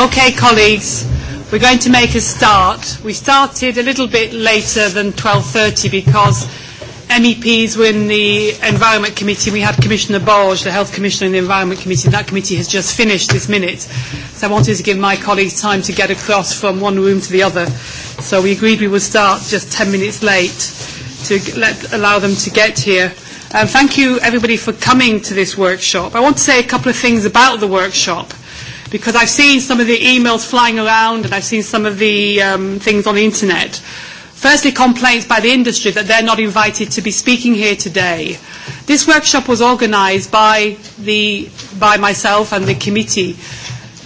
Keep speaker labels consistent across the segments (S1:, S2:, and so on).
S1: Okay, colleagues, we're going to make a start. We started a little bit later than 12.30 because MEPs were in the Environment Committee. We had Commissioner Borge, the Health Commissioner in the Environment Committee, that committee has just finished this minute. So I wanted to give my colleagues time to get across from one room to the other. So we agreed we would start just 10 minutes late to let, allow them to get here. Um, thank you, everybody, for coming to this workshop. I want to say a couple of things about the workshop because I've seen some of the emails flying around and I've seen some of the things on the internet. Firstly, complaints by the industry that they're not invited to be speaking here today. This workshop was organised by myself and the committee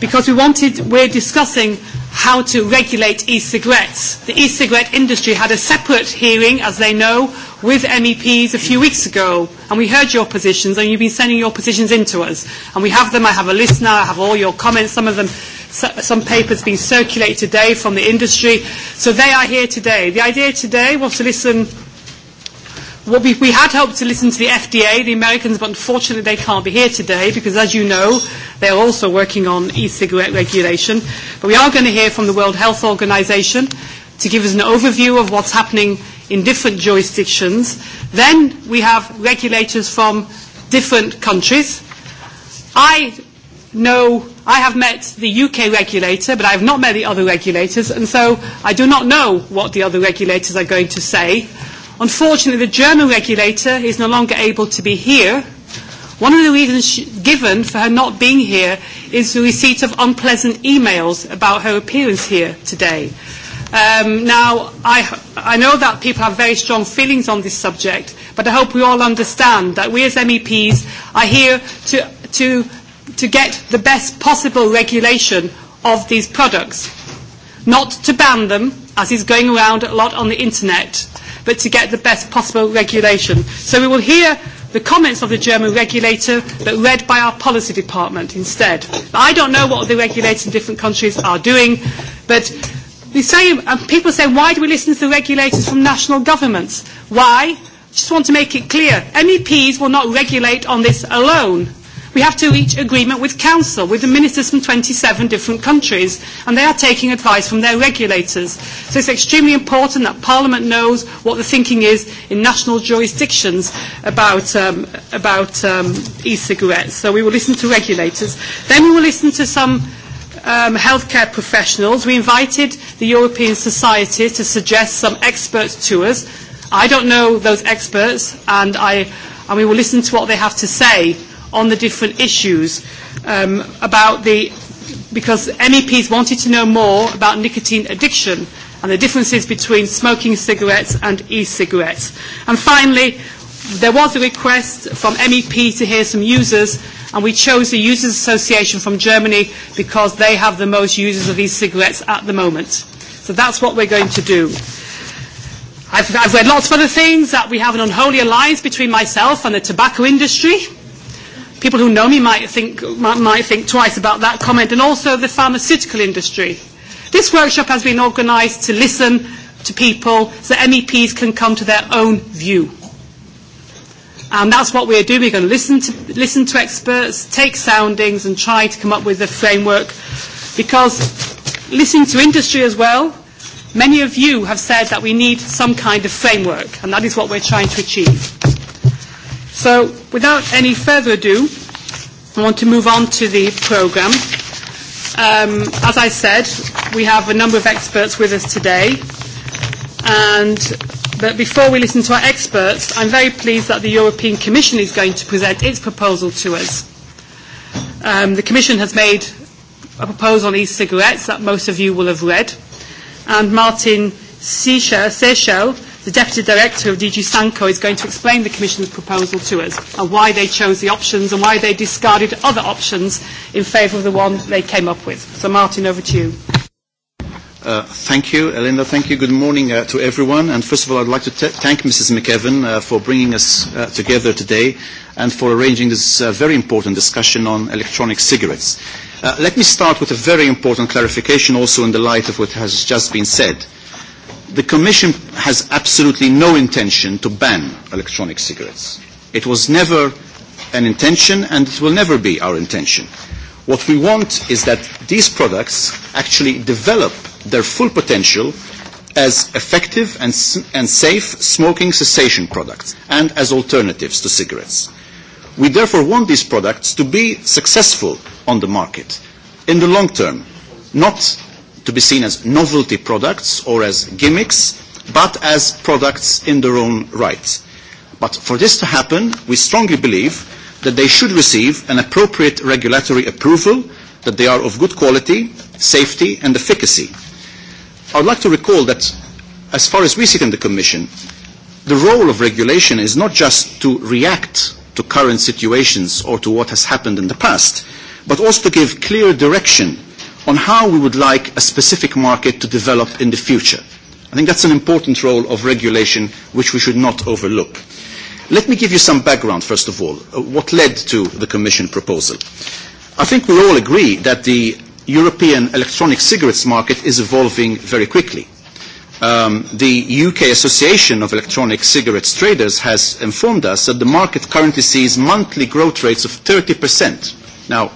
S1: because we wanted, we're discussing how to regulate e-cigarettes. The e-cigarette industry had a separate hearing, as they know, with MEPs a few weeks ago, and we heard your positions, and you've been sending your positions in to us. And we have them. I have a list now. I have all your comments. Some of them, some papers being circulated today from the industry. So they are here today. The idea today was to listen We had hoped to listen to the FDA, the Americans, but unfortunately they can't be here today because, as you know, they are also working on e-cigarette regulation. But we are going to hear from the World Health Organization to give us an overview of what's happening in different jurisdictions. Then we have regulators from different countries. I know I have met the UK regulator, but I have not met the other regulators, and so I do not know what the other regulators are going to say Unfortunately, the German regulator is no longer able to be here. One of the reasons given for her not being here is the receipt of unpleasant emails about her appearance here today. Now, I know that people have very strong feelings on this subject, but I hope we all understand that we as MEPs are here to get the best possible regulation of these products, not to ban them, as is going around a lot on the Internet, but to get the best possible regulation. So we will hear the comments of the German regulator, but read by our policy department instead. I don't know what the regulators in different countries are doing, but the same, and people say, why do we listen to the regulators from national governments? Why? I just want to make it clear. MEPs will not regulate on this alone we have to reach agreement with Council, with the ministers from 27 different countries, and they are taking advice from their regulators. So it's extremely important that Parliament knows what the thinking is in national jurisdictions about e-cigarettes. So we will listen to regulators. Then we will listen to some healthcare professionals. We invited the European Society to suggest some experts to us. I don't know those experts, and we will listen to what they have to say on the different issues about the because MEPs wanted to know more about nicotine addiction and the differences between smoking cigarettes and e-cigarettes. And finally, there was a request from MEP to hear some users, and we chose the Users Association from Germany because they have the most users of e-cigarettes at the moment. So that's what we're going to do. I've read lots of other things, that we have an unholy alliance between myself and the tobacco industry people who know me might think, might think twice about that comment, and also the pharmaceutical industry. This workshop has been organised to listen to people so that MEPs can come to their own view. And that's what we're doing. We're going to listen to, listen to experts, take soundings, and try to come up with a framework. Because listening to industry as well, many of you have said that we need some kind of framework, and that is what we're trying to achieve. So without any further ado, I want to move on to the programme. As I said, we have a number of experts with us today. And but before we listen to our experts, I'm very pleased that the European Commission is going to present its proposal to us. The Commission has made a proposal on e-cigarettes that most of you will have read. And Martin Seychelles The Deputy Director of DG Sanco is going to explain the Commission's proposal to us and why they chose the options and why they discarded other options in favour of the one they came up with. So Martin, over to you.
S2: Thank you, Elinda. Thank you. Good morning to everyone. And first of all, I'd like to thank Mrs. McEvan for bringing us together today and for arranging this very important discussion on electronic cigarettes. Let me start with a very important clarification also in the light of what has just been said. The Commission has absolutely no intention to ban electronic cigarettes. It was never an intention and it will never be our intention. What we want is that these products actually develop their full potential as effective and safe smoking cessation products and as alternatives to cigarettes. We therefore want these products to be successful on the market in the long term, not to be seen as novelty products or as gimmicks, but as products in their own right. But for this to happen, we strongly believe that they should receive an appropriate regulatory approval, that they are of good quality, safety and efficacy. I would like to recall that, as far as we sit in the Commission, the role of regulation is not just to react to current situations or to what has happened in the past, but also to give clear direction on how we would like a specific market to develop in the future. I think that's an important role of regulation which we should not overlook. Let me give you some background, first of all, what led to the Commission proposal. I think we all agree that the European electronic cigarettes market is evolving very quickly. The UK Association of Electronic Cigarettes Traders has informed us that the market currently sees monthly growth rates of 30%. Now,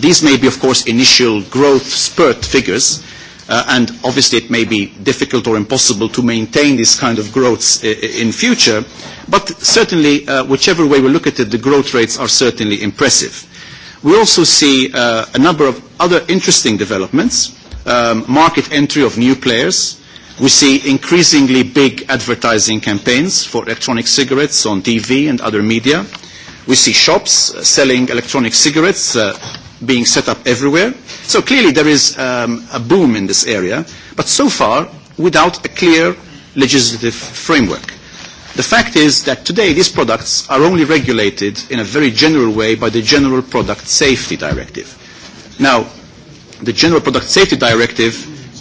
S2: These may be, of course, initial growth spurt figures, and obviously it may be difficult or impossible to maintain this kind of growth in future, but certainly, whichever way we look at it, the growth rates are certainly impressive. We also see a number of other interesting developments, market entry of new players. We see increasingly big advertising campaigns for electronic cigarettes on TV and other media. We see shops selling electronic cigarettes being set up everywhere. So clearly there is a boom in this area, but so far without a clear legislative framework. The fact is that today these products are only regulated in a very general way by the General Product Safety Directive. Now, the General Product Safety Directive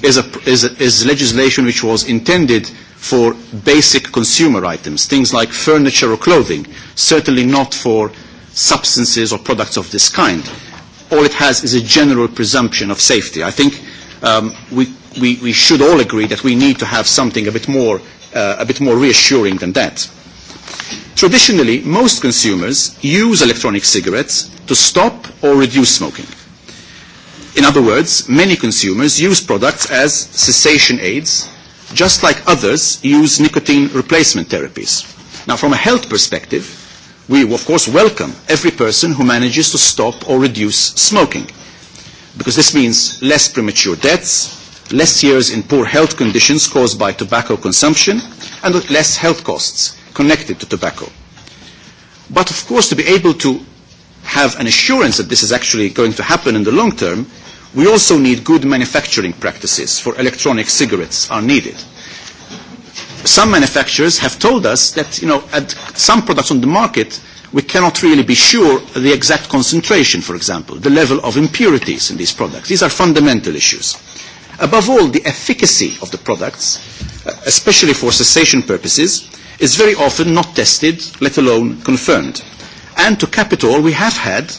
S2: is legislation which was intended for basic consumer items, things like furniture or clothing, certainly not for substances or products of this kind. All it has is a general presumption of safety. I think we should all agree that we need to have something a bit more reassuring than that. Traditionally, most consumers use electronic cigarettes to stop or reduce smoking. In other words, many consumers use products as cessation aids, just like others use nicotine replacement therapies. Now, from a health perspective, we of course welcome every person who manages to stop or reduce smoking, because this means less premature deaths, less years in poor health conditions caused by tobacco consumption, and less health costs connected to tobacco. But of course, to be able to have an assurance that this is actually going to happen in the long term, We also need good manufacturing practices for electronic cigarettes are needed. Some manufacturers have told us that, you know, at some products on the market, we cannot really be sure the exact concentration, for example, the level of impurities in these products. These are fundamental issues. Above all, the efficacy of the products, especially for cessation purposes, is very often not tested, let alone confirmed. And to capital, we have had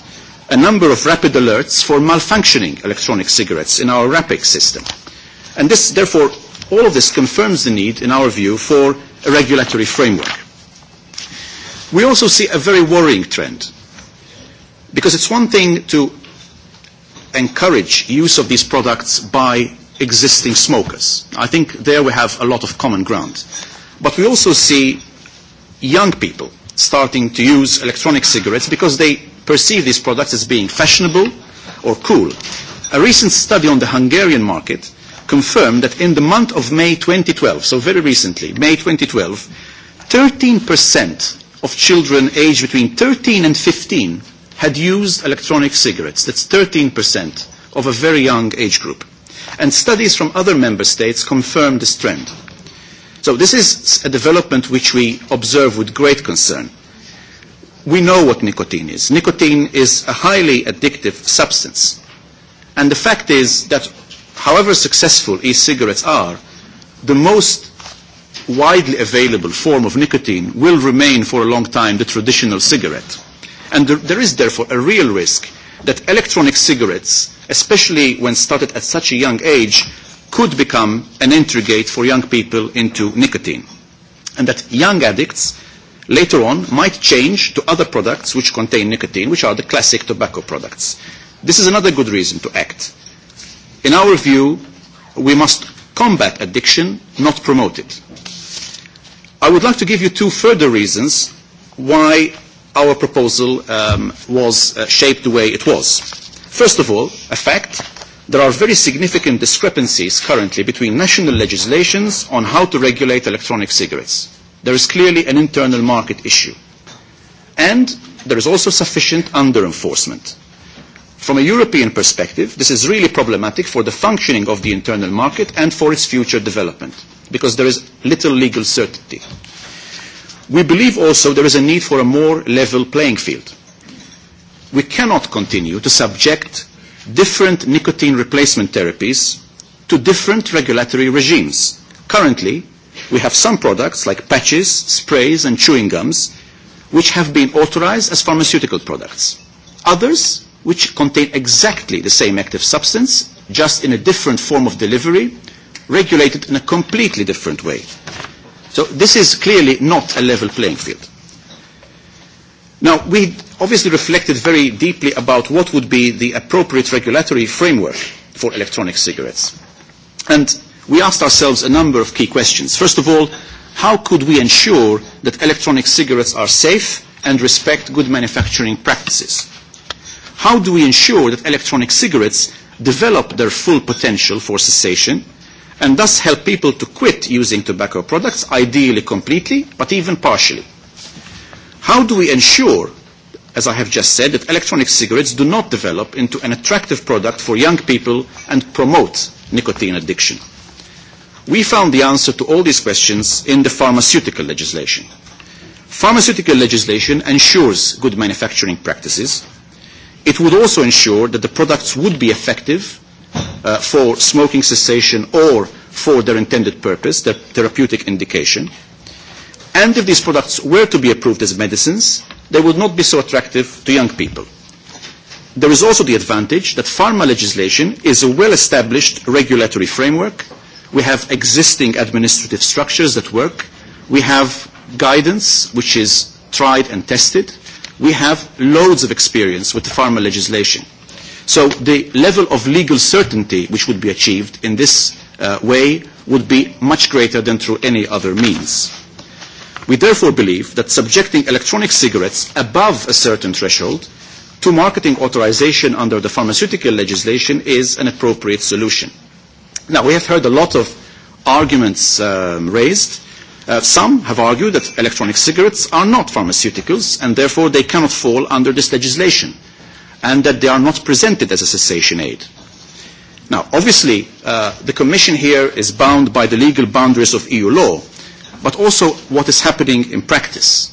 S2: a number of rapid alerts for malfunctioning electronic cigarettes in our RAPIC system. And this, therefore, all of this confirms the need, in our view, for a regulatory framework. We also see a very worrying trend, because it's one thing to encourage use of these products by existing smokers. I think there we have a lot of common ground. But we also see young people starting to use electronic cigarettes because they perceive these products as being fashionable or cool. A recent study on the Hungarian market confirmed that in the month of May 2012, so very recently, May 2012, 13% of children aged between 13 and 15 had used electronic cigarettes. That's 13% of a very young age group. And studies from other member states confirm this trend. So this is a development which we observe with great concern. We know what nicotine is. Nicotine is a highly addictive substance. And the fact is that however successful e-cigarettes are, the most widely available form of nicotine will remain for a long time the traditional cigarette. And there is therefore a real risk that electronic cigarettes, especially when started at such a young age, could become an entry gate for young people into nicotine, and that young addicts later on might change to other products which contain nicotine, which are the classic tobacco products. This is another good reason to act. In our view, we must combat addiction, not promote it. I would like to give you two further reasons why our proposal was shaped the way it was. First of all, a fact There are very significant discrepancies currently between national legislations on how to regulate electronic cigarettes. There is clearly an internal market issue. And there is also sufficient under-enforcement. From a European perspective, this is really problematic for the functioning of the internal market and for its future development, because there is little legal certainty. We believe also there is a need for a more level playing field. We cannot continue to subject different nicotine replacement therapies to different regulatory regimes. Currently, we have some products like patches, sprays and chewing gums which have been authorized as pharmaceutical products. Others which contain exactly the same active substance, just in a different form of delivery, regulated in a completely different way. So this is clearly not a level playing field. Now, we obviously reflected very deeply about what would be the appropriate regulatory framework for electronic cigarettes. And we asked ourselves a number of key questions. First of all, how could we ensure that electronic cigarettes are safe and respect good manufacturing practices? How do we ensure that electronic cigarettes develop their full potential for cessation and thus help people to quit using tobacco products, ideally completely, but even partially? How do we ensure as I have just said, that electronic cigarettes do not develop into an attractive product for young people and promote nicotine addiction. We found the answer to all these questions in the pharmaceutical legislation. Pharmaceutical legislation ensures good manufacturing practices. It would also ensure that the products would be effective for smoking cessation or for their intended purpose, their therapeutic indication. And if these products were to be approved as medicines, they would not be so attractive to young people. There is also the advantage that pharma legislation is a well-established regulatory framework. We have existing administrative structures that work. We have guidance which is tried and tested. We have loads of experience with the pharma legislation. So the level of legal certainty which would be achieved in this way would be much greater than through any other means. We therefore believe that subjecting electronic cigarettes above a certain threshold to marketing authorisation under the pharmaceutical legislation is an appropriate solution. Now, we have heard a lot of arguments raised. Some have argued that electronic cigarettes are not pharmaceuticals and therefore they cannot fall under this legislation and that they are not presented as a cessation aid. Now, obviously, the Commission here is bound by the legal boundaries of EU law but also what is happening in practice.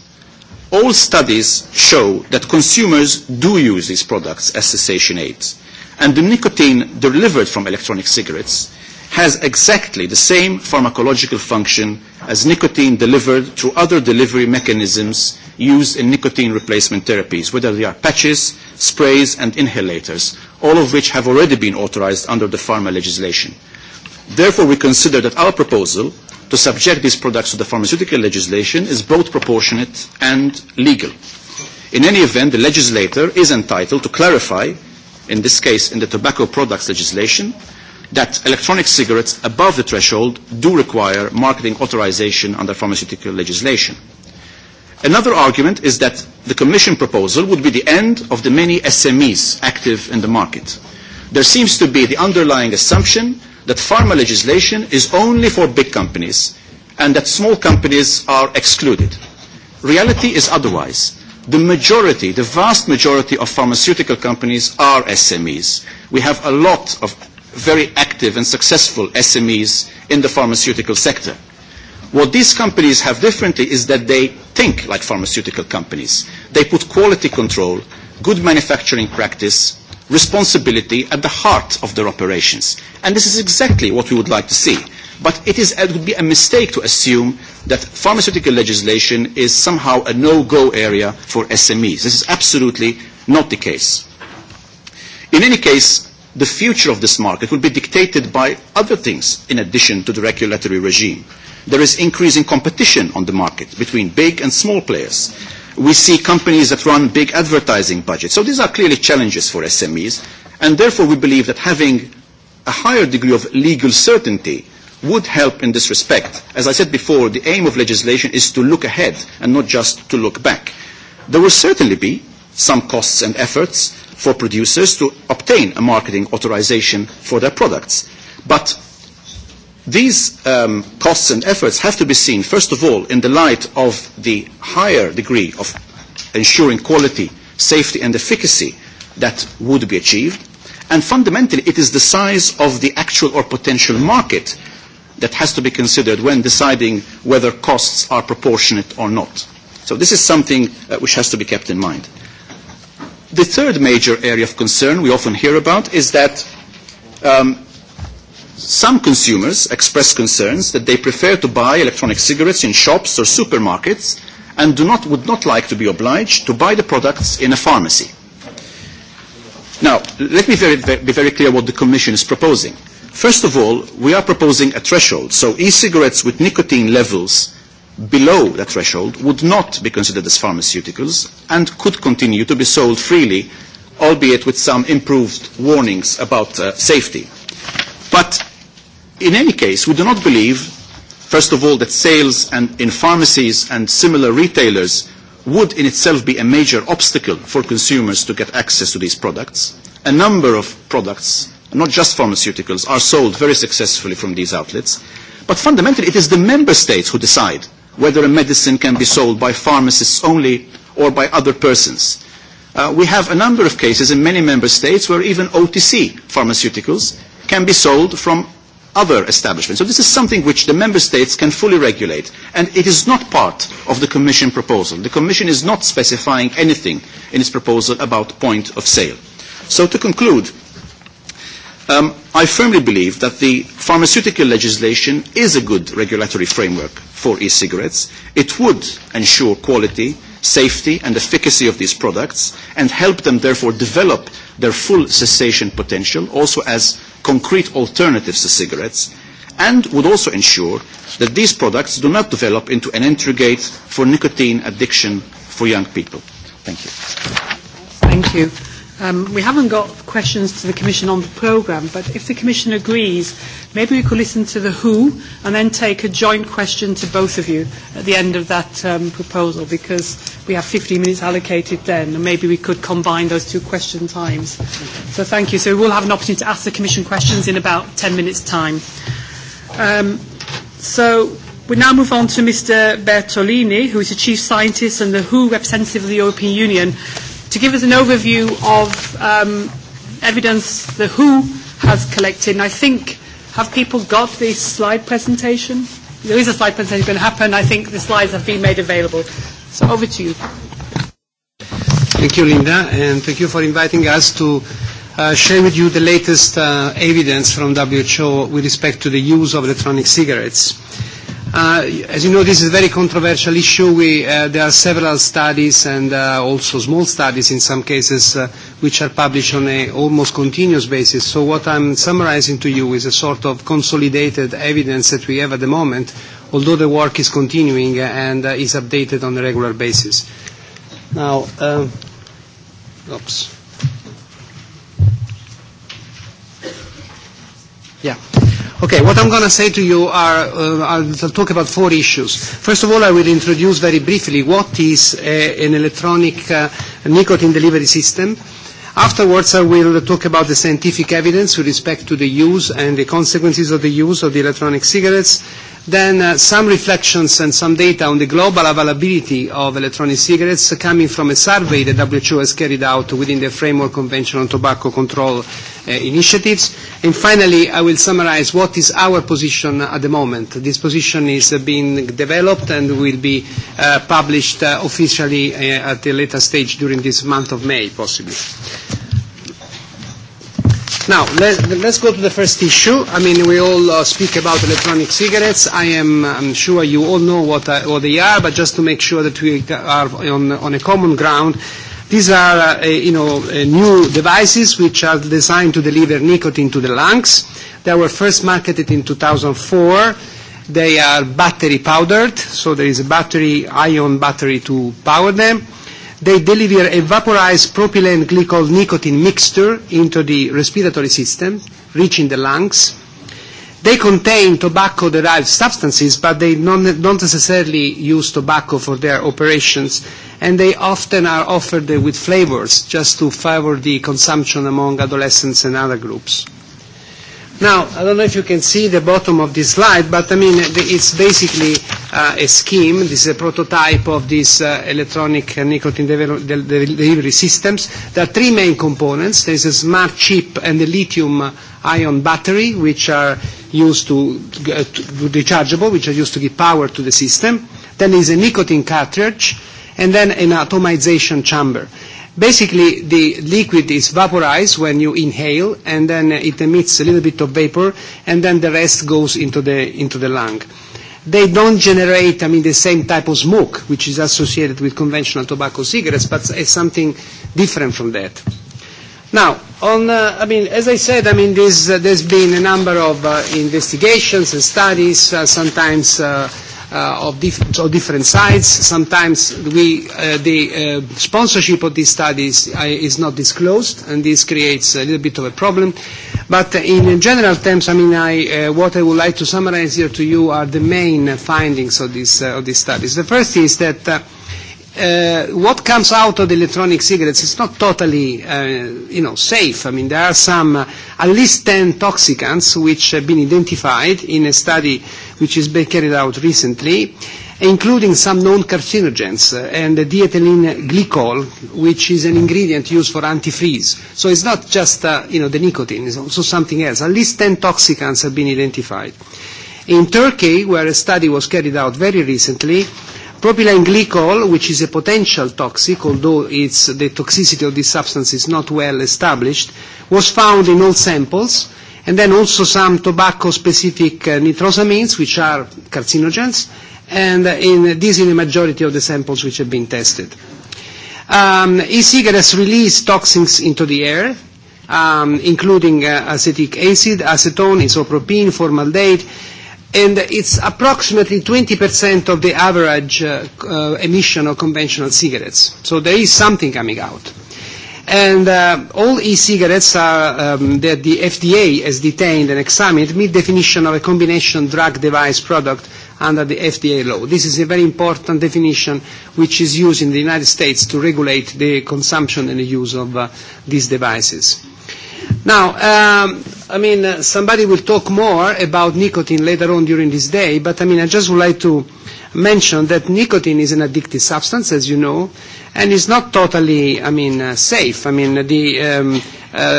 S2: All studies show that consumers do use these products as cessation aids, and the nicotine delivered from electronic cigarettes has exactly the same pharmacological function as nicotine delivered through other delivery mechanisms used in nicotine replacement therapies, whether they are patches, sprays and inhalators, all of which have already been authorized under the pharma legislation. Therefore, we consider that our proposal to subject these products to the pharmaceutical legislation is both proportionate and legal. In any event, the legislator is entitled to clarify, in this case in the tobacco products legislation, that electronic cigarettes above the threshold do require marketing authorisation under pharmaceutical legislation. Another argument is that the Commission proposal would be the end of the many SMEs active in the market. There seems to be the underlying assumption that pharma legislation is only for big companies and that small companies are excluded. Reality is otherwise. The majority, the vast majority of pharmaceutical companies are SMEs. We have a lot of very active and successful SMEs in the pharmaceutical sector. What these companies have differently is that they think like pharmaceutical companies. They put quality control, good manufacturing practice, responsibility at the heart of their operations. And this is exactly what we would like to see. But it would be a mistake to assume that pharmaceutical legislation is somehow a no-go area for SMEs. This is absolutely not the case. In any case, the future of this market will be dictated by other things in addition to the regulatory regime. There is increasing competition on the market between big and small players. We see companies that run big advertising budgets. So these are clearly challenges for SMEs, and therefore we believe that having a higher degree of legal certainty would help in this respect. As I said before, the aim of legislation is to look ahead and not just to look back. There will certainly be some costs and efforts for producers to obtain a marketing authorization for their products. But These costs and efforts have to be seen, first of all, in the light of the higher degree of ensuring quality, safety and efficacy that would be achieved, and fundamentally it is the size of the actual or potential market that has to be considered when deciding whether costs are proportionate or not. So this is something which has to be kept in mind. The third major area of concern we often hear about is that some consumers express concerns that they prefer to buy electronic cigarettes in shops or supermarkets and would not like to be obliged to buy the products in a pharmacy. Now, let me be very clear what the Commission is proposing. First of all, we are proposing a threshold, so e-cigarettes with nicotine levels below that threshold would not be considered as pharmaceuticals and could continue to be sold freely, albeit with some improved warnings about safety. But In any case, we do not believe, first of all, that sales in pharmacies and similar retailers would in itself be a major obstacle for consumers to get access to these products. A number of products, not just pharmaceuticals, are sold very successfully from these outlets. But fundamentally, it is the member states who decide whether a medicine can be sold by pharmacists only or by other persons. We have a number of cases in many member states where even OTC pharmaceuticals can be sold from other establishments. So this is something which the Member States can fully regulate, and it is not part of the Commission proposal. The Commission is not specifying anything in its proposal about point of sale. So to conclude, I firmly believe that the pharmaceutical legislation is a good regulatory framework for e-cigarettes. It would ensure quality, safety and efficacy of these products and help them therefore develop their full cessation potential also as concrete alternatives to cigarettes and would also ensure that these products do not develop into an entry gate for nicotine addiction for young people. Thank you.
S1: Thank you. We haven't got questions to the Commission on the programme, but if the Commission agrees, maybe we could listen to the who and then take a joint question to both of you at the end of that proposal, because we have 15 minutes allocated then, and maybe we could combine those two question times. So thank you. So we will have an opportunity to ask the Commission questions in about 10 minutes' time. So we now move on to Mr. Bertolini, who is the Chief Scientist and the WHO representative of the European Union to give us an overview of evidence the WHO has collected. And I think, have people got this slide presentation? There is a slide presentation going to happen. I think the slides have been made available. So over to you.
S3: Thank you, Linda, and thank you for inviting us to share with you the latest evidence from WHO with respect to the use of electronic cigarettes. As you know, this is a very controversial issue. There are several studies and also small studies in some cases which are published on an almost continuous basis. So what I'm summarizing to you is a sort of consolidated evidence that we have at the moment, although the work is continuing and is updated on a regular basis. Now, oops. Yeah. Okay, what I'm going to say to you are, I'll talk about four issues. First of all, I will introduce very briefly what is an electronic nicotine delivery system. Afterwards, I will talk about the scientific evidence with respect to the use and the consequences of the use of the electronic cigarettes. Then some reflections and some data on the global availability of electronic cigarettes coming from a survey that WHO has carried out within the framework convention on tobacco control initiatives. And finally, I will summarize what is our position at the moment. This position is being developed and will be published officially at a later stage during this month of May, possibly. Now, let's go to the first issue. I mean, we all speak about electronic cigarettes. I am I'm sure you all know what, they are, but just to make sure that we are on, on a common ground, these are you know, new devices which are designed to deliver nicotine to the lungs. They were first marketed in 2004. They are battery powdered, so there is a battery, ion battery to power them They deliver a vaporized propylene glycol nicotine mixture into the respiratory system, reaching the lungs. They contain tobacco-derived substances, but they don't necessarily use tobacco for their operations, and they often are offered with flavors just to favor the consumption among adolescents and other groups. Now, I don't know if you can see the bottom of this slide, but I mean, it's basically a scheme. This is a prototype of these electronic nicotine delivery systems. There are three main components. There is a smart chip and a lithium-ion battery, which are used to rechargeable, which are used to give power to the system. Then is a nicotine cartridge, and then an atomization chamber. Basically, the liquid is vaporized when you inhale, and then it emits a little bit of vapor, and then the rest goes into the into the lung. They don't generate, I mean, the same type of smoke, which is associated with conventional tobacco cigarettes, but it's something different from that. Now, on, I mean, as I said, I mean, there's been a number of investigations and studies, sometimes of different sides. Sometimes the sponsorship of these studies is not disclosed, and this creates a little bit of a problem. But in general terms, I mean, I what I would like to summarize here to you are the main findings of these studies. The first is that What comes out of the electronic cigarettes is not totally, you know, safe. I mean, there are some, at least 10 toxicants which have been identified in a study which has been carried out recently, including some known carcinogens and diethylene glycol, which is an ingredient used for antifreeze. So it's not just, you know, the nicotine, it's also something else. At least 10 toxicants have been identified. In Turkey, where a study was carried out very recently, Propylene glycol, which is a potential toxic, although its the toxicity of this substance is not well established, was found in all samples, and then also some tobacco-specific nitrosamines, which are carcinogens, and in these in the majority of the samples which have been tested. E-cigarettes release toxins into the air, including acetic acid, acetone, isopropene, formaldehyde, and it's approximately 20% of the average emission of conventional cigarettes. So there is something coming out. And all e-cigarettes are that the FDA has detained and examined meet definition of a combination drug device product under the FDA law. This is a very important definition which is used in the United States to regulate the consumption and the use of these devices. Now, I mean, somebody will talk more about nicotine later on during this day, but I mean, I just would like to mention that nicotine is an addictive substance, as you know, and is not totally, I mean, safe. I mean, the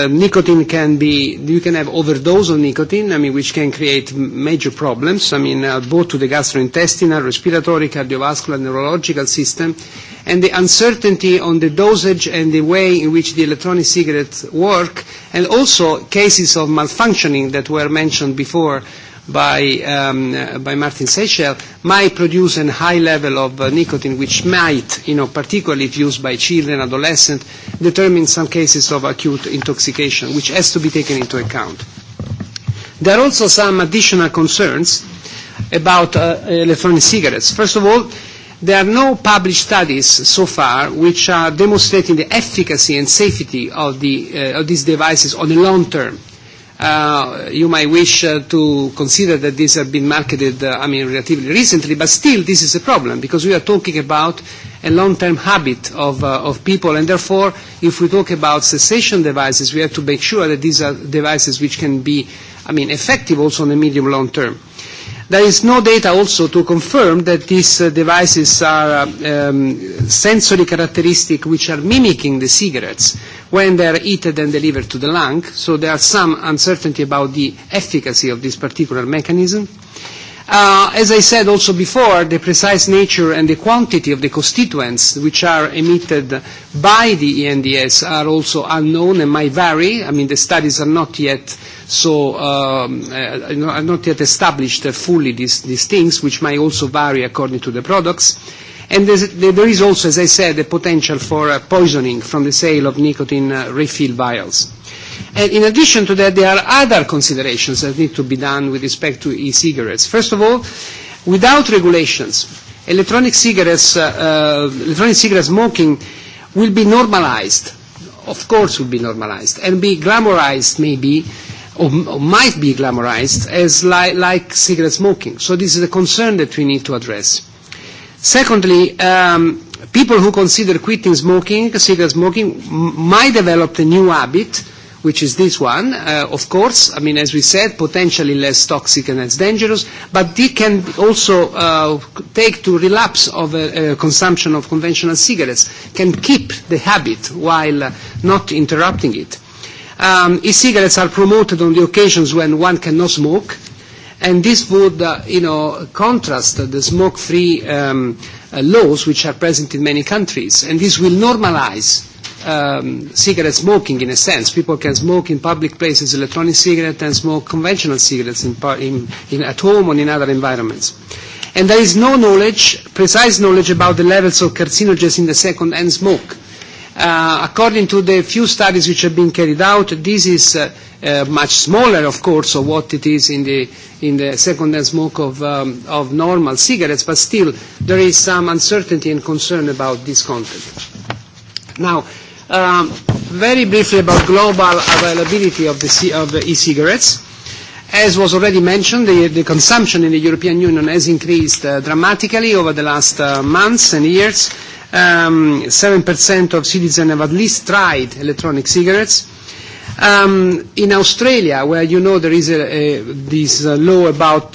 S3: Nicotine can be, you can have overdose of nicotine, I mean, which can create major problems, I mean, both to the gastrointestinal, respiratory, cardiovascular, neurological system, and the uncertainty on the dosage and the way in which the electronic cigarettes work, and also cases of malfunctioning that were mentioned before by by Martin Seychelles might produce a high level of nicotine which might, you know, particularly if used by children, adolescents, determine some cases of acute intoxication, which has to be taken into account. There are also some additional concerns about electronic cigarettes. First of all, there are no published studies so far which are demonstrating the efficacy and safety of these devices on the long term. You might wish to consider that these have been marketed, I mean, relatively recently, but still this is a problem because we are talking about a long-term habit of people, and therefore, if we talk about cessation devices, we have to make sure that these are devices which can be, I mean, effective also on the medium-long term. There is no data also to confirm that these devices are sensory characteristics which are mimicking the cigarettes when they are eaten and delivered to the lung, so there are some uncertainty about the efficacy of this particular mechanism. As I said also before, the precise nature and the quantity of the constituents which are emitted by the ENDS are also unknown and might vary. I mean, the studies are not yet so are not yet established fully these things, which may also vary according to the products. And there is also, as I said, the potential for poisoning from the sale of nicotine refill vials. And in addition to that, there are other considerations that need to be done with respect to e-cigarettes. First of all, without regulations, electronic cigarette smoking will be normalized, of course will be normalized, and be glamorized maybe, or might be glamorized, as like cigarette smoking. So this is a concern that we need to address. Secondly, people who consider quitting smoking, cigarette smoking, might develop a new habit, which is this one, of course, I mean, as we said, potentially less toxic and less dangerous, but they can also take to relapse of consumption of conventional cigarettes, can keep the habit while not interrupting it. E-cigarettes are promoted on the occasions when one cannot smoke and this would, you know, contrast the smoke-free laws which are present in many countries, and this will normalize cigarette smoking in a sense. People can smoke in public places electronic cigarettes and smoke conventional cigarettes in at home or in other environments. And there is no knowledge, precise knowledge about the levels of carcinogens in the second-hand smoke. According to the few studies which have been carried out, this is much smaller, of course, of what it is in the in the second smoke of of normal cigarettes. But still, there is some uncertainty and concern about this content. Now, very briefly about global availability of the of e-cigarettes. As was already mentioned, the consumption in the European Union has increased dramatically over the last months and years 7% of citizens have at least tried electronic cigarettes. In Australia, where you know there is this law about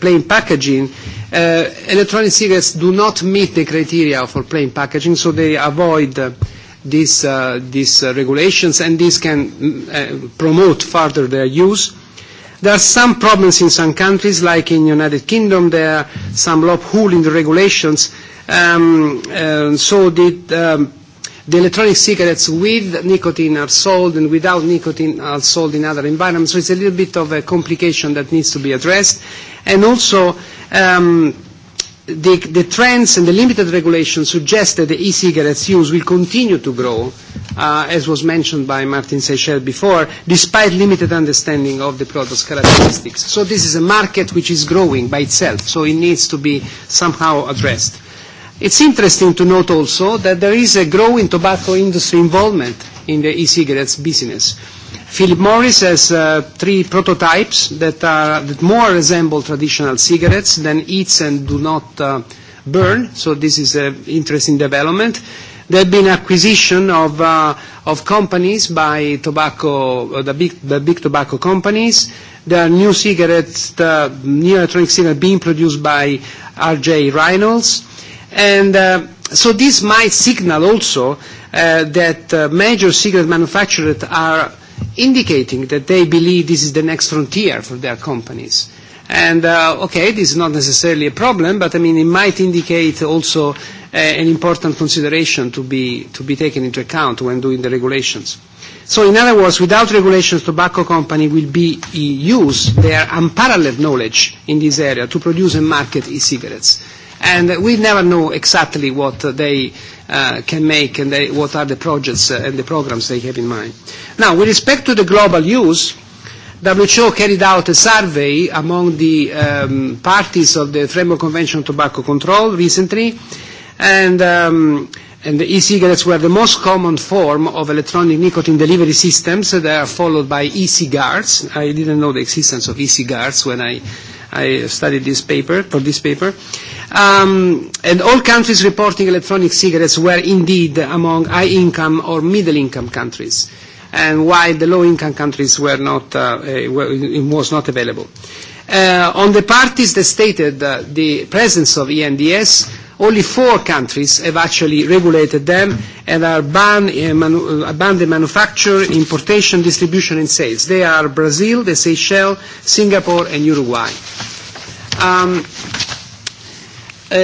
S3: plain packaging, electronic cigarettes do not meet the criteria for plain packaging, so they avoid these regulations, and this can promote further their use. There are some problems in some countries, like in the United Kingdom, there are some loophole in the regulations. So the electronic cigarettes with nicotine are sold and without nicotine are sold in other environments. So it's a little bit of a complication that needs to be addressed. And also The trends and the limited regulation suggest that the e-cigarettes use will continue to grow, as was mentioned by Martin Seychelles before, despite limited understanding of the product's characteristics. So this is a market which is growing by itself, so it needs to be somehow addressed. It's interesting to note also that there is a growing tobacco industry involvement in the e-cigarettes business. Philip Morris has three prototypes that are that more resemble traditional cigarettes than eats and do not burn. So this is an interesting development. There have been acquisition of of companies by tobacco the big the big tobacco companies. There are new cigarettes, the new electronic cigarettes being produced by R.J. Reynolds, and so this might signal also that major cigarette manufacturers are indicating that they believe this is the next frontier for their companies. And, okay, this is not necessarily a problem, but, I mean, it might indicate also an important consideration to be to be taken into account when doing the regulations. So, in other words, without regulations, tobacco companies will be use their unparalleled knowledge in this area to produce and market e-cigarettes and we never know exactly what they can make and what are the projects and the programs they have in mind. Now, with respect to the global use, WHO carried out a survey among the parties of the Framework Convention on Tobacco Control recently, and the e-cigarettes were the most common form of electronic nicotine delivery systems. They are followed by e-cigars. I didn't know the existence of e-cigars when I studied this paper, for this paper. And all countries reporting electronic cigarettes were indeed among high-income or middle-income countries, and while the low-income countries were not, it was not available. On the parties that stated the presence of ENDS, only four countries have actually regulated them and are banned the manufacture, importation, distribution and sales. They are Brazil, the Seychelles, Singapore and Uruguay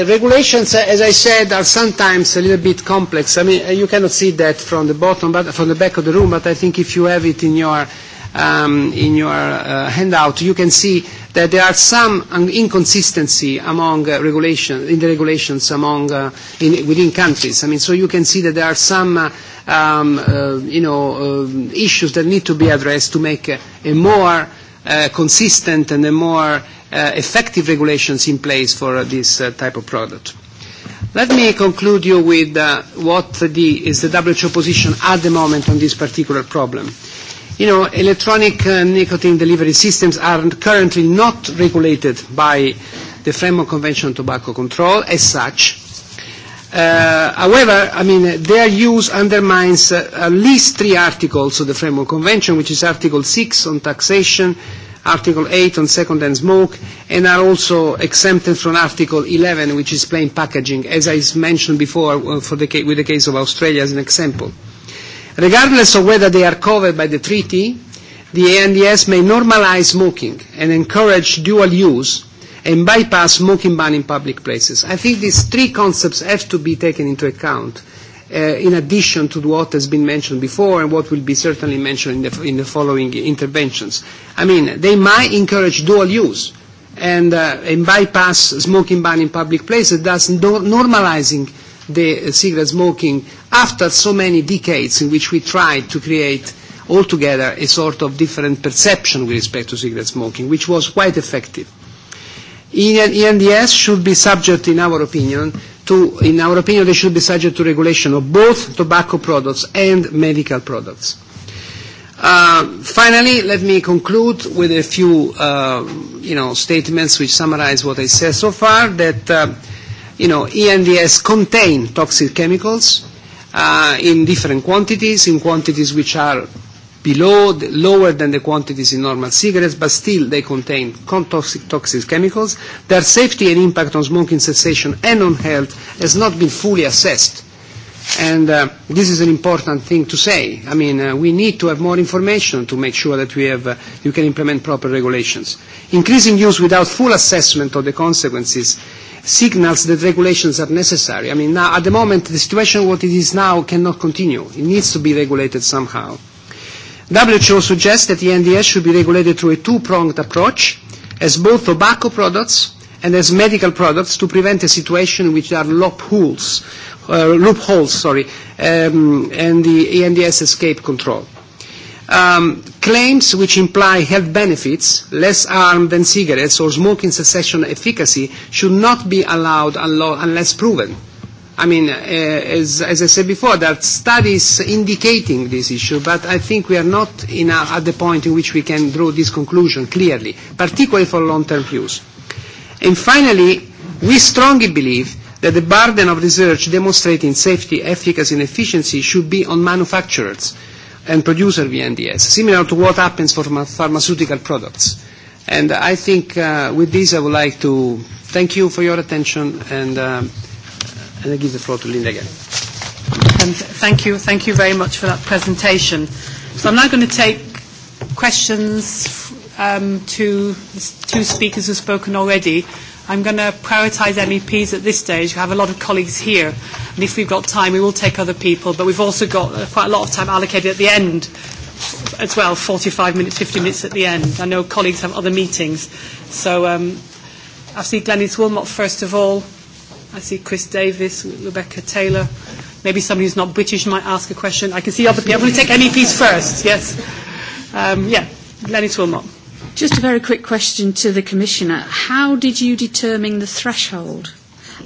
S3: regulations, as I said, are sometimes a little bit complex. I mean, you cannot see that from the bottom, but from the back of the room. But I think if you have it in your in your handout, you can see that there are some inconsistency among regulations in the regulations among within countries. I mean, so you can see that there are some, you know, issues that need to be addressed to make a more consistent and a more effective regulations in place for this type of product. Let me conclude you with what the is the WHO position at the moment on this particular problem. You know, electronic nicotine delivery systems are currently not regulated by the Framework Convention on Tobacco Control as such. However, I mean, their use undermines at least three articles of the Framework Convention, which is Article 6 on taxation, Article 8 on second hand smoke and are also exempted from Article 11 which is plain packaging as I mentioned before with the case of Australia as an example. Regardless of whether they are covered by the treaty, the ANDS may normalize smoking and encourage dual use and bypass smoking ban in public places. I think these three concepts have to be taken into account in addition to what has been mentioned before and what will be certainly mentioned in the following interventions. I mean, they might encourage dual use and bypass smoking ban in public places, thus normalizing the cigarette smoking after so many decades in which we tried to create altogether a sort of different perception with respect to cigarette smoking, which was quite effective. ENDS should be subject, in our opinion, in our opinion, they should be subject to regulation of both tobacco products and medical products. Finally, let me conclude with a few, you know, statements which summarize what I said so far, that, you know, ENDS contain toxic chemicals in different quantities, in quantities which are below lower than the quantities in normal cigarettes, but still they contain toxic chemicals. Their safety and impact on smoking cessation and on health has not been fully assessed. And this is an important thing to say. I mean, we need to have more information to make sure that we have, you can implement proper regulations. Increasing use without full assessment of the consequences signals that regulations are necessary. I mean, now, at the moment, the situation what it is now cannot continue. It needs to be regulated somehow. WHO suggests that the NDS should be regulated through a two-pronged approach, as both tobacco products and as medical products, to prevent a situation in which there are loopholes, loopholes, sorry, and the NDS escape control. Claims which imply health benefits, less harm than cigarettes or smoking cessation efficacy, should not be allowed unless proven. I mean, as I said before, there are studies indicating this issue, but I think we are not at the point in which we can draw this conclusion clearly, particularly for long-term use. And finally, we strongly believe that the burden of research demonstrating safety, efficacy and efficiency should be on manufacturers and producer VNDS, similar to what happens for pharmaceutical products. And I think with this I would like to thank you for your attention and And I give the floor to Linda again.
S1: thank you, thank you very much for that presentation. So I'm now going to take questions um, to the two speakers who have spoken already. I'm going to prioritise MEPs at this stage. We have a lot of colleagues here, and if we've got time, we will take other people. But we've also got quite a lot of time allocated at the end as well, 45 minutes, 50 minutes at the end. I know colleagues have other meetings. So um, I see Glenys Wilmot, first of all, I see Chris Davis, Rebecca Taylor. Maybe somebody who's not British might ask a question. I can see other people. I'm going to take MEPs first. Yes. Um, yeah, Lenny Wilmot.
S4: Just a very quick question to the Commissioner. How did you determine the threshold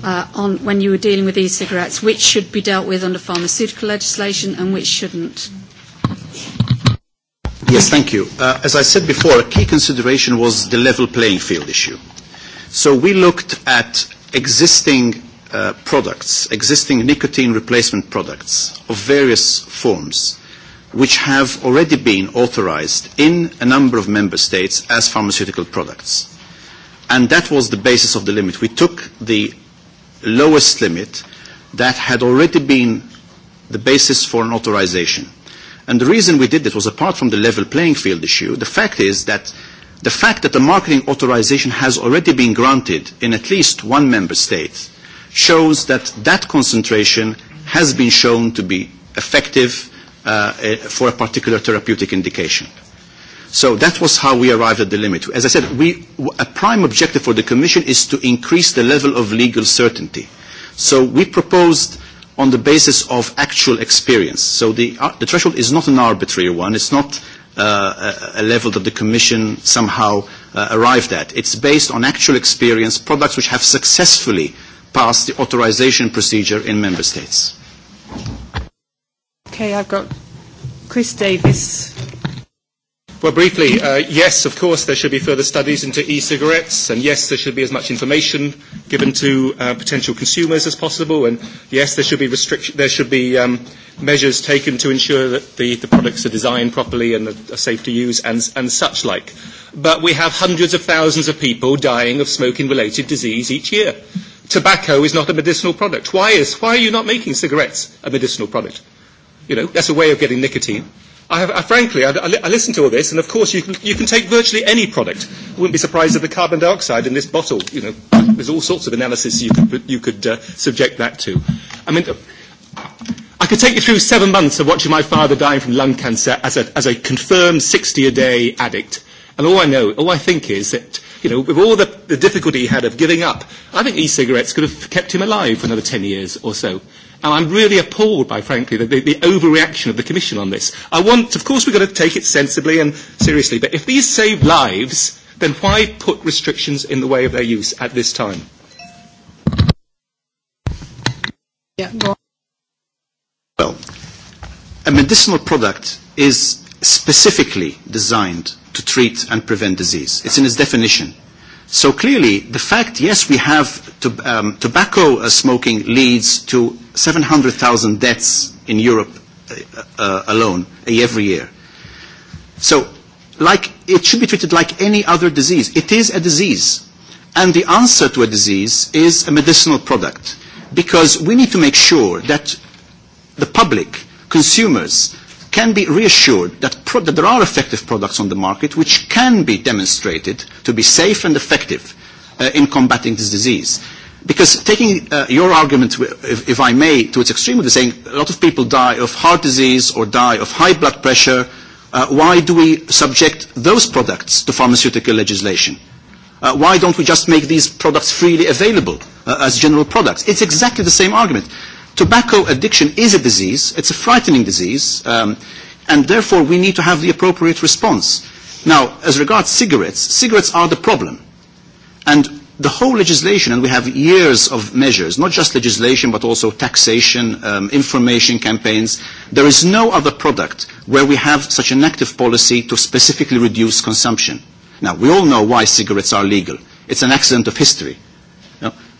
S4: on when you were dealing with e-cigarettes, which should be dealt with under pharmaceutical legislation and which shouldn't?
S2: Yes, thank you. As I said before, a key consideration was the level playing field issue. So we looked at existing products, existing nicotine replacement products of various forms, which have already been authorized in a number of member states as pharmaceutical products. And that was the basis of the limit. We took the lowest limit that had already been the basis for an authorization. And the reason we did this was apart from the level playing field issue, the fact is that the fact that the marketing authorisation has already been granted in at least one member state shows that that concentration has been shown to be effective for a particular therapeutic indication. So that was how we arrived at the limit. As I said, a prime objective for the Commission is to increase the level of legal certainty. So we proposed on the basis of actual experience. So the threshold is not an arbitrary one. It's not A level that the Commission somehow arrived at. It's based on actual experience, products which have successfully passed the authorization procedure in Member States.
S1: Okay, I've got Chris Davis
S2: Well, briefly,
S5: yes, of course, there should be further studies into e-cigarettes, and yes, there should be as much information given to potential consumers as possible, and yes, there should be there should be measures taken to ensure that the products are designed properly and are safe to use and and such like. But we have hundreds of thousands of people dying of smoking-related disease each year. Tobacco is not a medicinal product. Why is why are you not making cigarettes a medicinal product? You know, that's a way of getting nicotine I frankly, I listen to all this, and of course you can you can take virtually any product. I wouldn't be surprised if the carbon dioxide in this bottle, you know, there's all sorts of analysis you could you could subject that to. I mean, I could take you through seven months of watching my father dying from lung cancer as a as a confirmed 60 a day addict, and all I know, all I think is that you know, with all the the difficulty he had of giving up, I think e-cigarettes could have kept him alive for another 10 years or so. And I'm really appalled by, frankly, the, overreaction of the Commission on this. I want, of course, we've got to take it sensibly and seriously, but if these save lives, then why put restrictions in the way of their use at this time?
S2: Well, a medicinal product is specifically designed to treat and prevent disease. It's in its definition. So clearly, the fact, yes, we have tobacco smoking leads to 700,000 deaths in Europe alone every year. So like it should be treated like any other disease. It is a disease. And the answer to a disease is a medicinal product. Because we need to make sure that the public, consumers, can be reassured that there are effective products on the market which can be demonstrated to be safe and effective in combating this disease. Because taking your argument, if I may, to its extreme, saying a lot of people die of heart disease or die of high blood pressure, why do we subject those products to pharmaceutical legislation? Why don't we just make these products freely available as general products? It's exactly the same argument. Tobacco addiction is a disease. It's a frightening disease, and therefore we need to have the appropriate response. Now, as regards cigarettes, cigarettes are the problem. And the whole legislation, and we have years of measures, not just legislation, but also taxation, information campaigns. There is no other product where we have such an active policy to specifically reduce consumption. Now, we all know why cigarettes are legal. It's an accident of history.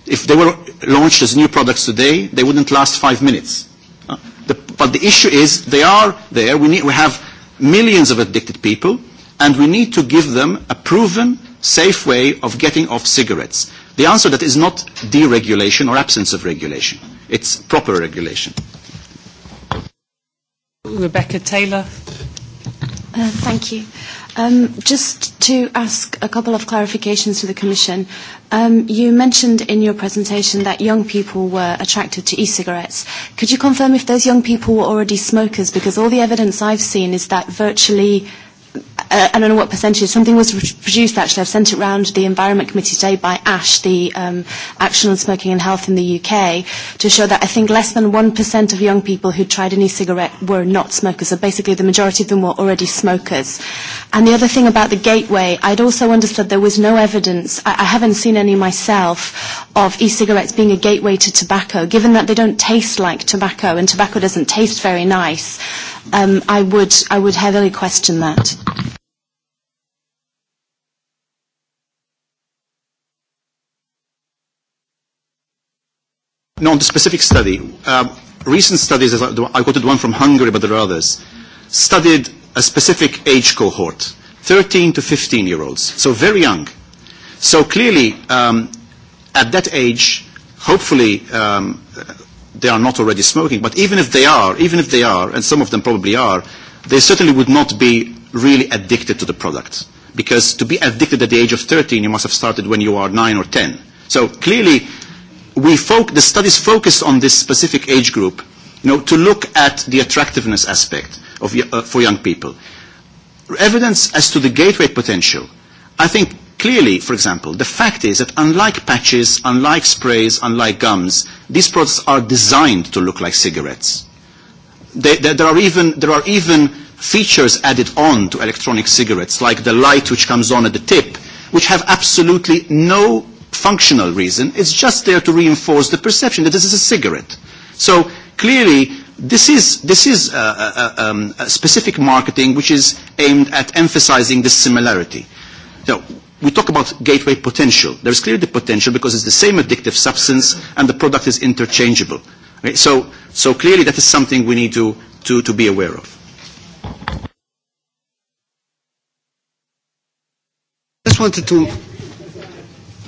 S2: If they were launched as new products today, they wouldn't last five minutes. But the issue is they are there. We have millions of addicted people, and we need to give them a proven, safe way of getting off cigarettes. The answer that is not deregulation or absence of regulation. It's proper regulation.
S1: Rebecca Taylor.
S6: Thank you. Just to ask a couple of clarifications to the Commission. You mentioned in your presentation that young people were attracted to e-cigarettes. Could you confirm if those young people were already smokers? Because all the evidence I've seen is that virtually I don't know what percentage, something was produced actually, I've sent it round the Environment Committee today by ASH, the Action on Smoking and Health in the UK, to show that I think less than 1% of young people who tried an e-cigarette were not smokers, so basically the majority of them were already smokers. And the other thing about the gateway, I'd also understood there was no evidence, I haven't seen any myself, of e-cigarettes being a gateway to tobacco, given that they don't taste like tobacco and tobacco doesn't taste very nice Um I would I would heavily question that.
S2: No, on the specific study, recent studies, I quoted one from Hungary, but there are others, studied a specific age cohort, 13 to 15-year-olds, so very young. So clearly, um at that age, hopefully um they are not already smoking, but even if they are, even if they are, and some of them probably are, they certainly would not be really addicted to the product. Because to be addicted at the age of 13, you must have started when you are 9 or 10. So clearly, we the studies focus on this specific age group you know, to look at the attractiveness aspect of, for young people. Evidence as to the gateway potential, I think clearly, for example, the fact is that unlike patches, unlike sprays, unlike gums, These products are designed to look like cigarettes. There are even there are even features added on to electronic cigarettes, like the light which comes on at the tip, which have absolutely no functional reason. It's just there to reinforce the perception that this is a cigarette. So clearly, this is this is specific marketing which is aimed at emphasizing this similarity. So we talk about gateway potential. There is clearly the potential because it's the same addictive substance and the product is interchangeable. So clearly that is something we need to be aware of.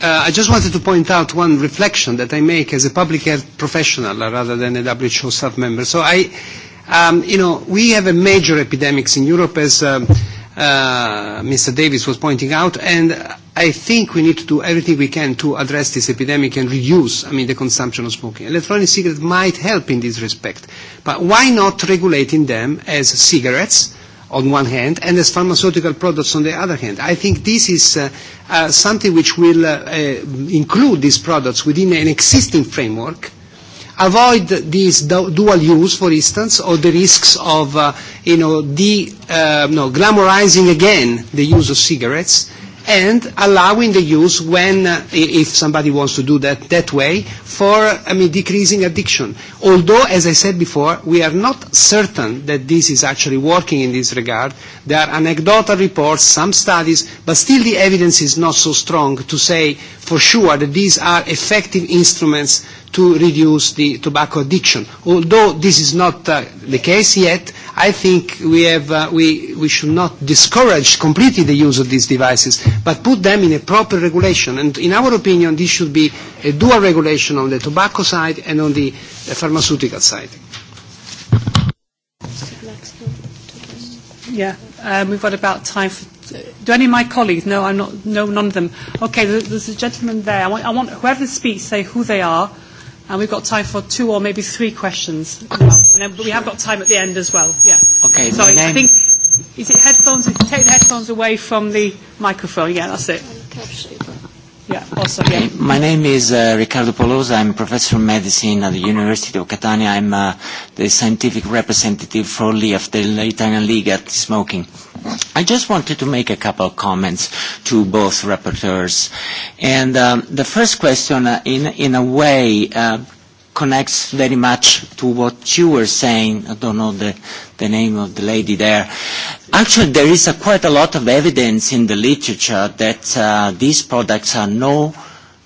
S3: I just wanted to point out one reflection that I make as a public health professional rather than a WHO staff member. So I, you know, we have a major epidemics in Europe as Mr. Davis was pointing out, and I think we need to do everything we can to address this epidemic and reduce, I mean, the consumption of smoking. Electronic cigarettes might help in this respect, but why not regulating them as cigarettes on one hand and as pharmaceutical products on the other hand? I think this is something which will include these products within an existing framework avoid this dual use, for instance, or the risks of, you know, de, no, glamorizing again the use of cigarettes and allowing the use when, if somebody wants to do that that way, for, I mean, decreasing addiction. Although, as I said before, we are not certain that this is actually working in this regard. There are anecdotal reports, some studies, but still the evidence is not so strong to say for sure that these are effective instruments to reduce the tobacco addiction. Although this is not the case yet, I think we have we we should not discourage completely the use of these devices, but put them in a proper regulation. And in our opinion, this should be a dual regulation on the tobacco side and on the pharmaceutical side.
S1: Yeah, we've got about time for Do any of my colleagues? No, I'm not. No, none of them. Okay, there's a gentleman there. I want, I want whoever speaks say who they are, and we've got time for two or maybe three questions. And we have got time at the end as well. Yeah. Okay. Sorry, I think is it headphones? Take the headphones away from the microphone. Yeah, that's it.
S7: Yeah, also My name is uh, Riccardo Polosa. I'm professor of medicine at the University of Catania. I'm uh, the scientific representative for of the Italian League at Smoking. I just wanted to make a couple of comments to both rapporteurs. And the first question, in, in a way, uh, connects very much to what you were saying. I don't know the the name of the lady there. Actually, there is quite a lot of evidence in the literature that these products are no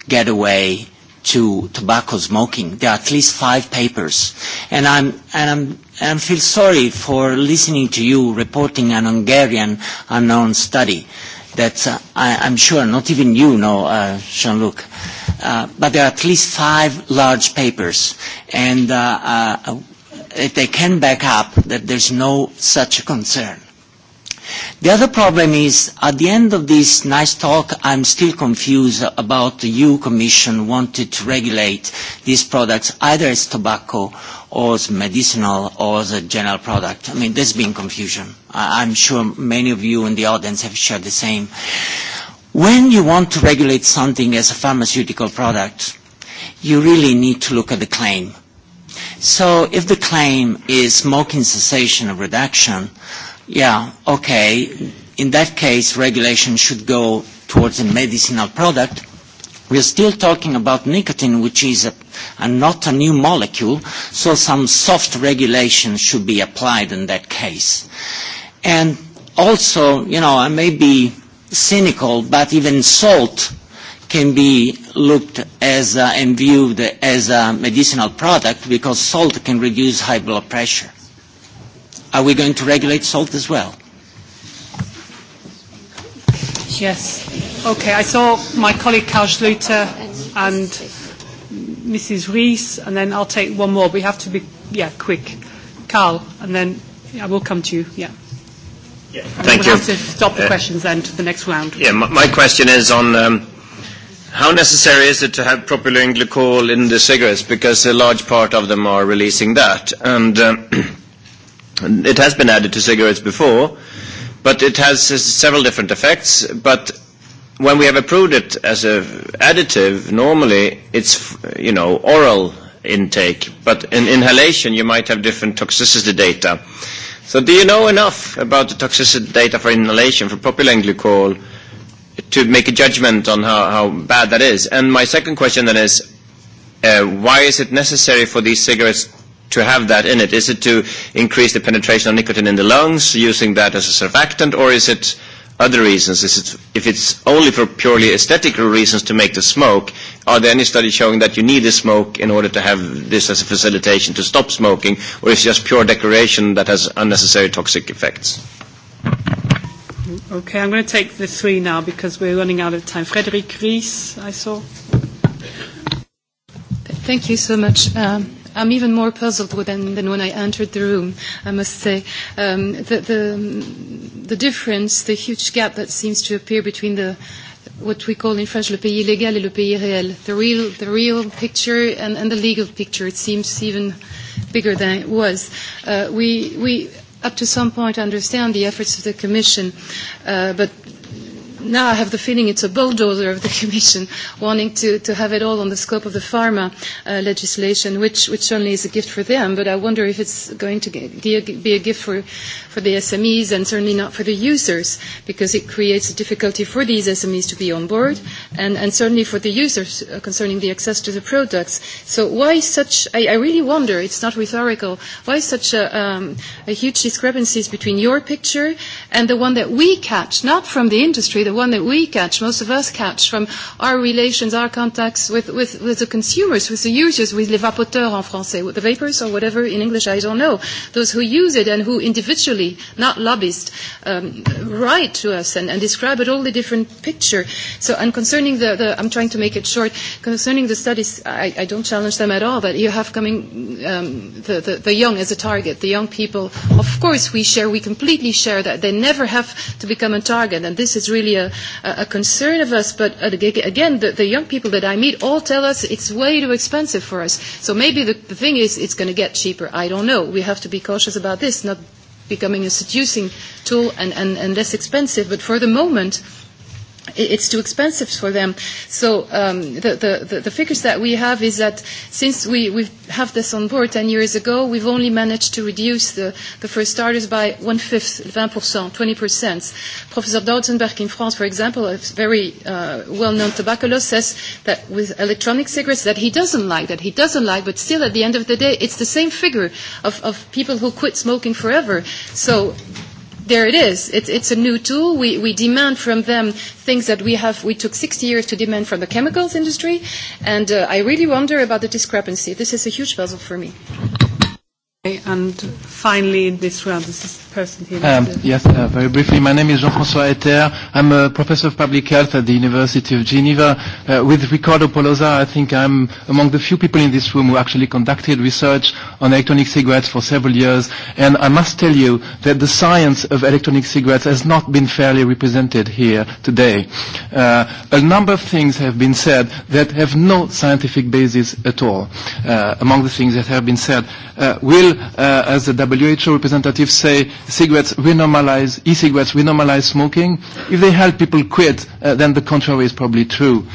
S7: getaway to tobacco smoking. There are at least five papers, and I'm and I'm I feel sorry for listening to you reporting an Hungarian unknown study that I I'm sure not even you know, Jean-Luc but there are at least five large papers, and they can back up that there's no such concern. The other problem is, at the end of this nice talk, I'm still confused about the EU Commission wanted to regulate these products either as tobacco or as medicinal or as a general product. I mean, there's been confusion. I'm sure many of you in the audience have shared the same. When you want to regulate something as a pharmaceutical product, you really need to look at the claim. So if the claim is smoking cessation or reduction, yeah, okay, in that case regulation should go towards a medicinal product. We are still talking about nicotine, which is not a new molecule, so some soft regulation should be applied in that case. And also, you know, I may be cynical, but even salt can be looked as and viewed as a medicinal product because salt can reduce high blood pressure. Are we going to regulate salt as well?
S1: Yes. Okay, I saw my colleague Karl Schluter and Mrs. Rees, and then I'll take one more. We have to be, yeah, quick. Karl, and then I will come to you. Yeah. Thank you. We'll have to stop the questions then to the next round.
S8: Yeah, my question is on how necessary is it to have propylene glycol in the cigarettes because a large part of them are releasing that and it has been added to cigarettes before but it has several different effects but when we have approved it as an additive normally it's you know oral intake but in inhalation you might have different toxicity data So do you know enough about the toxicity data for inhalation for propylene glycol to make a judgment on how, how bad that is? And my second question then is, uh, why is it necessary for these cigarettes to have that in it? Is it to increase the penetration of nicotine in the lungs, using that as a surfactant, or is it other reasons? Is it, if it's only for purely aesthetic reasons to make the smoke, Are there any studies showing that you need the smoke in order to have this as a facilitation to stop smoking, or is it just pure decoration that has unnecessary toxic effects?
S1: Okay, I'm going to take the three now because we're running out of time. Frederic Ries, I saw.
S9: Thank you so much. I'm even more puzzled than than when I entered the room, I must say. The The difference, the huge gap that seems to appear between the what we call in French le pays légal et le pays réel, the real, the real picture and, and the legal picture. It seems even bigger than it was. we, we, up to some point, understand the efforts of the Commission, but now I have the feeling it's a bulldozer of the Commission wanting to, to have it all on the scope of the pharma legislation, which, which certainly is a gift for them, but I wonder if it's going to be a gift for, for the SMEs and certainly not for the users, because it creates a difficulty for these SMEs to be on board and, and certainly for the users concerning the access to the products. So why such, I, I really wonder, it's not rhetorical, why such a, um, a huge discrepancies between your picture and the one that we catch, not from the industry, the one that we catch, most of us catch from our relations, our contacts with, with, with the consumers, with the users, with les vapoteurs en français, with the vapors or whatever in English, I don't know. Those who use it and who individually, not lobbyists, write to us and, describe it all the different picture. So, and concerning the, I'm trying to make it short, concerning the studies, I, don't challenge them at all, that you have coming the, the, the young as a target, the young people. Of course we share, we completely share that. They never have to become a target, and this is really a concern of us, but again, the young people that I meet all tell us it's way too expensive for us. So maybe the thing is it's going to get cheaper. I don't know. We have to be cautious about this, not becoming a seducing tool and less expensive. But for the moment It's too expensive for them. So the the figures that we have is that since we have this on board 10 years ago, we've only managed to reduce the the first starters by one fifth, 20%, 20%. Professor Dautzenberg in France, for example, a very well-known tobacco law says that with electronic cigarettes that he doesn't like, that he doesn't like, but still at the end of the day, it's the same figure of of people who quit smoking forever. So there it is. It's a new tool. We demand from them things that we have, we took 60 years to demand from the chemicals industry, and I really wonder about the discrepancy. This is a huge puzzle for me.
S1: And finally, this round, this person here.
S10: Yes, very briefly. My name is Jean-François Etter. I'm a professor of public health at the University of Geneva. With Ricardo Poloza, I think I'm among the few people in this room who actually conducted research on electronic cigarettes for several years. And I must tell you that the science of electronic cigarettes has not been fairly represented here today. A number of things have been said that have no scientific basis at all. Among the things that have been said, will as the WHO representatives say, cigarettes we normalize, e-cigarettes we normalize smoking. If they help people quit, then the contrary is probably true.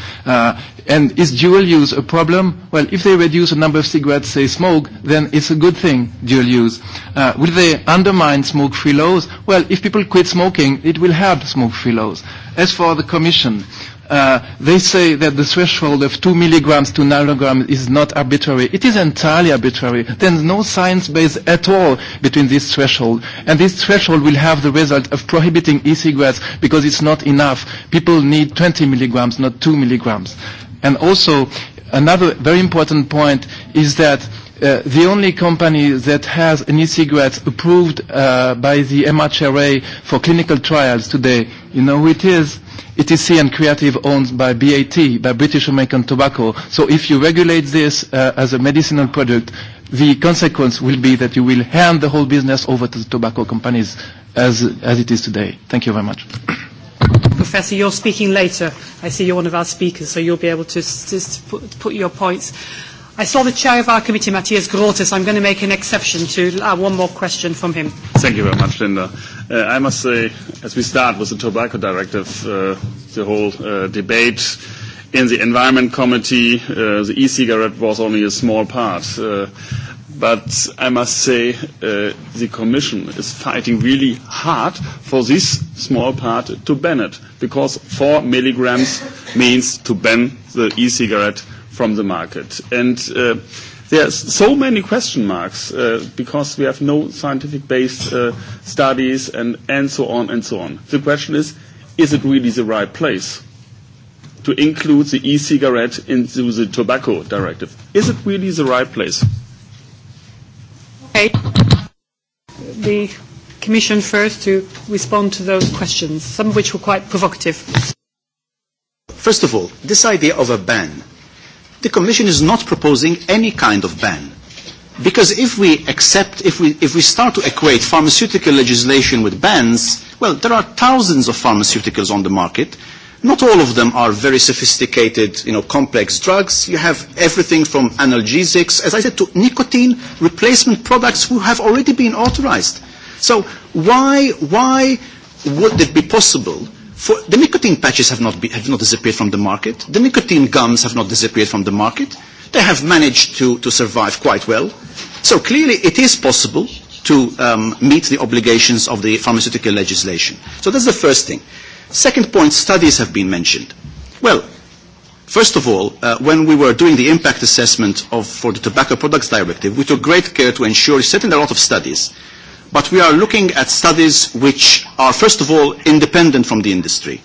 S10: And is dual use a problem? Well, if they reduce the number of cigarettes they smoke, then it's a good thing, dual use. Will they undermine smoke-free laws? Well, if people quit smoking, it will help smoke-free laws. As for the Commission, They say that the threshold of 2 milligrams to nanogram is not arbitrary. It is entirely arbitrary. There is no science base at all between this threshold. And this threshold will have the result of prohibiting e-cigarettes because it's not enough. People need 20 milligrams, not 2 milligrams. And also, another very important point is that the only company that has an e-cigarette approved by the MHRA for clinical trials today, you know who it is? ETC and Creative owned by BAT, by British American Tobacco. So if you regulate this as a medicinal product, the consequence will be that you will hand the whole business over to the tobacco companies as, as it is today. Thank you very much.
S1: Professor, you're speaking later. I see you're one of our speakers, so you'll be able to put your points. I saw the chair of our committee, Matthias Grothes I'm going to make an exception to one more question from him.
S11: Thank you very much, Linda. I must say, as we start with the tobacco directive, the whole debate in the environment committee, the e-cigarette was only a small part. But I must say, the Commission is fighting really hard for this small part to ban it, because four milligrams means to ban the e-cigarette from the market. And there are so many question marks because we have no scientific-based
S2: studies and and so on and so on. The question is, is it really the right place to include the e-cigarette into the tobacco directive?
S10: Is it really the right place?
S1: Okay. The Commission first to respond to those questions, some of which were quite provocative.
S2: First of all, this idea of a ban the Commission is not proposing any kind of ban. Because if we accept, if we, if we start to equate pharmaceutical legislation with bans, well, there are thousands of pharmaceuticals on the market. Not all of them are very sophisticated, you know, complex drugs. You have everything from analgesics, as I said, to nicotine replacement products who have already been authorized. So why, why would it be possible The nicotine patches have not disappeared from the market. The nicotine gums have not disappeared from the market. They have managed to survive quite well. So clearly it is possible to meet the obligations of the pharmaceutical legislation. So that's the first thing. Second point, studies have been mentioned. Well, first of all, when we were doing the impact assessment for the Tobacco Products Directive, we took great care to ensure, certainly a lot of studies, But we are looking at studies which are, first of all, independent from the industry.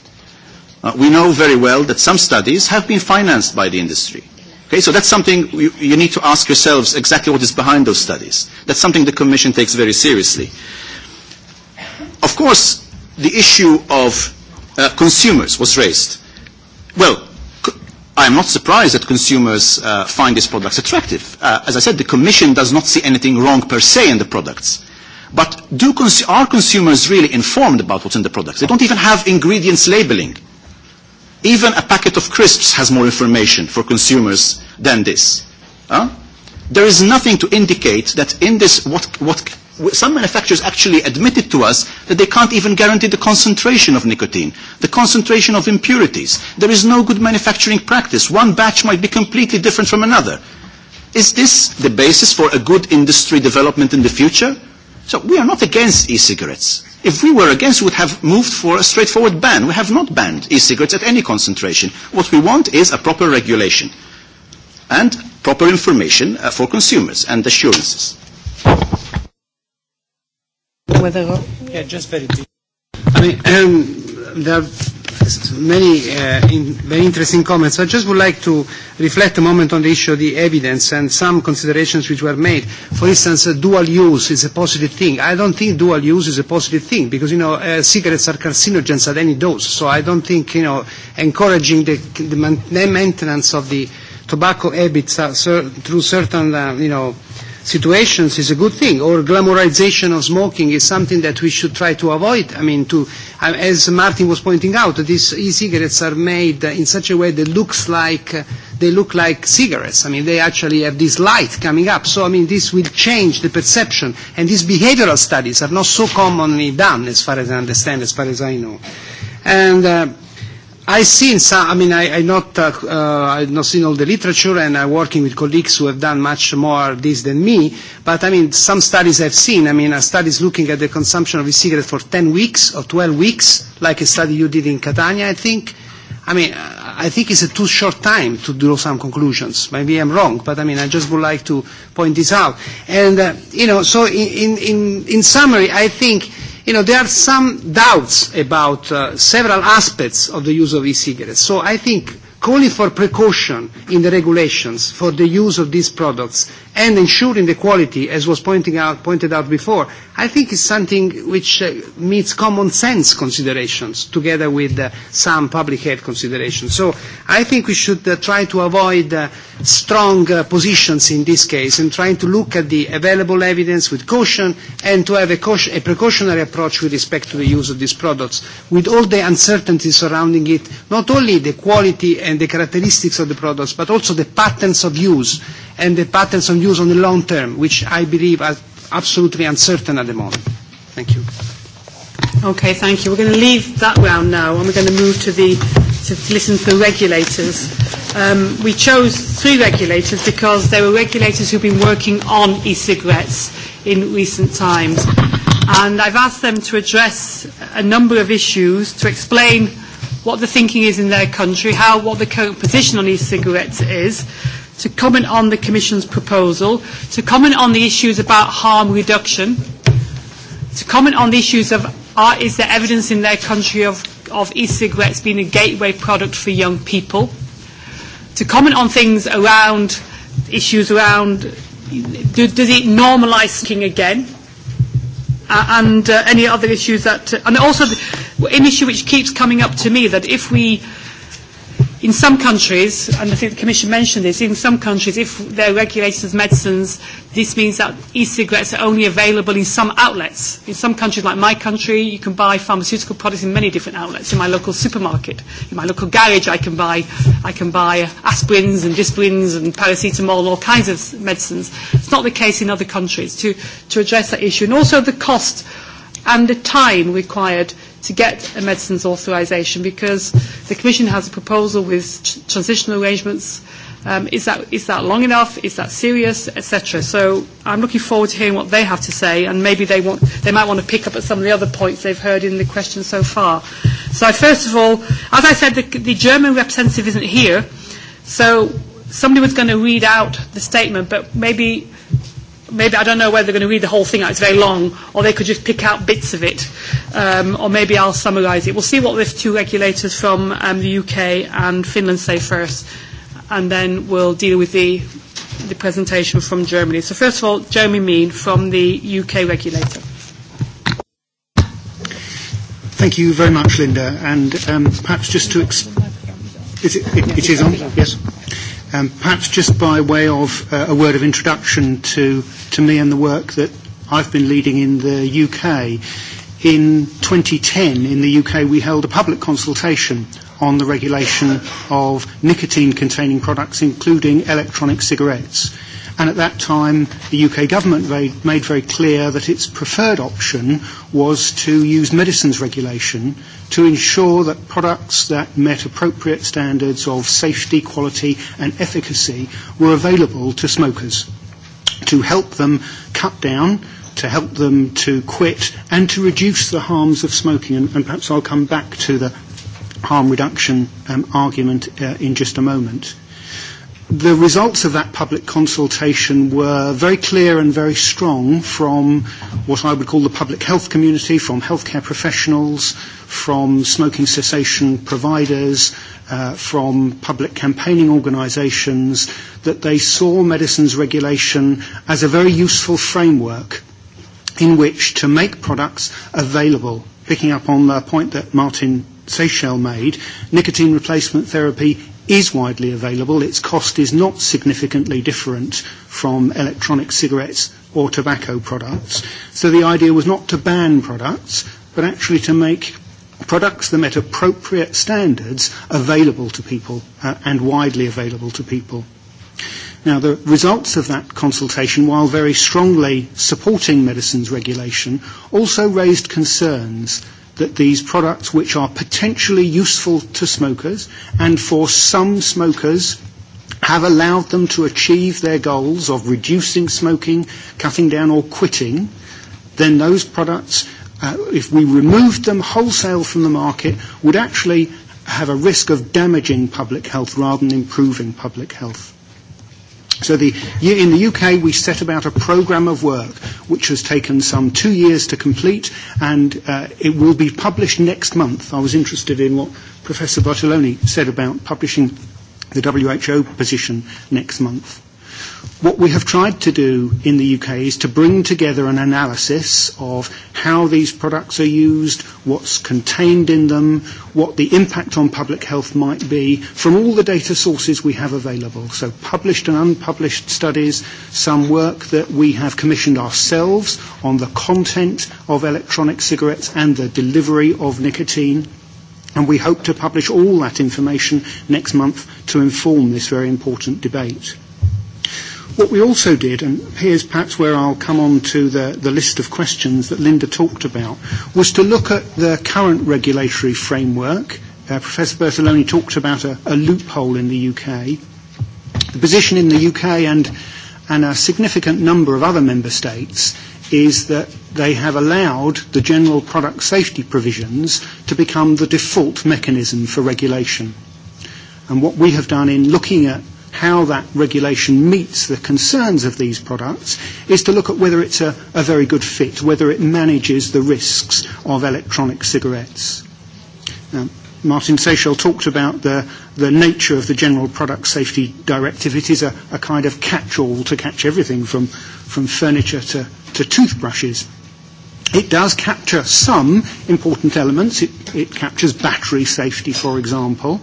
S2: We know very well that some studies have been financed by the industry. Okay, so that's something you need to ask yourselves exactly what is behind those studies. That's something the Commission takes very seriously. Of course, the issue of consumers was raised. Well, I am not surprised that consumers find these products attractive. As I said, the Commission does not see anything wrong per se in the products. But are consumers really informed about what's in the products? They don't even have ingredients labeling. Even a packet of crisps has more information for consumers than this. There is nothing to indicate that in this, what some manufacturers actually admitted to us that they can't even guarantee the concentration of nicotine, the concentration of impurities. There is no good manufacturing practice. One batch might be completely different from another. Is this the basis for a good industry development in the future? So we are not against e-cigarettes. If we were against, we would have moved for a straightforward ban. We have not banned e-cigarettes at any concentration. What we want is a proper regulation and proper information for consumers and assurances.
S7: just very
S3: I mean, many very interesting comments. I just would like to reflect a moment on the issue of the evidence and some considerations which were made. For instance, dual use is a positive thing. I don't think dual use is a positive thing because, you know, cigarettes are carcinogens at any dose. So I don't think, you know, encouraging the maintenance of the tobacco habits through certain, you know, situations is a good thing, or glamorization of smoking is something that we should try to avoid. I mean, to, as Martin was pointing out, these e-cigarettes are made in such a way that looks like they look like cigarettes. I mean, they actually have this light coming up. So, I mean, this will change the perception. And these behavioral studies are not so commonly done, as far as I understand, as far as I know. And I've seen some, I mean, I, I not, uh, I've not seen all the literature and I'm working with colleagues who have done much more this than me, but I mean, some studies I've seen, I mean, studies looking at the consumption of e cigarette for 10 weeks or 12 weeks, like a study you did in Catania, I think. I mean, I think it's a too short time to draw some conclusions. Maybe I'm wrong, but I mean, I just would like to point this out. And, you know, so in, in, in summary, I think you know, there are some doubts about several aspects of the use of e-cigarettes. So I think calling for precaution in the regulations for the use of these products and ensuring the quality, as was pointed out before, I think is something which meets common sense considerations together with some public health considerations. So I think we should try to avoid strong positions in this case and trying to look at the available evidence with caution and to have a precautionary approach with respect to the use of these products, with all the uncertainty surrounding it, not only the quality and the characteristics of the products, but also the patterns of use and the patterns of use on the long term, which I believe are absolutely uncertain at the moment.
S11: Thank you.
S1: Okay, thank you. We're going to leave that round now, and we're going to move to the to listen to the regulators. We chose three regulators because they were regulators who've been working on e-cigarettes in recent times, and I've asked them to address a number of issues to explain what the thinking is in their country, how what the current position on e-cigarettes is, to comment on the Commission's proposal, to comment on the issues about harm reduction, to comment on the issues of is there evidence in their country of e-cigarettes being a gateway product for young people, to comment on things around issues around does it normalise smoking again, and any other issues that and also an issue which keeps coming up to me that if we in some countries and I think the Commission mentioned this in some countries if there are regulations of medicines this means that e-cigarettes are only available in some outlets in some countries like my country you can buy pharmaceutical products in many different outlets in my local supermarket in my local garage I can buy I can buy aspirins and disprins and paracetamol and all kinds of medicines it's not the case in other countries to to address that issue and also the cost and the time required to get a medicines authorisation because the Commission has a proposal with transitional arrangements. Is that long enough? Is that serious? Etc. So I'm looking forward to hearing what they have to say and maybe they might want to pick up at some of the other points they've heard in the question so far. So first of all, as I said, the German representative isn't here, so somebody was going to read out the statement, but maybe maybe I don't know whether they're going to read the whole thing out. It's very long, or they could just pick out bits of it, Um or maybe I'll summarise it. We'll see what the two regulators from the UK and Finland say first, and then we'll deal with the the presentation from Germany. So first of all, Jeremy Mean from the UK regulator.
S11: Thank you very much, Linda, and um perhaps just to. Is it? It is on. Yes. Perhaps just by way of a word of introduction to to me and the work that I've been leading in the UK. In 2010, in the UK, we held a public consultation on the regulation of nicotine-containing products, including electronic cigarettes and at that time the UK government made very clear that its preferred option was to use medicines regulation to ensure that products that met appropriate standards of safety, quality and efficacy were available to smokers to help them cut down to help them to quit and to reduce the harms of smoking. And perhaps I'll come back to the harm reduction argument in just a moment the results of that public consultation were very clear and very strong from what I would call the public health community, from healthcare professionals, from smoking cessation providers, from public campaigning organisations, that they saw medicines regulation as a very useful framework in which to make products available. Picking up on the point that Martin Seychelles made, nicotine replacement therapy is widely available. Its cost is not significantly different from electronic cigarettes or tobacco products. So the idea was not to ban products, but actually to make products that met appropriate standards available to people and widely available to people. Now, the results of that consultation, while very strongly supporting medicines regulation, also raised concerns that these products which are potentially useful to smokers and for some smokers have allowed them to achieve their goals of reducing smoking, cutting down or quitting, then those products, if we removed them wholesale from the market, would actually have a risk of damaging public health rather than improving public health. So the, in the UK, we set about a programme of work which has taken some two years to complete, and it will be published next month. I was interested in what Professor Bartoloni said about publishing the WHO position next month. What we have tried to do in the UK is to bring together an analysis of how these products are used, what's contained in them, what the impact on public health might be from all the data sources we have available. So published and unpublished studies, some work that we have commissioned ourselves on the content of electronic cigarettes and the delivery of nicotine. And we hope to publish all that information next month to inform this very important debate. What we also did, and here's perhaps where I'll come on to the, the list of questions that Linda talked about, was to look at the current regulatory framework. Professor Bertoloni talked about a, a loophole in the UK. The position in the UK and a significant number of other member states is that they have allowed the general product safety provisions to become the default mechanism for regulation. And what we have done in looking at how that regulation meets the concerns of these products is to look at whether it's a very good fit, whether it manages the risks of electronic cigarettes. Martin Seychelles talked about the the nature of the General Product Safety Directive. It is a kind of catch-all to catch everything from from furniture to to toothbrushes. It does capture some important elements. It captures battery safety, for example.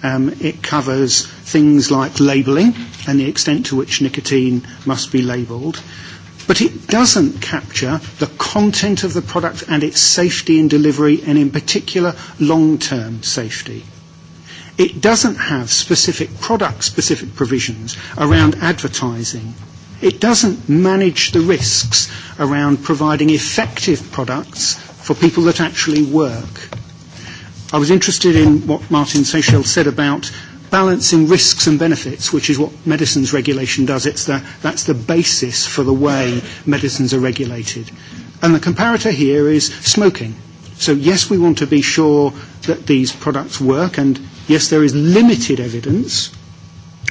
S11: It covers things like labelling and the extent to which nicotine must be labelled, but it doesn't capture the content of the product and its safety in delivery, and in particular long-term safety. It doesn't have specific product-specific provisions around advertising. It doesn't manage the risks around providing effective products for people that actually work. I was interested in what Martin Seychelles said about balancing risks and benefits, which is what medicines regulation does. It's the, that's the basis for the way medicines are regulated. And the comparator here is smoking. So yes, we want to be sure that these products work, and yes, there is limited evidence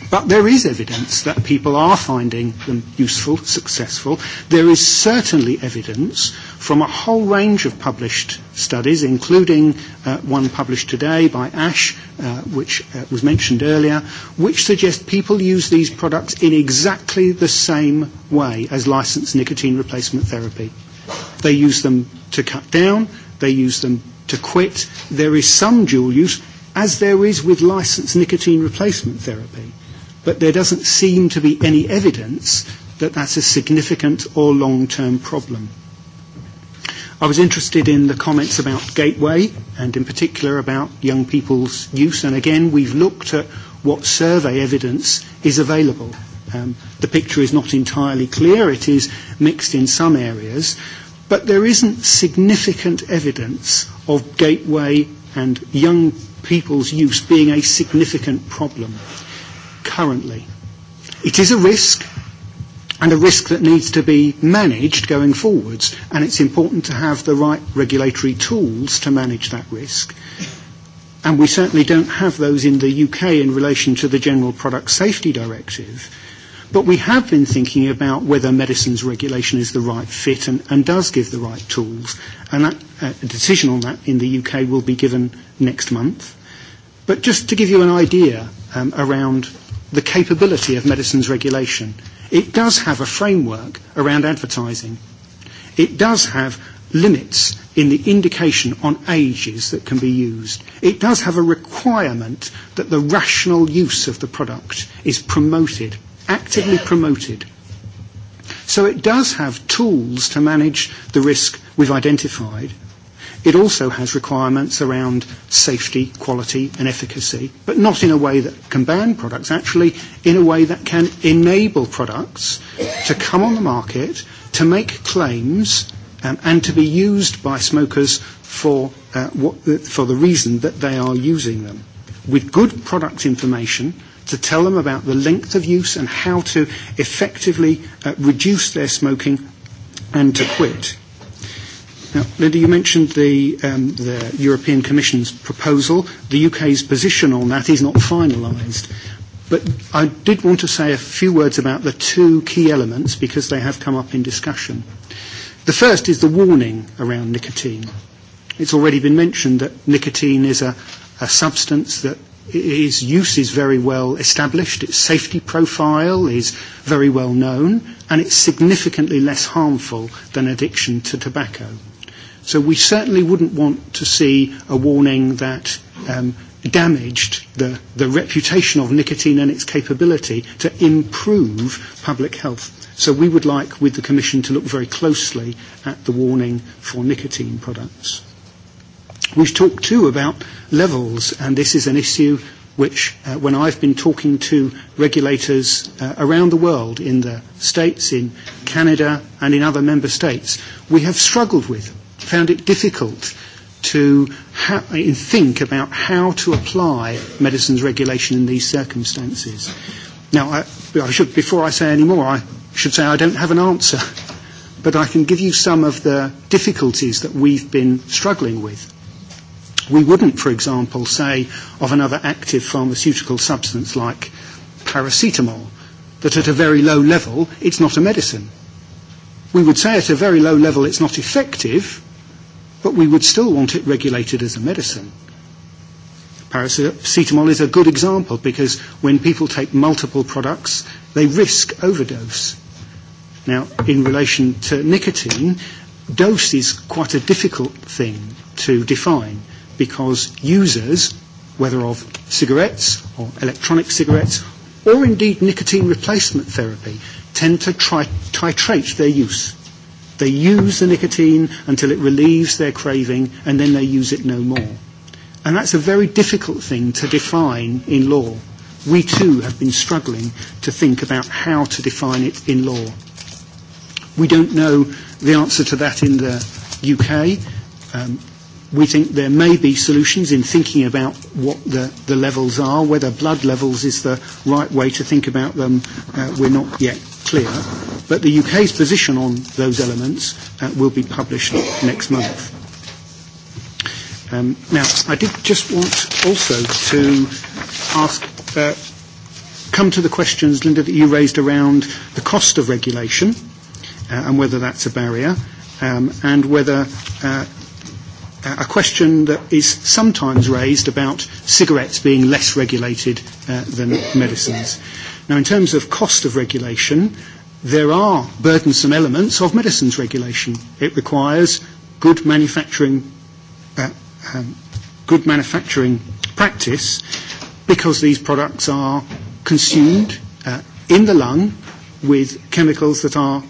S11: But there is evidence that people are finding them useful, successful. There is certainly evidence from a whole range of published studies, including one published today by Ash, which was mentioned earlier, which suggest people use these products in exactly the same way as licensed nicotine replacement therapy. They use them to cut down, they use them to quit. There is some dual use, as there is with licensed nicotine replacement therapy but there doesn't seem to be any evidence that that's a significant or long-term problem. I was interested in the comments about Gateway and in particular about young people's use. And again, we've looked at what survey evidence is available. The picture is not entirely clear. It is mixed in some areas. But there isn't significant evidence of Gateway and young people's use being a significant problem currently. It is a risk and a risk that needs to be managed going forwards, and it's important to have the right regulatory tools to manage that risk. And we certainly don't have those in the UK in relation to the General Product Safety Directive. But we have been thinking about whether medicines regulation is the right fit and, and does give the right tools. And that, a decision on that in the UK will be given next month. But just to give you an idea around the capability of medicines regulation. It does have a framework around advertising. It does have limits in the indication on ages that can be used. It does have a requirement that the rational use of the product is promoted, actively promoted. So it does have tools to manage the risk we've identified It also has requirements around safety, quality and efficacy, but not in a way that can ban products, actually in a way that can enable products to come on the market, to make claims and to be used by smokers for the reason that they are using them, with good product information to tell them about the length of use and how to effectively reduce their smoking and to quit. Now, Linda, you mentioned the, the European Commission's proposal. The UK's position on that is not finalised. But I did want to say a few words about the two key elements because they have come up in discussion. The first is the warning around nicotine. It's already been mentioned that nicotine is a substance that its use is very well established, its safety profile is very well known, and it's significantly less harmful than addiction to tobacco. So we certainly wouldn't want to see a warning that damaged the the reputation of nicotine and its capability to improve public health. So we would like, with the Commission, to look very closely at the warning for nicotine products. We've talked too about levels, and this is an issue which, when I've been talking to regulators around the world, in the States, in Canada, and in other member states, we have struggled with found it difficult to think about how to apply medicines regulation in these circumstances. Now, I, I should, before I say any more, I should say I don't have an answer, but I can give you some of the difficulties that we've been struggling with. We wouldn't, for example, say of another active pharmaceutical substance like paracetamol that at a very low level it's not a medicine. We would say at a very low level it's not effective, but we would still want it regulated as a medicine. Paracetamol is a good example because when people take multiple products, they risk overdose. Now, in relation to nicotine, dose is quite a difficult thing to define because users, whether of cigarettes or electronic cigarettes, or indeed nicotine replacement therapy, tend to titrate their use. They use the nicotine until it relieves their craving and then they use it no more. And that's a very difficult thing to define in law. We too have been struggling to think about how to define it in law. We don't know the answer to that in the UK. We think there may be solutions in thinking about what the the levels are, whether blood levels is the right way to think about them. We're not yet clear, but the UK's position on those elements will be published next month. Now, I did just want also to ask come to the questions, Linda, that you raised around the cost of regulation and whether that's a barrier and whether a question that is sometimes raised about cigarettes being less regulated than medicines. Now, in terms of cost of regulation, there are burdensome elements of medicines regulation. It requires good manufacturing, good manufacturing practice, because these products are consumed in the lung with chemicals that are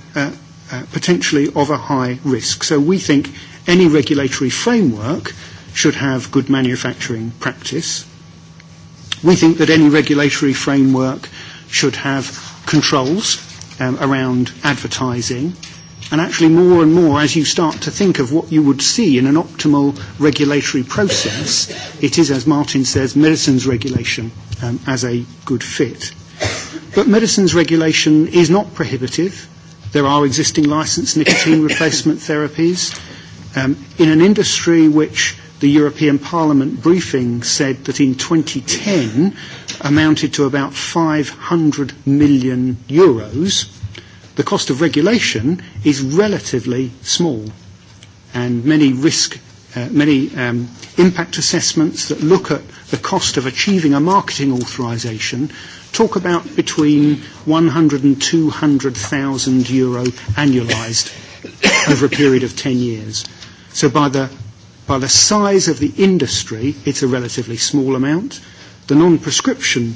S11: potentially of a high risk. So we think any regulatory framework should have good manufacturing practice. We think that any regulatory framework should have controls around advertising. And actually more and more, as you start to think of what you would see in an optimal regulatory process, it is, as Martin says, medicines regulation as a good fit. But medicines regulation is not prohibitive. There are existing licensed nicotine replacement therapies. In an industry which the European Parliament briefing said that in 2010 amounted to about 500 million euros, the cost of regulation is relatively small. And many risk, many impact assessments that look at the cost of achieving a marketing authorisation talk about between 100 and 200,000 euro annualised over a period of 10 years. So by the By the size of the industry, it's a relatively small amount. The non-prescription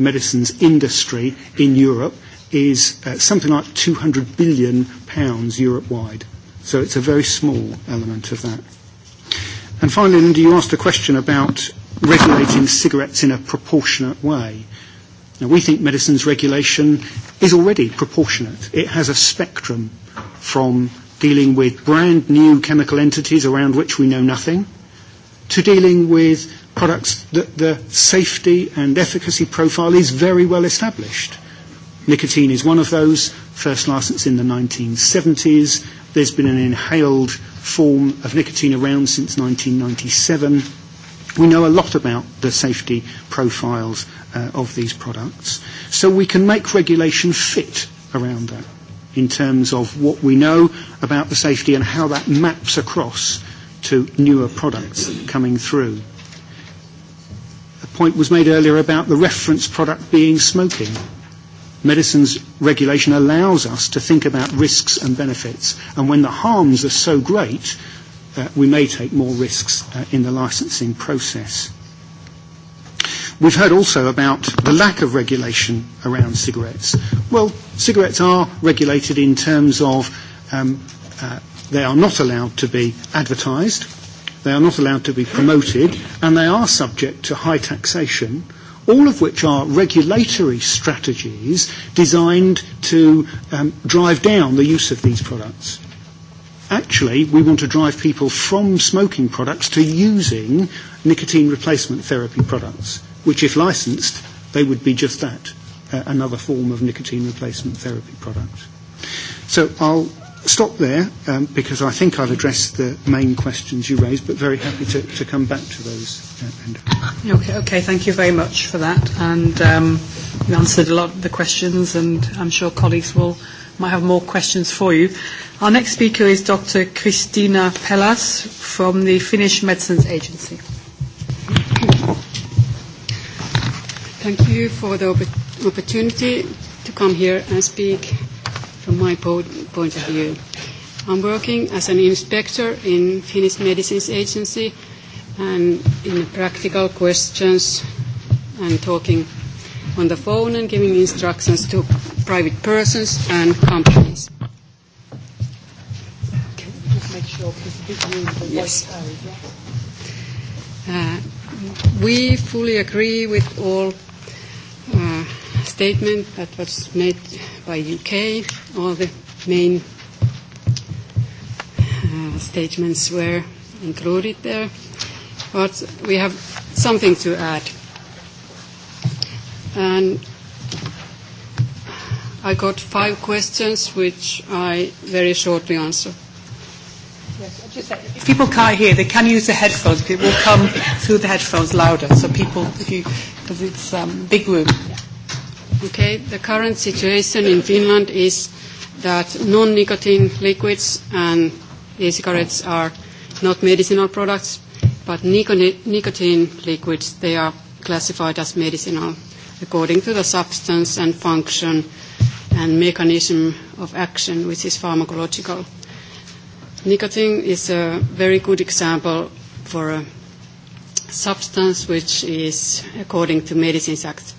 S11: medicines industry in Europe is something like 200 billion pounds Europe-wide. So it's a very small element of that. And finally, Linda, you asked a question about regulating cigarettes in a proportionate way. Now, we think medicines regulation is already proportionate. It has a spectrum from dealing with brand new chemical entities around which we know nothing, to dealing with products that the safety and efficacy profile is very well established. Nicotine is one of those, first licensed in the 1970s. There's been an inhaled form of nicotine around since 1997. We know a lot about the safety profiles of these products. So we can make regulation fit around that in terms of what we know about the safety and how that maps across to newer products coming through. A point was made earlier about the reference product being smoking. Medicines regulation allows us to think about risks and benefits, and when the harms are so great, we may take more risks in the licensing process. We've heard also about the lack of regulation around cigarettes. Well, cigarettes are regulated in terms of they are not allowed to be advertised, they are not allowed to be promoted, and they are subject to high taxation, all of which are regulatory strategies designed to drive down the use of these products. Actually, we want to drive people from smoking products to using nicotine replacement therapy products which, if licensed, they would be just that, another form of nicotine replacement therapy product. So I'll stop there because I think I've addressed the main questions you raised, but very happy to, to come back to those.
S1: Okay, okay, thank you very much for that. And um, you answered a lot of the questions, and I'm sure colleagues will might have more questions for you. Our next speaker is Dr. Kristina Pelas from the Finnish Medicines Agency.
S12: Thank you for the opportunity to come here and speak from my point of view. I'm working as an inspector in Finnish Medicines Agency and in practical questions and talking on the phone and giving instructions to private persons and companies. Yes. We fully agree with all statement that was made by UK. All the main statements were included there. But we have something to add. And I got five questions, which I very shortly answer.
S1: If people can't hear, they can use the headphones. It will come through the headphones louder. So people, if you, because it's a big room.
S12: Okay, the current situation in Finland is that non-nicotine liquids and e-cigarettes are not medicinal products, but nicotine liquids, they are classified as medicinal according to the substance and function and mechanism of action, which is pharmacological. Nicotine is a very good example for a substance which is according to Medicines Act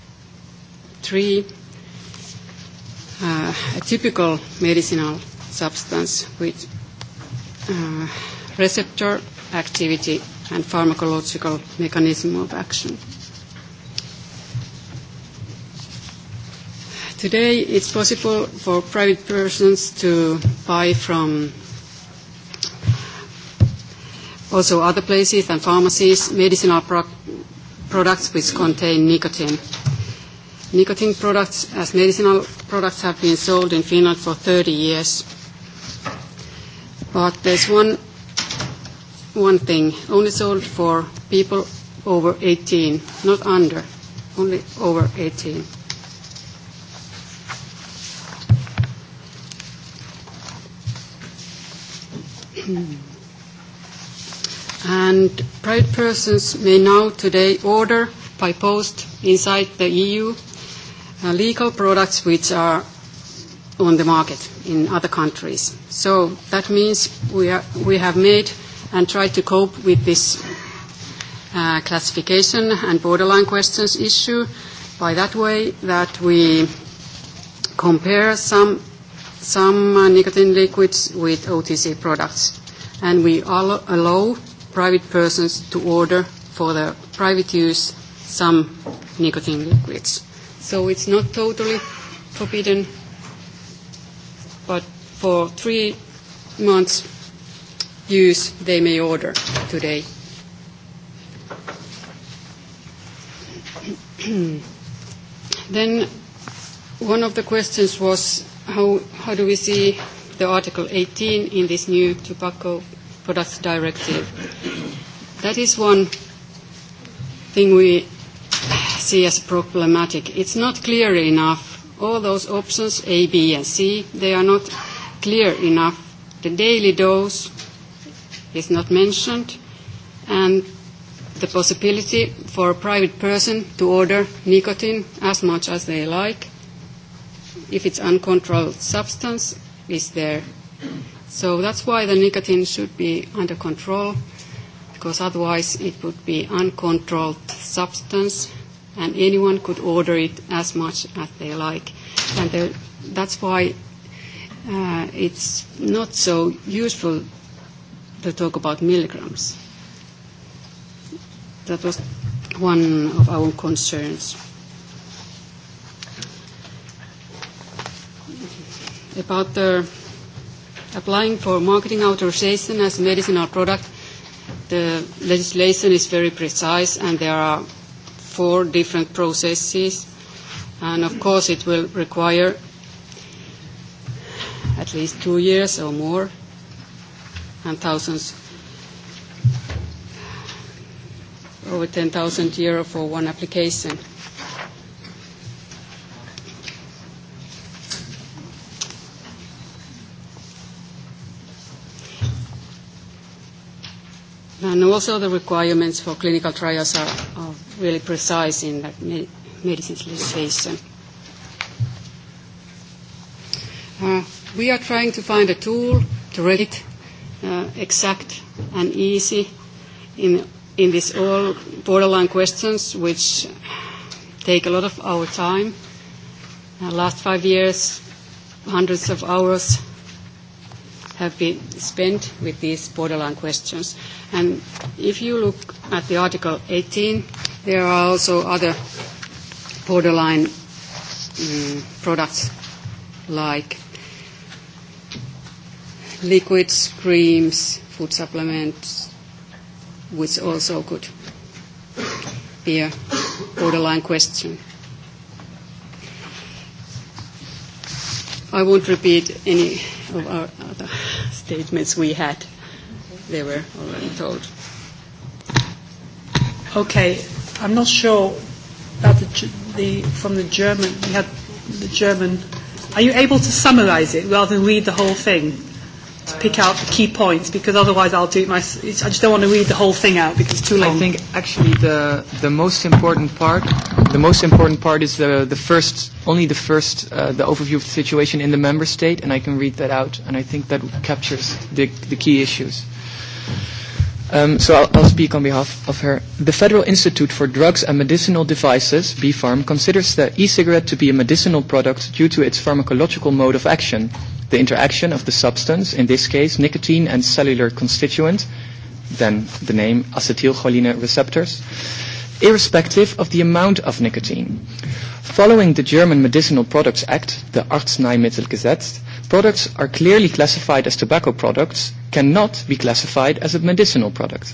S12: three, a typical medicinal substance with receptor activity and pharmacological mechanism of action. Today it's possible for private persons to buy from also other places than pharmacies medicinal products which contain nicotine Nicotine products as medicinal products have been sold in Finland for 30 years. But there's one one thing, only sold for people over 18, not under, only over 18. And private persons may now today order by post inside the EU legal products which are on the market in other countries. So that means we have made and tried to cope with this classification and borderline questions issue by that way that we compare some nicotine liquids with OTC products and we allow private persons to order for their private use some nicotine liquids. So it's not totally forbidden, but for three months use they may order today. Then one of the questions was how how do we see the Article 18 in this new tobacco products directive. That is one thing we see as problematic. It's not clear enough. All those options, A, B, and C, they are not clear enough. The daily dose is not mentioned, and the possibility for a private person to order nicotine as much as they like, if it's uncontrolled substance, is there. So that's why the nicotine should be under control, because otherwise it would be uncontrolled substance and anyone could order it as much as they like. And that's why it's not so useful to talk about milligrams. That was one of our concerns. About the applying for marketing authorization as a medicinal product, the legislation is very precise and there are four different processes, and of course it will require at least two years or more, and thousands, over 10,000 euro for one application. And also the requirements for clinical trials are really precise in that medicines legislation. We are trying to find a tool to it exact and easy in in these all borderline questions which take a lot of our time. Last five years, hundreds of hours have been spent with these borderline questions. And if you look at the Article 18, there are also other borderline products like liquids, creams, food supplements, which also could be a borderline question. I won't repeat any of our other statements we had. They were
S1: already told. Okay. I'm not sure about the from the German. We had the German. Are you able to summarize it rather than read the whole thing? pick out the key points because otherwise I'll do my. I just
S13: don't want to read the whole thing out because it's too long. I think actually the the most important part, the most important part is the the first, only the first, the overview of the situation in the member state, and I can read that out, and I think that captures the the key issues. So I'll speak on behalf of her. The Federal Institute for Drugs and Medicinal Devices, BFARM, considers the e-cigarette to be a medicinal product due to its pharmacological mode of action the interaction of the substance, in this case nicotine and cellular constituent, then the name acetylcholine receptors, irrespective of the amount of nicotine. Following the German Medicinal Products Act, the Arzneimittelgesetz, products are clearly classified as tobacco products, cannot be classified as a medicinal product.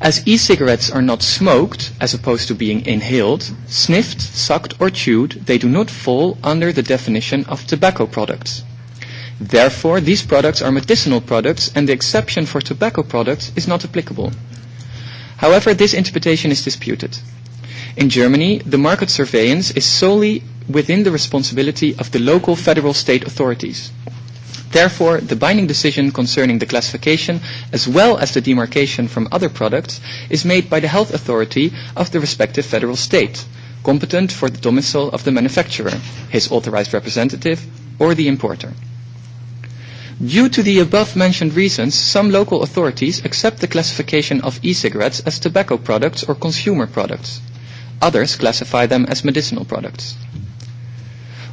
S13: As e-cigarettes are not smoked, as opposed to being inhaled, sniffed, sucked or chewed, they do not fall under the definition of tobacco products. Therefore, these products are medicinal products and the exception for tobacco products is not applicable. However, this interpretation is disputed. In Germany, the market surveillance is solely within the responsibility of the local federal state authorities. Therefore, the binding decision concerning the classification as well as the demarcation from other products is made by the health authority of the respective federal state, competent for the domicile of the manufacturer, his authorized representative, or the importer. Due to the above-mentioned reasons, some local authorities accept the classification of e-cigarettes as tobacco products or consumer products. Others classify them as medicinal products.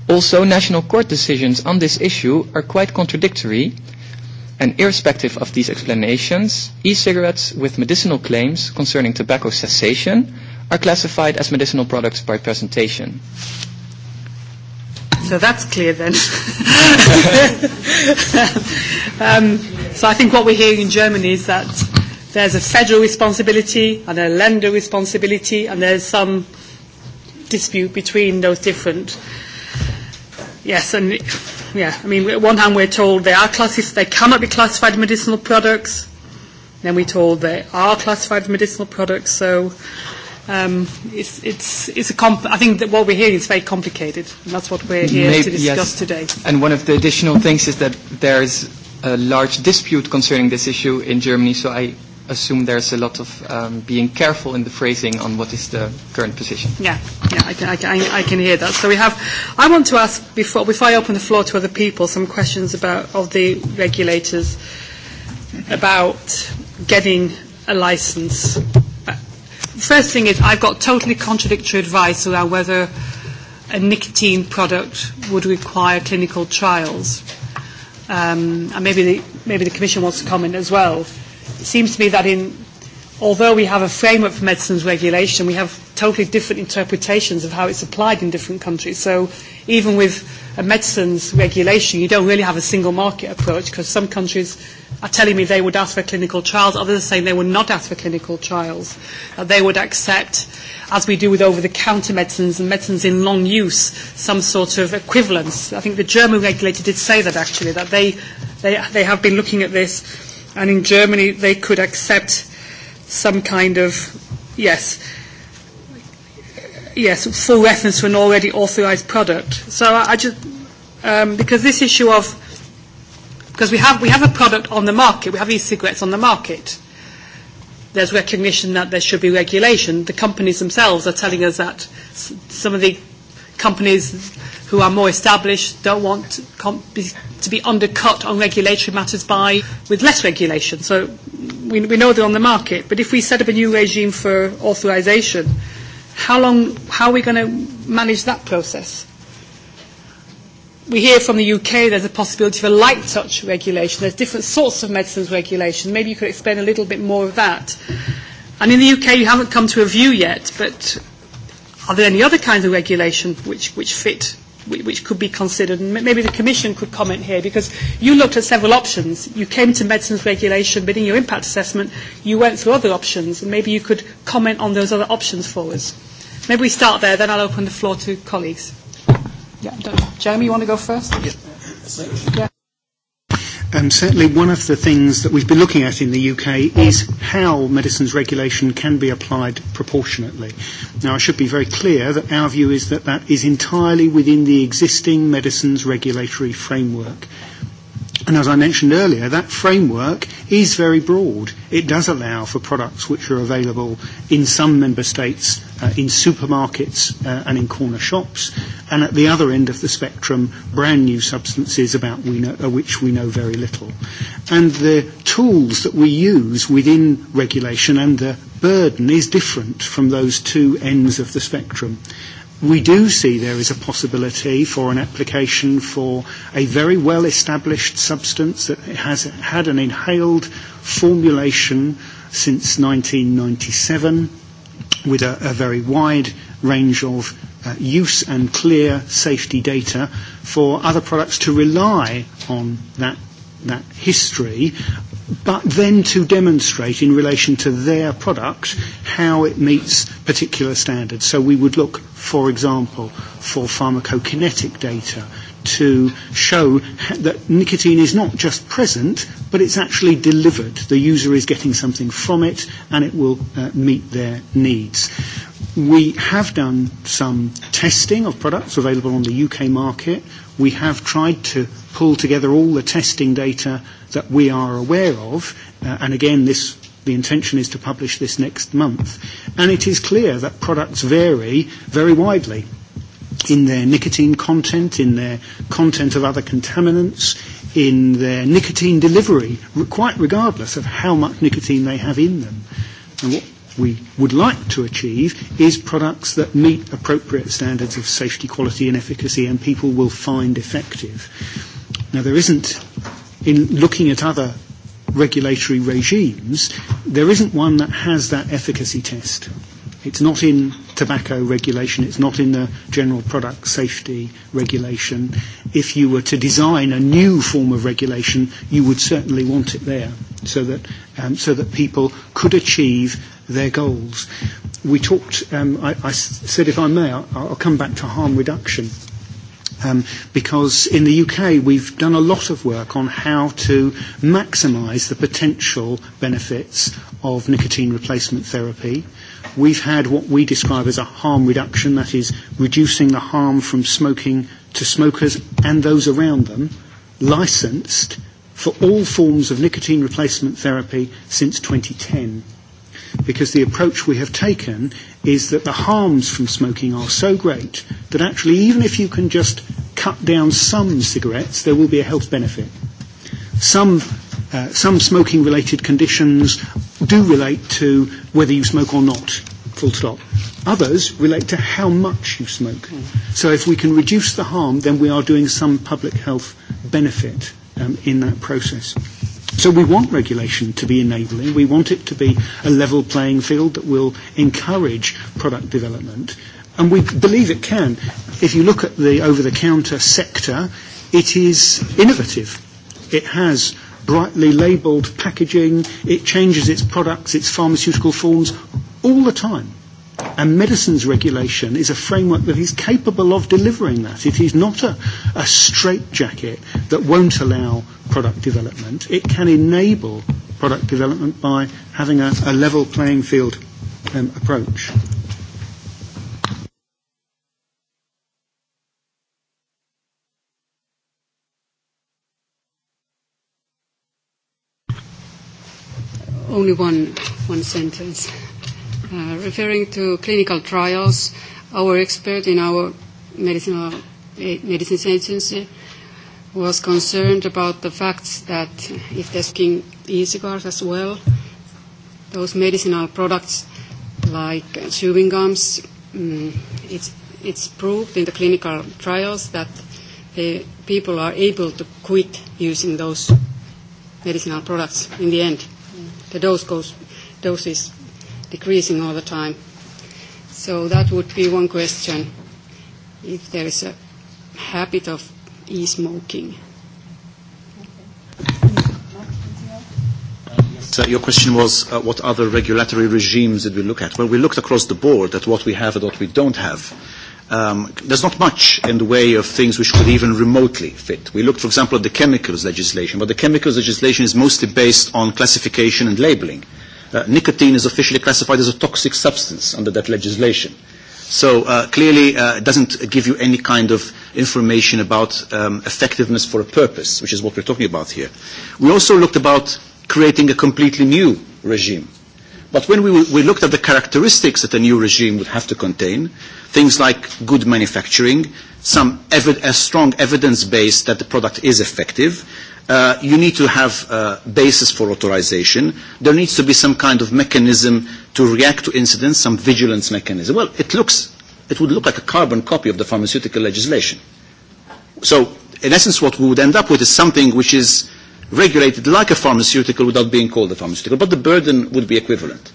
S13: Also, national court decisions on this issue are quite contradictory, and irrespective of these explanations, e-cigarettes with medicinal claims concerning tobacco cessation are classified as medicinal products by presentation
S1: so that's clear then. um, so I think what we're hearing in Germany is that there's a federal responsibility and a lender responsibility and there's some dispute between those different. Yes, and yeah, I mean, on one hand we're told they are classes, they cannot be classified medicinal products. Then we're told they are classified medicinal products, so it's, it's, it's a I think that what we're hearing is very complicated, and that's what we're here to discuss today.
S13: And one of the additional things is that there is a large dispute concerning this issue in Germany, so I assume there's a lot of um, being careful in the phrasing on what is the current position.
S1: Yeah, yeah, I can, I, can, I can hear that. So we have, I want to ask before, before I open the floor to other people, some questions about of the regulators about getting a license first thing is I've got totally contradictory advice around whether a nicotine product would require clinical trials. Um, and maybe the, maybe the Commission wants to comment as well. It seems to me that in, although we have a framework for medicines regulation, we have totally different interpretations of how it's applied in different countries. So even with a medicines regulation, you don't really have a single market approach because some countries are telling me they would ask for clinical trials. Others are saying they would not ask for clinical trials. They would accept, as we do with over-the-counter medicines and medicines in long use, some sort of equivalence. I think the German regulator did say that, actually, that they they have been looking at this, and in Germany they could accept some kind of, yes, yes, full reference to an already authorised product. So I just, because this issue of Because we have, we have a product on the market, we have e-cigarettes on the market. There's recognition that there should be regulation. The companies themselves are telling us that some of the companies who are more established don't want to be undercut on regulatory matters by with less regulation. So we, we know they're on the market. But if we set up a new regime for authorisation, how long, how are we going to manage that process? we hear from the UK there's a possibility of a light touch regulation. There's different sorts of medicines regulation. Maybe you could explain a little bit more of that. And in the UK you haven't come to a view yet, but are there any other kinds of regulation which, which fit, which could be considered? And maybe the Commission could comment here, because you looked at several options. You came to medicines regulation, but in your impact assessment you went through other options, and maybe you could comment on those other options for us. Maybe we start there, then I'll open the floor to colleagues. Yeah, Jeremy, you want to go first? Yeah.
S11: Certainly, one of the things that we've been looking at in the UK is how medicines regulation can be applied proportionately. Now, I should be very clear that our view is that that is entirely within the existing medicines regulatory framework. And as I mentioned earlier, that framework is very broad. It does allow for products which are available in some member states, in supermarkets and in corner shops, and at the other end of the spectrum, brand new substances about which we know very little. And the tools that we use within regulation and the burden is different from those two ends of the spectrum we do see there is a possibility for an application for a very well-established substance that has had an inhaled formulation since 1997 with a very wide range of use and clear safety data for other products to rely on that that history but then to demonstrate in relation to their product how it meets particular standards. So we would look, for example, for pharmacokinetic data to show that nicotine is not just present, but it's actually delivered. The user is getting something from it, and it will meet their needs. We have done some testing of products available on the UK market we have tried to pull together all the testing data that we are aware of, and again, this the intention is to publish this next month, and it is clear that products vary very widely in their nicotine content, in their content of other contaminants, in their nicotine delivery, quite regardless of how much nicotine they have in them. And we would like to achieve is products that meet appropriate standards of safety, quality and efficacy and people will find effective. Now there isn't, in looking at other regulatory regimes, there isn't one that has that efficacy test. It's not in tobacco regulation, it's not in the general product safety regulation. If you were to design a new form of regulation, you would certainly want it there so that people could achieve their goals. We talked, I said if I may, I'll come back to harm reduction because in the UK we've done a lot of work on how to maximise the potential benefits of nicotine replacement therapy. We've had what we describe as a harm reduction, that is reducing the harm from smoking to smokers and those around them, licensed for all forms of nicotine replacement therapy since 2010 because the approach we have taken is that the harms from smoking are so great that actually even if you can just cut down some cigarettes, there will be a health benefit. Some some smoking related conditions do relate to whether you smoke or not, full stop. Others relate to how much you smoke. So if we can reduce the harm, then we are doing some public health benefit in that process. So we want regulation to be enabling. We want it to be a level playing field that will encourage product development. And we believe it can. If you look at the over-the-counter sector, it is innovative. It has brightly labelled packaging. It changes its products, its pharmaceutical forms all the time and medicines regulation is a framework that is capable of delivering that. It is not a, a straitjacket that won't allow product development. It can enable product development by having a, level playing field approach.
S12: Only one, one sentence referring to clinical trials, our expert in our medicinal medicines agency was concerned about the fact that if they're king e-cigars as well, those medicinal products like chewing gums, it's, it's proved in the clinical trials that the people are able to quit using those medicinal products in the end. The dose goes, doses decreasing all the time. So that would be one question, if there is a habit of e-smoking.
S2: So Your question was what other regulatory regimes did we look at? Well, we looked across the board at what we have and what we don't have. There's not much in the way of things which could even remotely fit. We looked, for example, at the chemicals legislation, but the chemicals legislation is mostly based on classification and labelling. Nicotine is officially classified as a toxic substance under that legislation. So clearly it doesn't give you any kind of information about effectiveness for a purpose, which is what we're talking about here. We also looked about creating a completely new regime. But when we we looked at the characteristics that a new regime would have to contain, things like good manufacturing, some a strong evidence base that the product is effective, you need to have a basis for authorization. There needs to be some kind of mechanism to react to incidents, some vigilance mechanism. Well, it looks, it would look like a carbon copy of the pharmaceutical legislation. So, in essence, what we would end up with is something which is regulated like a pharmaceutical without being called a pharmaceutical, but the burden would be equivalent.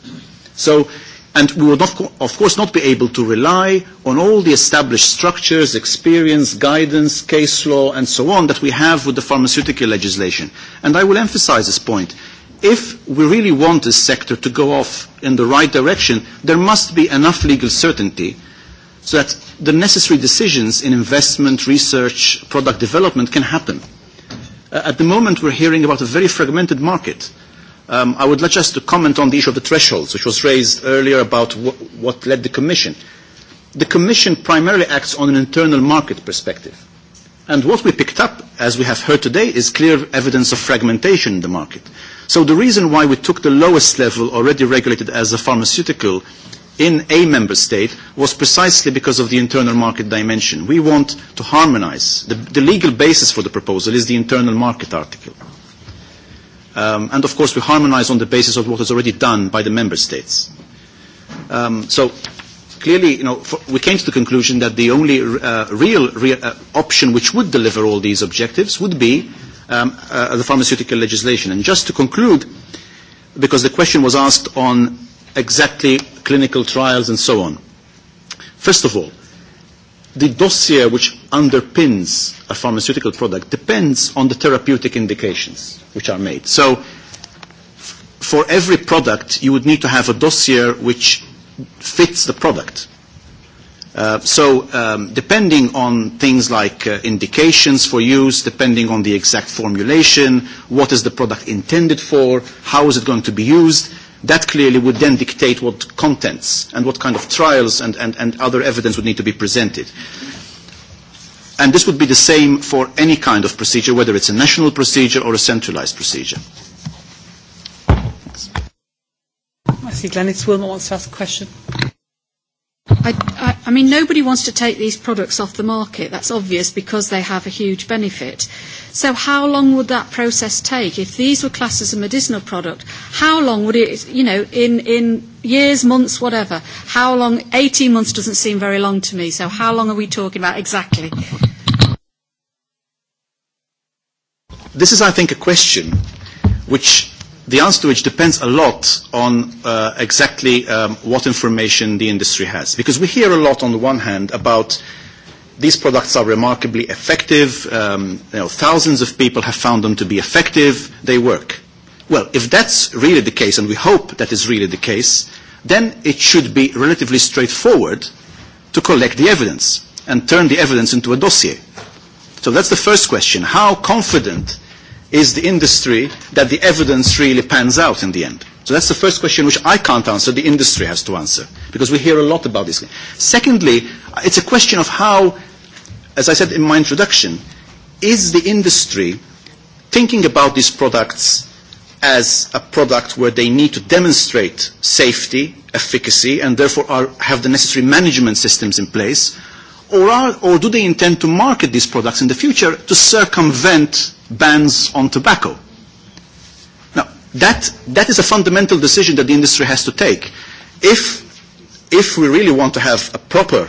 S2: So, And we would, of course, not be able to rely on all the established structures, experience, guidance, case law, and so on that we have with the pharmaceutical legislation. And I will emphasize this point. If we really want this sector to go off in the right direction, there must be enough legal certainty so that the necessary decisions in investment, research, product development can happen. At the moment, we're hearing about a very fragmented market I would like just to comment on the issue of the thresholds, which was raised earlier about what led the Commission. The Commission primarily acts on an internal market perspective. And what we picked up, as we have heard today, is clear evidence of fragmentation in the market. So the reason why we took the lowest level already regulated as a pharmaceutical in a member state was precisely because of the internal market dimension. We want to harmonise. The legal basis for the proposal is the internal market article and of course we harmonise on the basis of what is already done by the member states. So clearly, we came to the conclusion that the only real option which would deliver all these objectives would be the pharmaceutical legislation. And just to conclude, because the question was asked on exactly clinical trials and so on. First of all, the dossier which underpins a pharmaceutical product depends on the therapeutic indications which are made. So for every product, you would need to have a dossier which fits the product. So depending on things like indications for use, depending on the exact formulation, what is the product intended for, how is it going to be used, That clearly would then dictate what contents and what kind of trials and other evidence would need to be presented. And this would be the same for any kind of procedure, whether it's a national procedure or a centralized procedure.
S4: I see wants to ask a question. I, I mean, nobody wants to take these products off the market. That's obvious because they have a huge benefit. So how long would that process take? If these were classed as a medicinal product, how long would it, you know, in, in years, months, whatever, how long, 18 months doesn't seem very long to me. So how long are we talking about exactly?
S2: This is, I think, a question which the answer to which depends a lot on exactly what information the industry has. Because we hear a lot on the one hand about these products are remarkably effective, thousands of people have found them to be effective, they work. Well, if that's really the case, and we hope that is really the case, then it should be relatively straightforward to collect the evidence and turn the evidence into a dossier. So that's the first question. How confident is the industry that the evidence really pans out in the end. So that's the first question which I can't answer, the industry has to answer, because we hear a lot about this. Secondly, it's a question of how, as I said in my introduction, is the industry thinking about these products as a product where they need to demonstrate safety, efficacy, and therefore have the necessary management systems in place, or do they intend to market these products in the future to circumvent bans on tobacco? Now, that that is a fundamental decision that the industry has to take. If if we really want to have a proper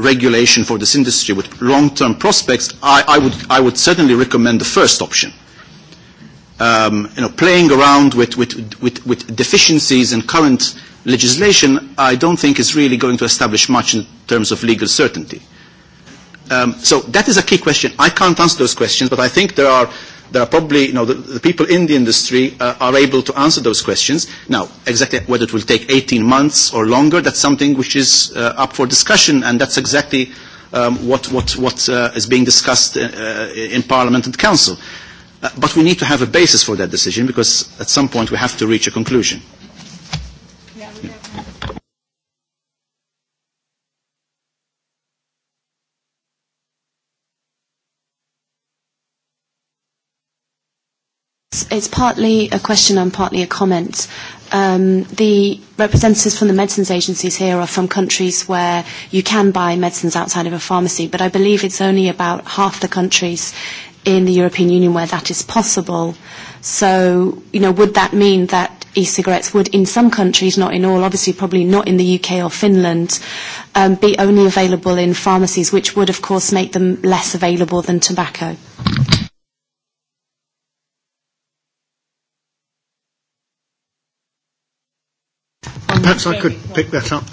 S2: regulation for this industry with long-term prospects, I would I would certainly recommend the first option playing around with deficiencies in current legislation, I don't think is really going to establish much in terms of legal certainty. So that is a key question. I can't answer those questions, but I think there are there are probably, you know, the people in the industry are able to answer those questions. Now, exactly whether it will take 18 months or longer, that's something which is up for discussion, and that's exactly what what what is being discussed in Parliament and Council. But we need to have a basis for that decision because at some point we have to reach a conclusion.
S6: It's partly a question and partly a comment. The representatives from the medicines agencies here are from countries where you can buy medicines outside of a pharmacy, but I believe it's only about half the countries in the European Union where that is possible. So, you know, would that mean that e-cigarettes would, in some countries, not in all, obviously probably not in the UK or Finland, be only available in pharmacies, which would, of course, make them less available than tobacco?
S11: Perhaps I could pick that up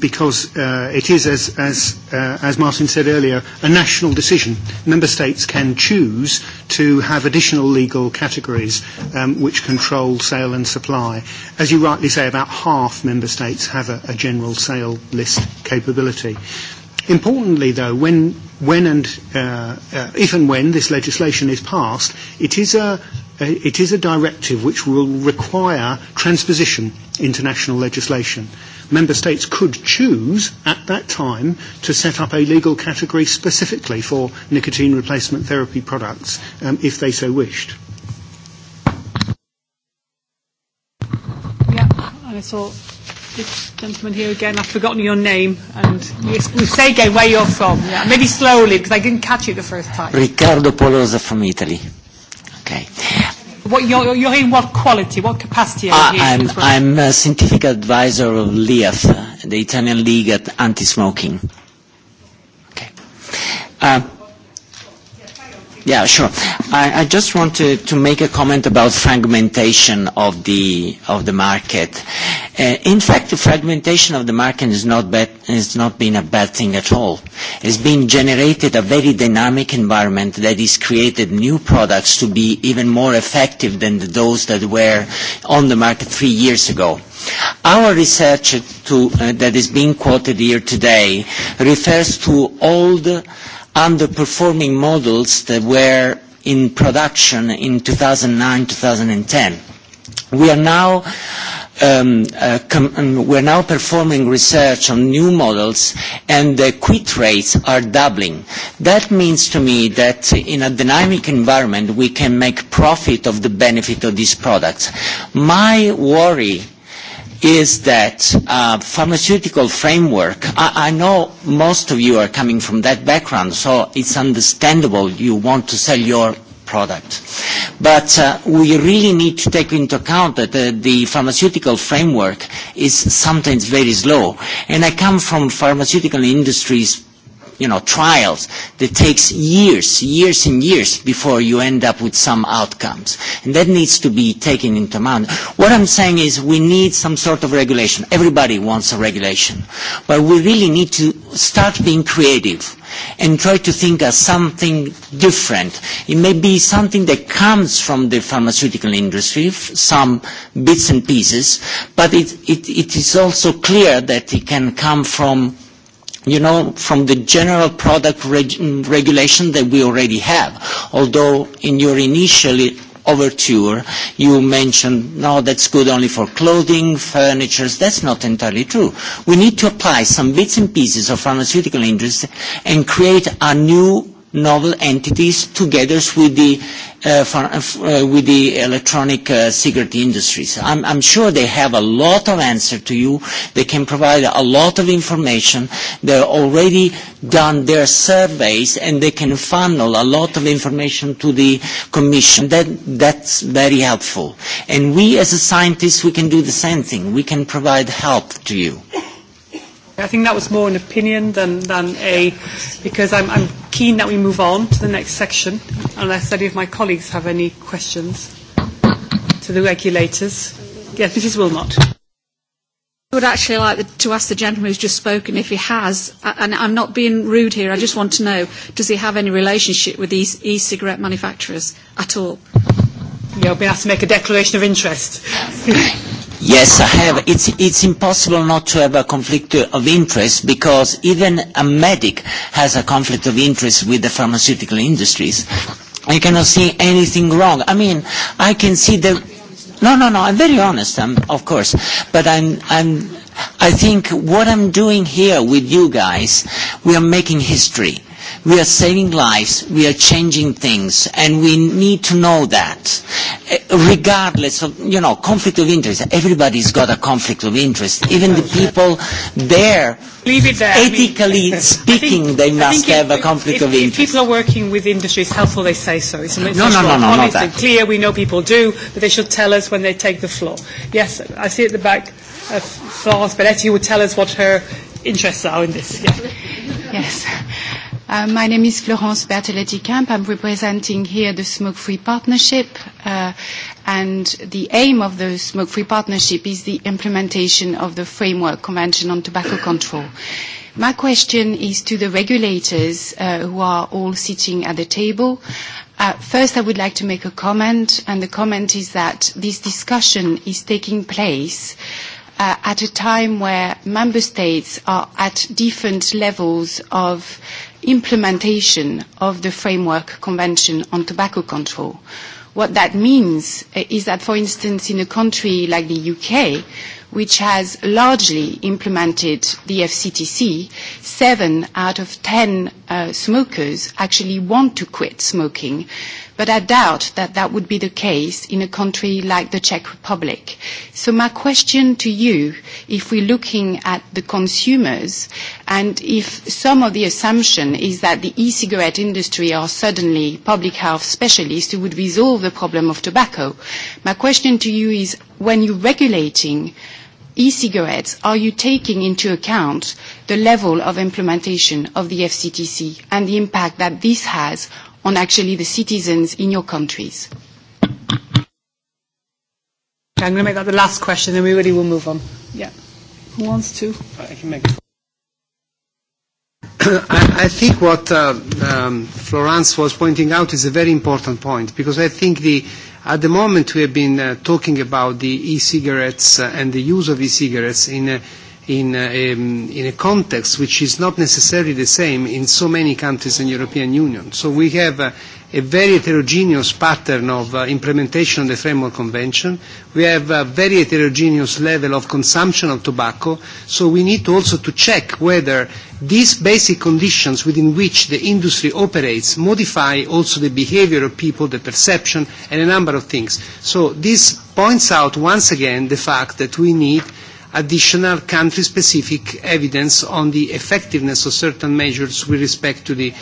S11: because it is, as as as Martin said earlier, a national decision. Member states can choose to have additional legal categories which control sale and supply. As you rightly say, about half member states have a general sale list capability. Importantly, though, when when and if and when this legislation is passed, it is a it is a directive which will require transposition into national legislation. Member States could choose at that time to set up a legal category specifically for nicotine replacement therapy products if they so wished.
S1: Yeah, I saw this gentleman here again. I've forgotten your name. And we say again where you're from. Yeah, maybe slowly because I didn't catch you the first time.
S7: Riccardo Polosa from Italy. Okay.
S1: What you're, you're in what quality, what capacity are you I'm,
S7: I'm a scientific advisor of LIAF, the Italian League at Anti-Smoking. Okay. Uh, yeah, sure. I, I just wanted to make a comment about fragmentation of the, of the market. In fact, the fragmentation of the market has not been a bad thing at all. It has been generated a very dynamic environment that has created new products to be even more effective than those that were on the market three years ago. Our research that is being quoted here today refers to old underperforming models that were in production in 2009-2010. We are now We are now performing research on new models and the quit rates are doubling. That means to me that in a dynamic environment we can make profit of the benefit of these products. My worry is that pharmaceutical framework, I know most of you are coming from that background, so it's understandable you want to sell your product. But we really need to take into account that the pharmaceutical framework is sometimes very slow. And I come from pharmaceutical industries you know, trials that takes years, years and years before you end up with some outcomes. And that needs to be taken into account. What I'm saying is we need some sort of regulation. Everybody wants a regulation. But we really need to start being creative and try to think of something different. It may be something that comes from the pharmaceutical industry, some bits and pieces, but it is also clear that it can come from you know, from the general product regulation that we already have. Although in your initial overture you mentioned, no, that's good only for clothing, furniture. That's not entirely true. We need to apply some bits and pieces of pharmaceutical industry and create a new novel entities together with the with the electronic cigarette industries. I'm sure they have a lot of answer to you. They can provide a lot of information. They've already done their surveys and they can funnel a lot of information to the Commission. That's very helpful. And we as a scientist we can do the same thing. We can provide help to you.
S1: I think that was more an opinion than, than a, because I'm, I'm keen that we move on to the next section, unless any of my colleagues have any questions to the regulators. Yes, Mrs. Wilmot. I
S4: would actually like to ask the gentleman who's just spoken if he has, and I'm not being rude here, I just want to know, does he have any relationship with these e-cigarette manufacturers at all?
S1: Yeah, be asked to make a declaration of interest.
S7: Yes, I have. It's it's impossible not to have a conflict of interest because even a medic has a conflict of interest with the pharmaceutical industries. I cannot see anything wrong. I mean, I can see the. No, no, no. I'm very honest. of course, but I'm. I think what I'm doing here with you guys, we are making history We are saving lives, we are changing things, and we need to know that. Regardless of, you know, conflict of interest, everybody's got a conflict of interest. Even the people there, ethically speaking, they must have a conflict of interest. If people are working with industry, it's helpful they say so. It's no, no,
S1: no, no, not that. clear. We know people do, but they should tell us when they take the floor. Yes, I see at the back, Florence Belletti would tell us what her interests are in this.
S14: Yes. My name is Florence Bertoletti-Camp. I'm representing here the Smoke-Free Partnership, and the aim of the Smoke-Free Partnership is the implementation of the Framework Convention on Tobacco Control. My question is to the regulators who are all sitting at the table. First, I would like to make a comment, and the comment is that this discussion is taking place at a time where member states are at different levels of implementation of the Framework Convention on Tobacco Control. What that means is that, for instance, in a country like the UK, which has largely implemented the FCTC, seven out of ten smokers actually want to quit smoking, but I doubt that that would be the case in a country like the Czech Republic. So my question to you, if we're looking at the consumers, and if some of the assumption is that the e-cigarette industry are suddenly public health specialists who would resolve the problem of tobacco, my question to you is, when you're regulating e-cigarettes, are you taking into account the level of implementation of the FCTC and the impact that this has on actually the citizens in your countries?
S1: I'm going to make that the last question, then we really will move on. Yeah. Who wants to? I can make
S3: I think what Florence was pointing out is a very important point because I think the At the moment, we have been talking about the e-cigarettes and the use of e-cigarettes in in a context which is not necessarily the same in so many countries in the European Union. So we have a very heterogeneous pattern of implementation of the Framework Convention. We have a very heterogeneous level of consumption of tobacco, so we need also to check whether these basic conditions within which the industry operates modify also the behavior of people, the perception, and a number of things. So this points out once again the fact that we need additional country-specific evidence on the effectiveness of certain measures with respect to the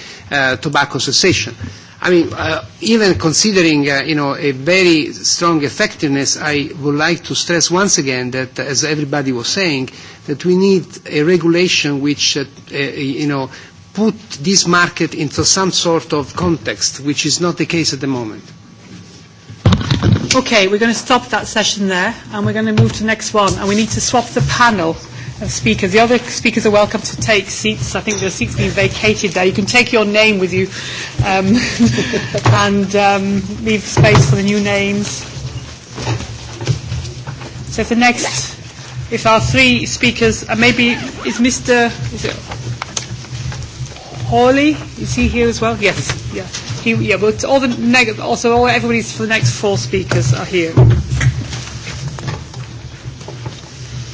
S3: tobacco cessation. I mean, even considering, you know, a very strong effectiveness, I would like to stress once again that, as everybody was saying, that we need a regulation which, you know, put this market into some sort of context, which is not the case at the moment.
S1: Okay, we're going to stop that session there and we're going to move to the next one and we need to swap the panel of speakers. The other speakers are welcome to take seats. I think there are seats being vacated there. You can take your name with you um, and um, leave space for the new names. So if the next, if our three speakers, uh maybe is Mr. Is it Hawley? Is he here as well? Yes, yes yeah, but all the neg also all, everybody's for the next four speakers are here.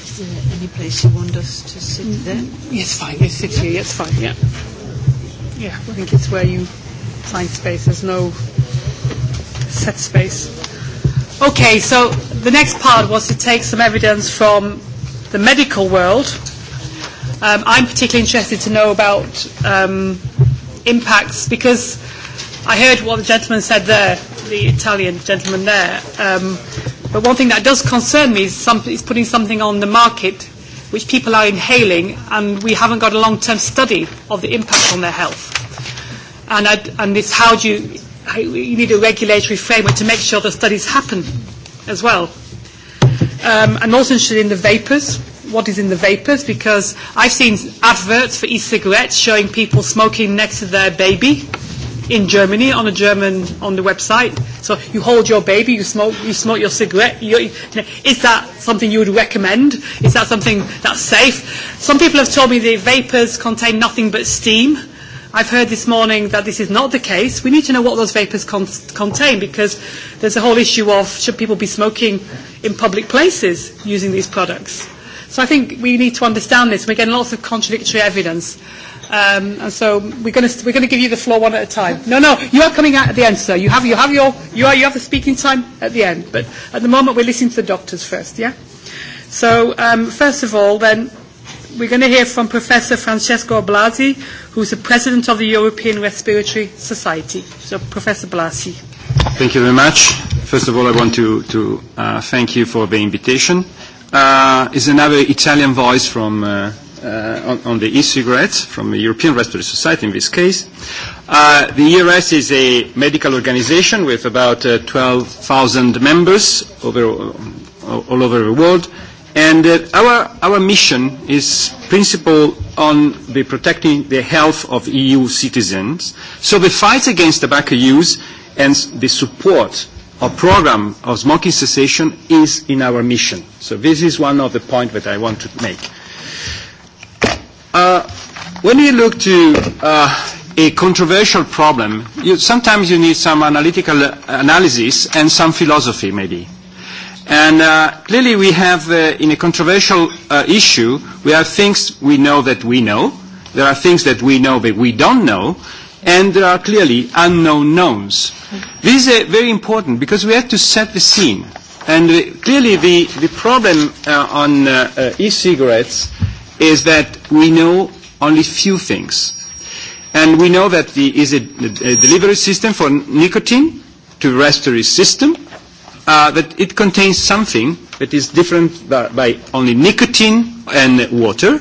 S1: Is there any place you want us to sit there? Yes, fine. You sit here. Yes, fine. Yeah. Yeah, I think it's where you find space. There's no set space. Okay, so the next part was to take some evidence from the medical world. Um, I'm particularly interested to know about um, impacts because I heard what the gentleman said there, the Italian gentleman there. Um, but one thing that does concern me is, some, is putting something on the market which people are inhaling and we haven't got a long-term study of the impact on their health. And, and it's how do you, you need a regulatory framework to make sure the studies happen as well. Um, I'm also interested in the vapors, what is in the vapors, because I've seen adverts for e-cigarettes showing people smoking next to their baby in Germany on a German on the website. So you hold your baby, you smoke, you smoke your cigarette. You, is that something you would recommend? Is that something that's safe? Some people have told me the vapors contain nothing but steam. I've heard this morning that this is not the case. We need to know what those vapors contain because there's a whole issue of should people be smoking in public places using these products. So I think we need to understand this. We're getting lots of contradictory evidence. Um, and so we're going to we're going to give you the floor one at a time. No, no, you are coming out at the end, sir. You have you have your you are you have the speaking time at the end. But at the moment, we're listening to the doctors first. Yeah. So um, first of all, then we're going to hear from Professor Francesco Blasi, who's the president of the European Respiratory Society. So Professor Blasi.
S15: Thank you very much. First of all, I want to to thank you for the invitation. Uh, is another Italian voice from on the e-cigarettes from the European Respiratory Society in this case. The ERS is a medical organization with about 12,000 members all over the world. And our our mission is principal on the protecting the health of EU citizens. So the fight against tobacco use and the support of program of smoking cessation is in our mission. So this is one of the points that I want to make. When you look to a controversial problem, sometimes you need some analytical analysis and some philosophy, maybe. And clearly we have, in a controversial issue, we have things we know that we know, there are things that we know that we don't know, and there are clearly unknown knowns. This is very important because we have to set the scene. And clearly the problem on e-cigarettes is that we know only few things. And we know that the is a delivery system for nicotine to respiratory system that it contains something that is different by only nicotine and water.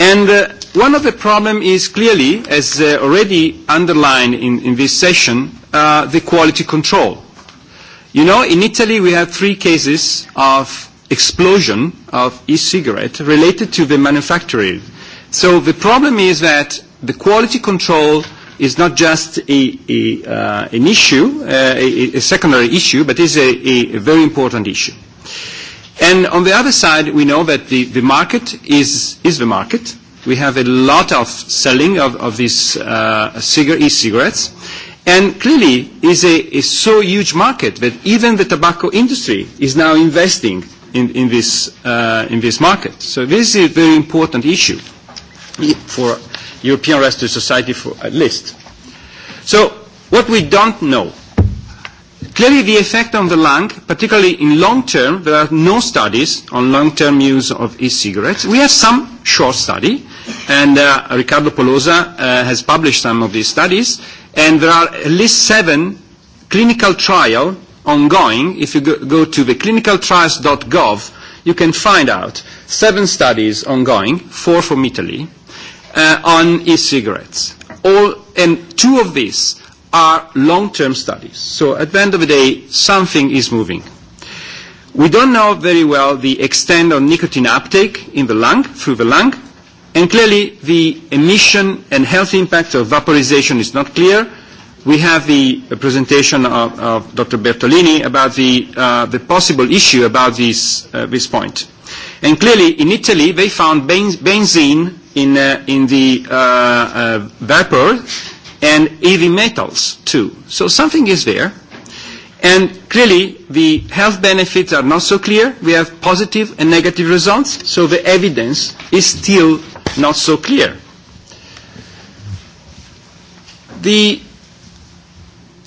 S15: And one of the problems is clearly, as already underlined in this session, the quality control. You know, in Italy we have three cases of explosion of e-cigarette related to the manufacturing. So the problem is that the quality control is not just an issue, a secondary issue, but is a very important issue. And on the other side, we know that the market is the market. We have a lot of selling of these e-cigarettes. And clearly, is a so huge market that even the tobacco industry is now investing in this market. So this is a very important issue for European Rest of Society at least. So what we don't know. Clearly the effect on the lung, particularly in long term, there are no studies on long term use of e-cigarettes. We have some short study, and Ricardo Polosa has published some of these studies, and there are at least seven clinical trials ongoing. If you go to the clinicaltrials.gov, you can find out seven studies ongoing, four from Italy, on e-cigarettes. All and two of these are long-term studies. So at the end of the day, something is moving. We don't know very well the extent of nicotine uptake in the lung, through the lung, and clearly the emission and health impact of vaporization is not clear. We have the presentation of Dr. Bertolini about the possible issue about this point. And clearly, in Italy, they found benzene in the vapor and heavy metals, too. So something is there. And clearly, the health benefits are not so clear. We have positive and negative results, so the evidence is still not so clear. The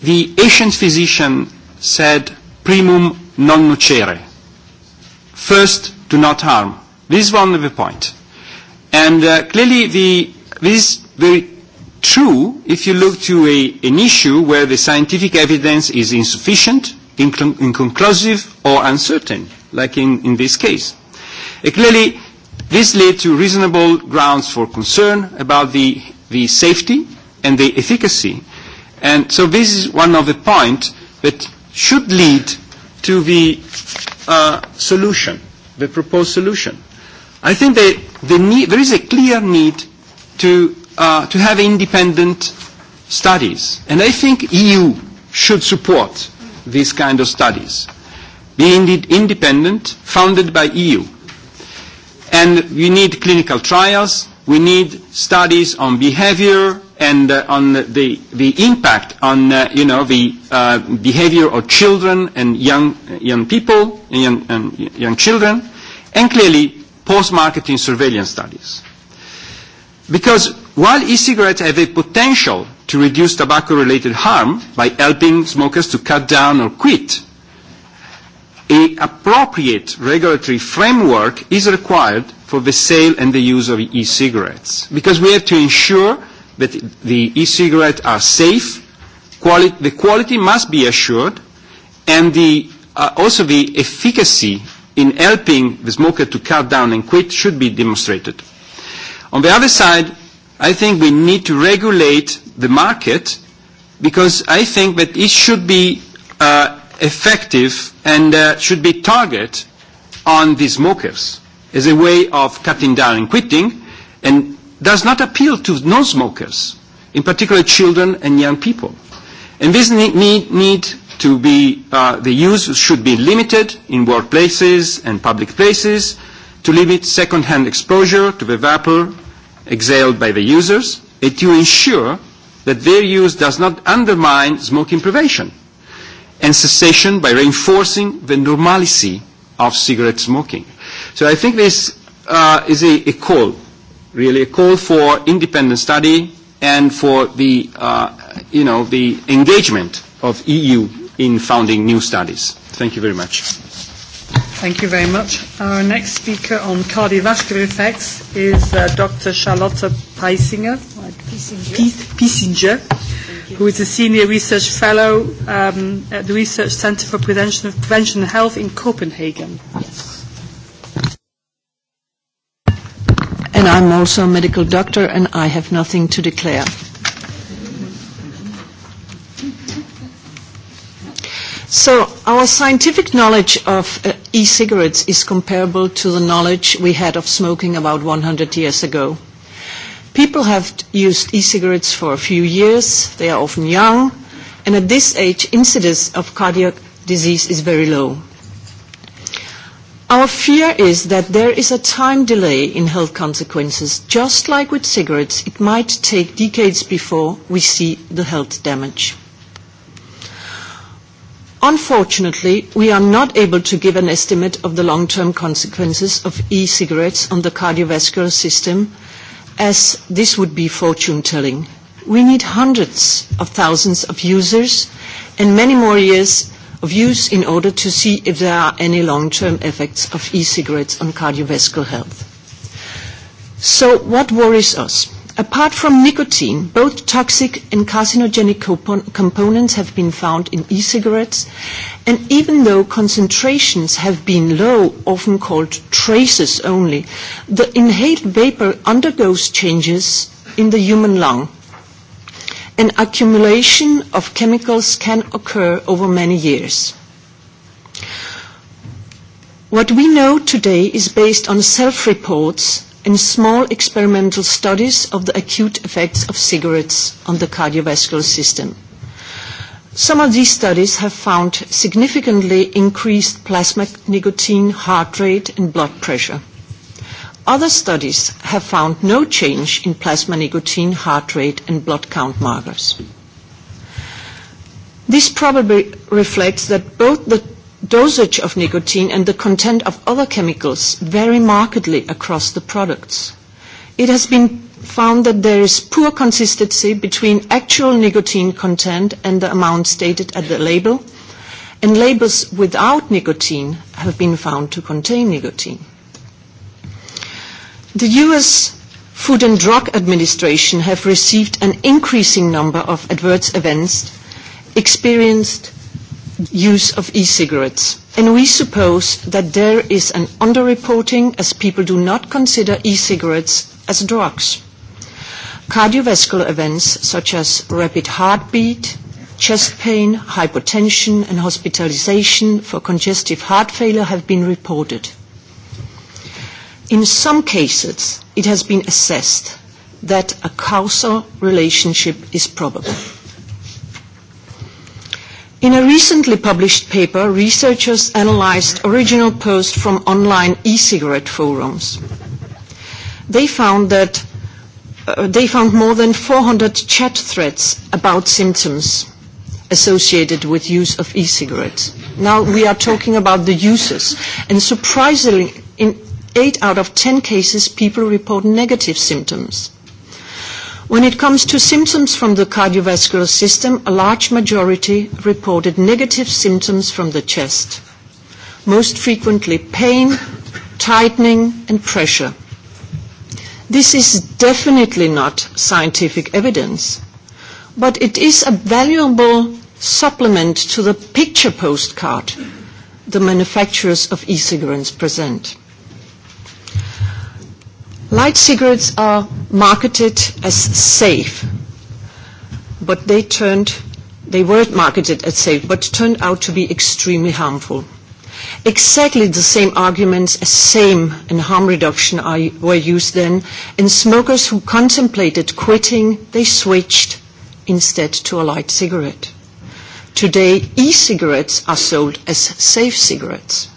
S15: The ancient physician said, primum non nocere. First, do not harm. This is one of the point. And clearly the, this is very true if you look to a, an issue where the scientific evidence is insufficient, inconclusive or uncertain, like in, in this case. clearly, this led to reasonable grounds for concern about the, the safety and the efficacy And so this is one of the points that should lead to the solution, the proposed solution. I think that there is a clear need to to have independent studies, and I think EU should support these kind of studies, being independent, founded by EU. And we need clinical trials, we need studies on behavior, and on the the impact on you know the behavior of children and young young people young young children and clearly post marketing surveillance studies because while e-cigarettes have a potential to reduce tobacco related harm by helping smokers to cut down or quit an appropriate regulatory framework is required for the sale and the use of e-cigarettes because we have to ensure that the e-cigarettes are safe, the quality must be assured, and also the efficacy in helping the smoker to cut down and quit should be demonstrated. On the other side, I think we need to regulate the market because I think that it should be effective and should be targeted on the smokers as a way of cutting down and quitting and does not appeal to non-smokers, in particular children and young people. And this need to be, the use should be limited in workplaces and public places to limit second-hand exposure to the vapor exhaled by the users and to ensure that their use does not undermine smoking prevention and cessation by reinforcing the normalcy of cigarette smoking. So I think this is a call really a call for independent study and for the, you know, the engagement of EU in founding new studies. Thank you very much.
S1: Thank you very much. Our next speaker on cardiovascular effects is Dr. Charlotte Peisinger, Piesinger, who is a senior research fellow at the Research Center for Prevention of Prevention and Health in Copenhagen.
S16: I am also a medical doctor and I have nothing to declare. So our scientific knowledge of e-cigarettes is comparable to the knowledge we had of smoking about 100 years ago. People have used e-cigarettes for a few years, they are often young, and at this age incidence of cardiac disease is very low. Our fear is that there is a time delay in health consequences. Just like with cigarettes, it might take decades before we see the health damage. Unfortunately, we are not able to give an estimate of the long-term consequences of e-cigarettes on the cardiovascular system, as this would be fortune-telling. We need hundreds of thousands of users and many more years of use in order to see if there are any long-term effects of e-cigarettes on cardiovascular health. So what worries us? Apart from nicotine, both toxic and carcinogenic components have been found in e-cigarettes, and even though concentrations have been low, often called traces only, the inhaled vapor undergoes changes in the human lung an accumulation of chemicals can occur over many years. What we know today is based on self-reports and small experimental studies of the acute effects of cigarettes on the cardiovascular system. Some of these studies have found significantly increased plasma nicotine, heart rate and blood pressure. Other studies have found no change in plasma nicotine, heart rate and blood count markers. This probably reflects that both the dosage of nicotine and the content of other chemicals vary markedly across the products. It has been found that there is poor consistency between actual nicotine content and the amount stated at the label, and labels without nicotine have been found to contain nicotine. The US Food and Drug Administration have received an increasing number of adverse events experienced use of e-cigarettes. And we suppose that there is an underreporting as people do not consider e-cigarettes as drugs. Cardiovascular events such as rapid heartbeat, chest pain, hypotension and hospitalization for congestive heart failure have been reported. In some cases, it has been assessed that a causal relationship is probable. In a recently published paper, researchers analyzed original posts from online e-cigarette forums. They found that they found more than 400 chat threads about symptoms associated with use of e-cigarettes. Now we are talking about the uses, and surprisingly, in eight out of 10 cases people report negative symptoms. When it comes to symptoms from the cardiovascular system, a large majority reported negative symptoms from the chest, most frequently pain, tightening and pressure. This is definitely not scientific evidence, but it is a valuable supplement to the picture postcard the manufacturers of e-cigarettes present. Light cigarettes are marketed as safe, but they turned, they were marketed as safe, but turned out to be extremely harmful. Exactly the same arguments as same and harm reduction were used then, and smokers who contemplated quitting, they switched instead to a light cigarette. Today, e-cigarettes are sold as safe cigarettes.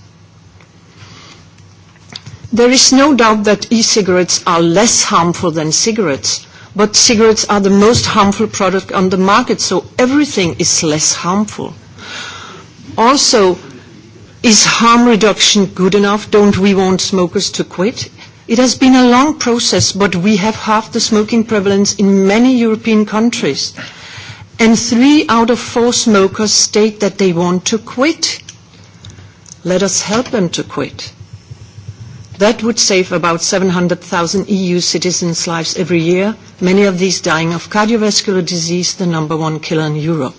S16: There is no doubt that e-cigarettes are less harmful than cigarettes, but cigarettes are the most harmful product on the market, so everything is less harmful. Also, is harm reduction good enough? Don't we want smokers to quit? It has been a long process, but we have half the smoking prevalence in many European countries. And three out of four smokers state that they want to quit. Let us help them to quit. That would save about 700,000 EU citizens' lives every year, many of these dying of cardiovascular disease, the number one killer in Europe.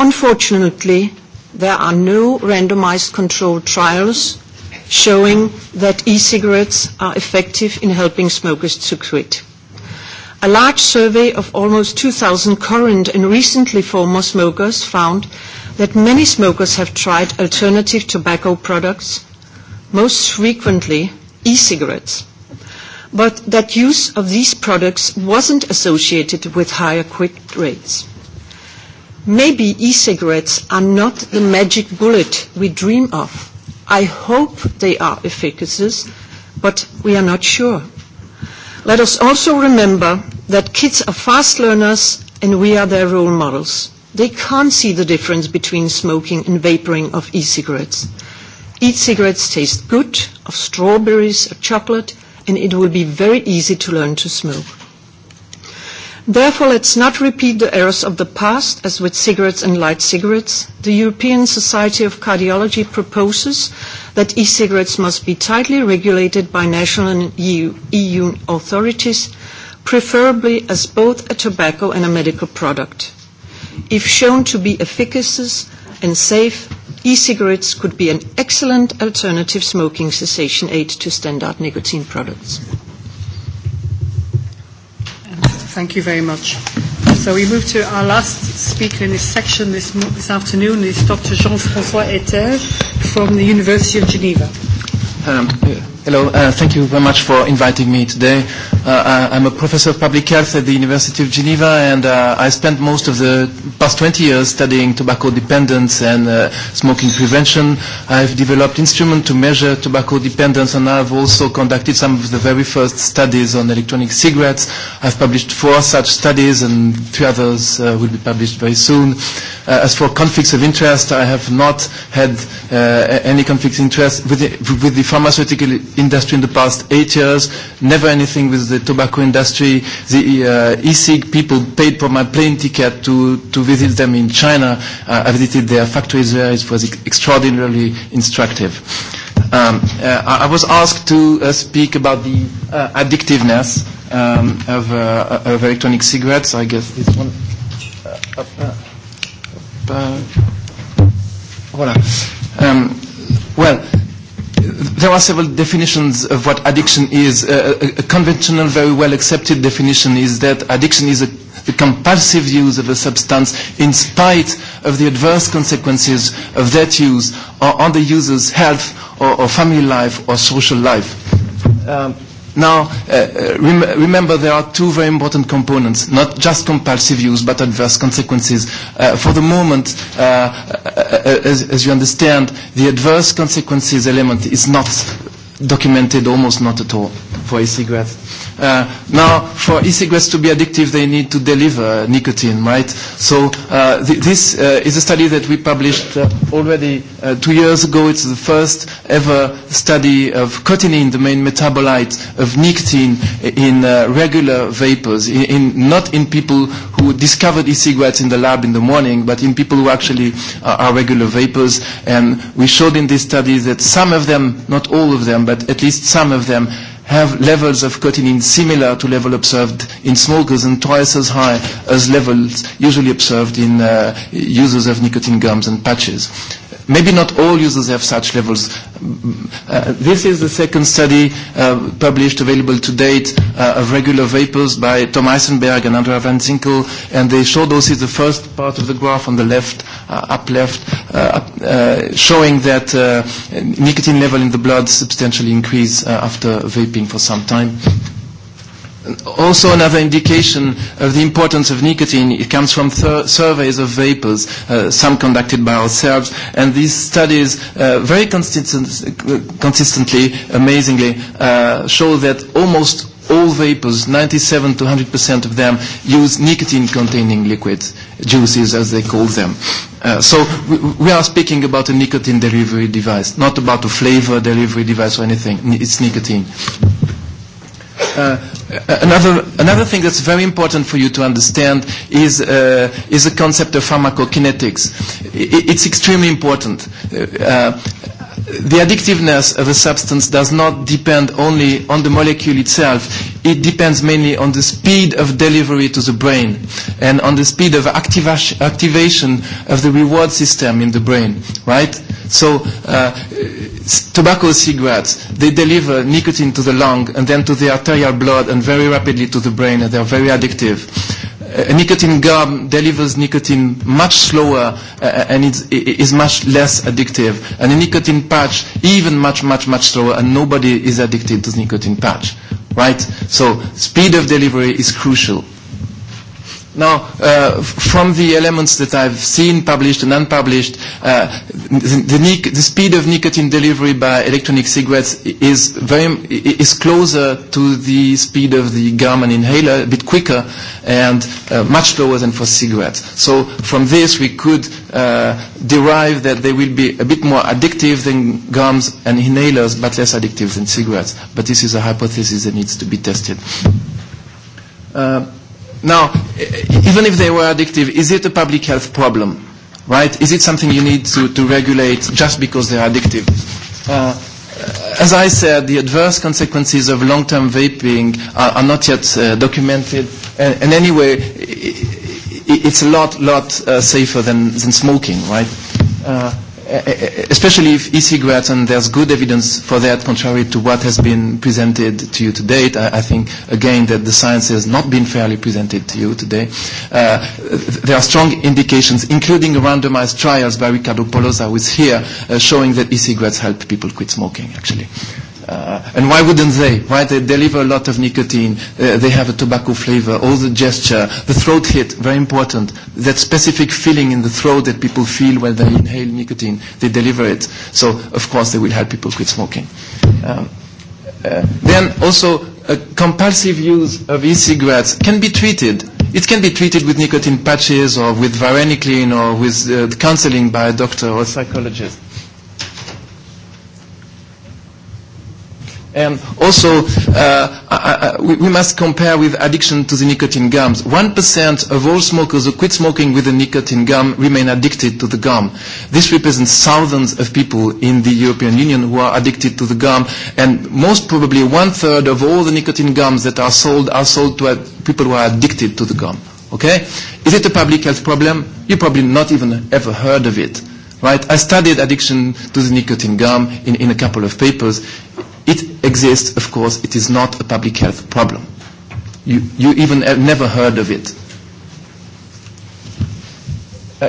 S16: Unfortunately, there are no randomized controlled trials showing that e-cigarettes are effective in helping smokers to quit. A large survey of almost 2,000 current and recently former smokers found that many smokers have tried alternative tobacco products most frequently e-cigarettes, but that use of these products wasn't associated with higher quit rates. Maybe e-cigarettes are not the magic bullet we dream of. I hope they are efficacious, but we are not sure. Let us also remember that kids are fast learners and we are their role models. They can't see the difference between smoking and vaporing of e-cigarettes. E-cigarettes taste good, of strawberries or chocolate, and it will be very easy to learn to smoke. Therefore, let's not repeat the errors of the past, as with cigarettes and light cigarettes. The European Society of Cardiology proposes that e-cigarettes must be tightly regulated by national and EU authorities, preferably as both a tobacco and a medical product. If shown to be efficacious and safe, E-cigarettes could be an excellent alternative smoking cessation aid to standard nicotine products.
S1: Thank you very much. So we move to our last speaker in this section this, this afternoon, is Dr. Jean-François Etter from the University of Geneva.
S10: Um, Hello, thank you very much for inviting me today. I I'm a professor of public health at the University of Geneva and I spent most of the past 20 years studying tobacco dependence and smoking prevention. I've developed instruments to measure tobacco dependence and I've also conducted some of the very first studies on electronic cigarettes. I've published four such studies and three others will be published very soon. As for conflicts of interest, I have not had any conflicts of interest with the pharmaceutical industry in the past eight years, never anything with the tobacco industry. The e-cig people paid for my plane ticket to to visit them in China. I visited their factories there. It was extraordinarily instructive. I was asked to speak about the addictiveness of electronic cigarettes. I guess this one. Voilà. Well. There are several definitions of what addiction is. A conventional, very well accepted definition is that addiction is the compulsive use of a substance in spite of the adverse consequences of that use on the user's health or family life or social life Now, remember there are two very important components, not just compulsive use, but adverse consequences. For the moment, as you understand, the adverse consequences element is not documented almost not at all for e-cigarettes. Now, for e-cigarettes to be addictive, they need to deliver nicotine, right? So this is a study that we published already two years ago. It's the first ever study of cotinine, the main metabolite of nicotine, in regular vapors, not in people who discovered e-cigarettes in the lab in the morning, but in people who actually are regular vapors. And we showed in this study that some of them, not all of them, but at least some of them have levels of cotinine similar to level observed in smokers and twice as high as levels usually observed in users of nicotine gums and patches. Maybe not all users have such levels. This is the second study published, available to date, of regular vapors by Tom Eisenberg and Andrea Van Zinkel, and they show those is the first part of the graph on the left, up left, showing that nicotine level in the blood substantially increase after vaping for some time. Also another indication of the importance of nicotine, it comes from surveys of vapors, some conducted by ourselves, and these studies very consistently, amazingly, show that almost all vapors, 97 to 100% of them, use nicotine-containing liquids, juices as they call them. So we are speaking about a nicotine delivery device, not about a flavor delivery device or anything. It's nicotine. Another another thing that's very important for you to understand is is the concept of pharmacokinetics. It's extremely important the addictiveness of a substance does not depend only on the molecule itself. It depends mainly on the speed of delivery to the brain and on the speed of activation of the reward system in the brain, right? So tobacco cigarettes, they deliver nicotine to the lung and then to the arterial blood and very rapidly to the brain and they are very addictive nicotine gum delivers nicotine much slower and it is much less addictive. And a nicotine patch even much, much, much slower and nobody is addicted to nicotine patch. Right? So speed of delivery is crucial. Now, from the elements that I've seen, published and unpublished, the speed of nicotine delivery by electronic cigarettes is very is closer to the speed of the gum and inhaler, a bit quicker and much slower than for cigarettes. So, from this we could derive that they will be a bit more addictive than gums and inhalers, but less addictive than cigarettes. But this is a hypothesis that needs to be tested. Now, even if they were addictive, is it a public health problem? Right? Is it something you need to, to regulate just because they're addictive? Uh, as I said, the adverse consequences of long-term vaping are, are not yet documented. And, and anyway, it's a lot, lot safer than, than smoking, right? Uh, especially if e-cigarettes, and there's good evidence for that, contrary to what has been presented to you to date. I, think, again, that the science has not been fairly presented to you today. there are strong indications, including randomized trials by Ricardo Polosa, who is here, showing that e-cigarettes help people quit smoking, actually and why wouldn't they? Right? They deliver a lot of nicotine. they have a tobacco flavor. All the gesture, the throat hit, very important. That specific feeling in the throat that people feel when they inhale nicotine, they deliver it. So of course they will help people quit smoking. then also a compulsive use of e-cigarettes can be treated. It can be treated with nicotine patches or with varenicline or with counseling by a doctor or a psychologist Also, we must compare with addiction to the nicotine gums. 1% of all smokers who quit smoking with a nicotine gum remain addicted to the gum. This represents thousands of people in the European Union who are addicted to the gum, and most probably one-third of all the nicotine gums that are sold are sold to people who are addicted to the gum. Okay? Is it a public health problem? You probably not even ever heard of it. Right? I studied addiction to the nicotine gum in, in a couple of papers It exists, of course. It is not a public health problem. You you even have never heard of it.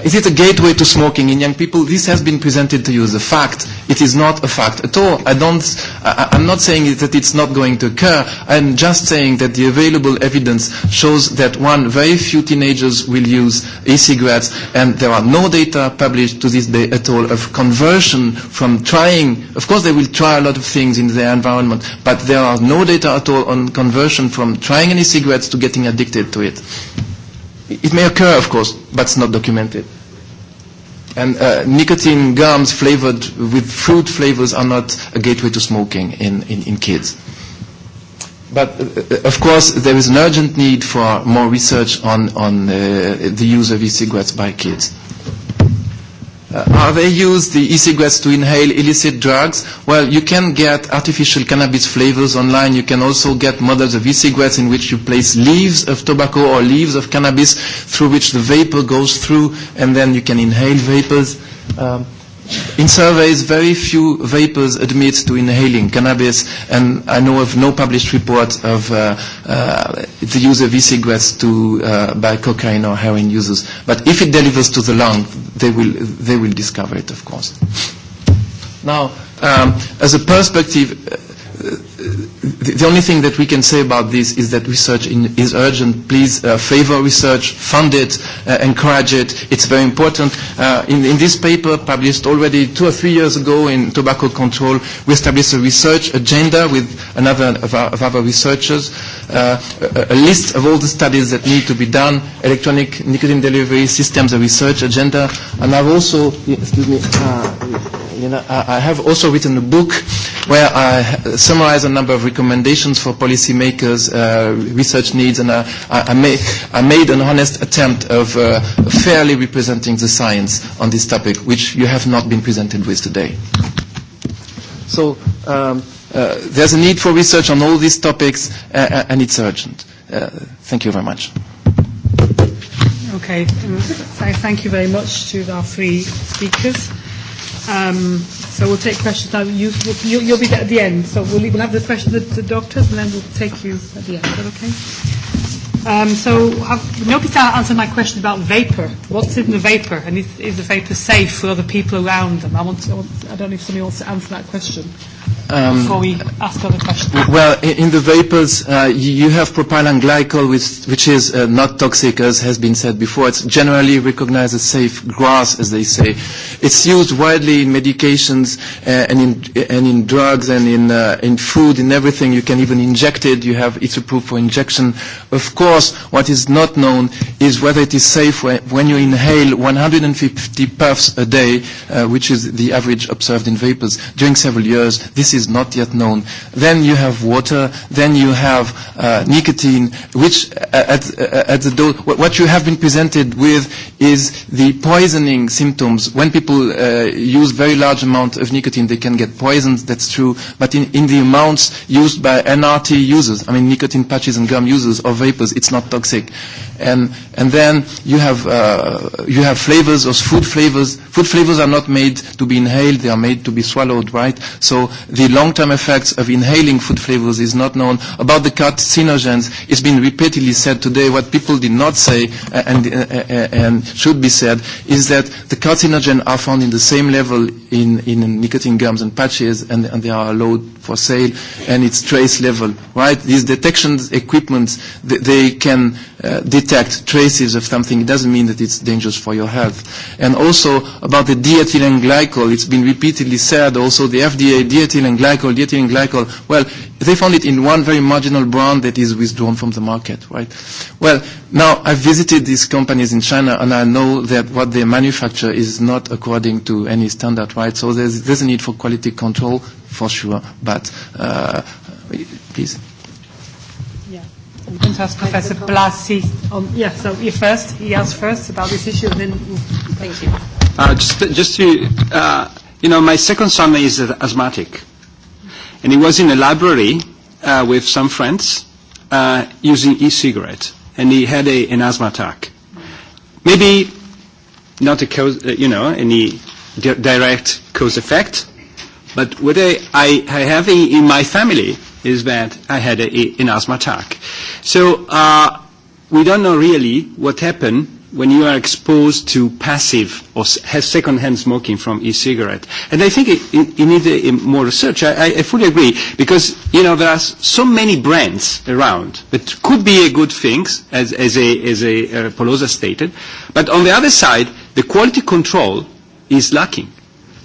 S10: Is it a gateway to smoking in young people? This has been presented to you as a fact. It is not a fact at all. I don't, I'm not saying that it's not going to occur. I'm just saying that the available evidence shows that one, very few teenagers will use e-cigarettes, and there are no data published to this day at all of conversion from trying. Of course, they will try a lot of things in their environment, but there are no data at all on conversion from trying any cigarettes to getting addicted to it. It may occur, of course, but it's not documented. And nicotine gums flavored with fruit flavors are not a gateway to smoking in, in, in kids. But, of course, there is an urgent need for more research on, on the use of e-cigarettes by kids. Are they used, the e-cigarettes, to inhale illicit drugs? Well, you can get artificial cannabis flavors online. You can also get models of e-cigarettes in which you place leaves of tobacco or leaves of cannabis through which the vapor goes through, and then you can inhale vapors. In surveys, very few vapors admit to inhaling cannabis, and I know of no published report of the use of e-cigarettes by cocaine or heroin users. But if it delivers to the lung, they will they will discover it, of course. Now, as a perspective the only thing that we can say about this is that research is urgent. Please favor research, fund it, encourage it. It's very important. In this paper published already two or three years ago in tobacco control, we established a research agenda with another of our researchers, a list of all the studies that need to be done, electronic nicotine delivery systems, a research agenda. And I've also, excuse me, I have also written a book where I summarize number of recommendations for policymakers, research needs, and I made an honest attempt of fairly representing the science on this topic, which you have not been presented with today. So there's a need for research on all these topics, and it's urgent. Thank you very much.
S1: Okay. Thank you very much to our three speakers. Um, so we'll take questions. Now. You, you, you'll be at the end, so we'll, we'll have the questions to the doctors, and then we'll take you at the end. Is that okay? Um, so I've answered my question about vapor. What's in the vapor, and is, is the vapor safe for other people around them? I want, I don't know if somebody wants to answer that question.
S10: Um, before we
S1: ask other questions.
S10: Well, in the vapors, uh, you have propylene glycol, which, which is uh, not toxic, as has been said before. It's generally recognized as safe grass, as they say. It's used widely in medications and in, and in drugs and in, in food, in everything. You can even inject it. You have, it's approved for injection. Of course, course, what is not known is whether it is safe when you inhale 150 puffs a day, which is the average observed in vapors, during several years. This is not yet known. Then you have water. Then you have nicotine, which at the dose, what you have been presented with is the poisoning symptoms. When people use very large amounts of nicotine, they can get poisoned. That's true. But in the amounts used by NRT users, I mean nicotine patches and gum users or vapors, it's not toxic. And and then you have you have flavors of food flavors. Food flavors are not made to be inhaled; they are made to be swallowed, right? So the long-term effects of inhaling food flavors is not known. About the carcinogens, it's been repeatedly said today. What people did not say and and should be said is that the carcinogens are found in the same level in in nicotine gums and patches, and and they are allowed for sale, and it's trace level, right? These detection equipments, they they can detect traces of something. It doesn't mean that it's dangerous for your health. And also about the diethylene glycol, it's been repeatedly said also the FDA, diethylene glycol, diethylene glycol. Well, they found it in one very marginal brand that is withdrawn from the market, right? Well, now I've visited these companies in China and I know that what they manufacture is not according to any standard, right? So there's, there's a need for quality control for sure, but uh, please.
S1: I'm going to ask Professor Blasi. Yeah, so you first. He asked first about this issue, and then thank you.
S15: Just just to, you know, my second son is asthmatic, and he was in a library uh with some friends uh using e-cigarette, and he had a an asthma attack. Maybe not a cause, you know, any direct cause effect, but what I I have in my family is that I had an asthma attack. So we don't know really what happened when you are exposed to passive or second-hand smoking from e-cigarette. And I think you need more research. I fully agree because, you know, there are so many brands around that could be a good thing, as as a Polosa stated. But on the other side, the quality control is lacking.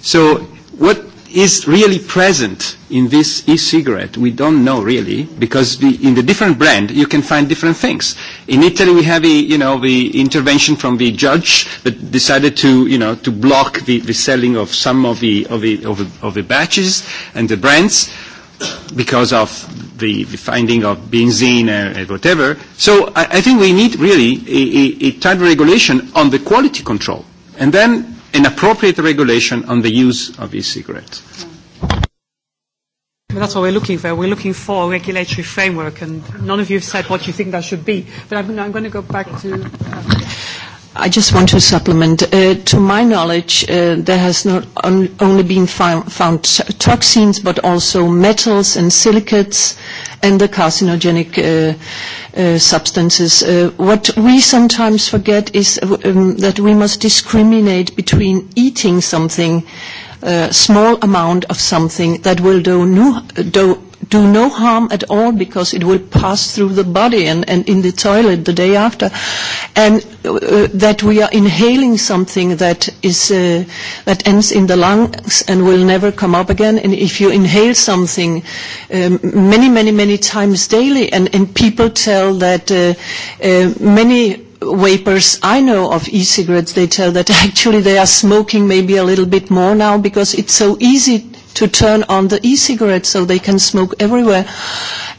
S15: So what is really present in this e-cigarette, we don't know really, because in the different brand you can find different things. In Italy we have, you know, the intervention from the judge that decided to, you know, to block the, the selling of some of the, of, the, of, the, batches and the brands because of the, the finding of benzene and whatever. So I, I think we need really a, a, a tight regulation on the quality control. And then an appropriate regulation on the use of e-cigarettes.
S1: That's what we're looking for. We're looking for a regulatory framework, and none of you have said what you think that should be. But I'm, I'm going to go back to.
S16: I just want to supplement. To my knowledge, there has not only been found toxins, but also metals and silicates and the carcinogenic substances. What we sometimes forget is that we must discriminate between eating something, a small amount of something that will do do no harm at all because it will pass through the body and in the toilet the day after and that we are inhaling something that is that ends in the lungs and will never come up again and if you inhale something many many many times daily and people tell that many vapors I know of e-cigarettes they tell that actually they are smoking maybe a little bit more now because it's so easy to turn on the e-cigarettes so they can smoke everywhere.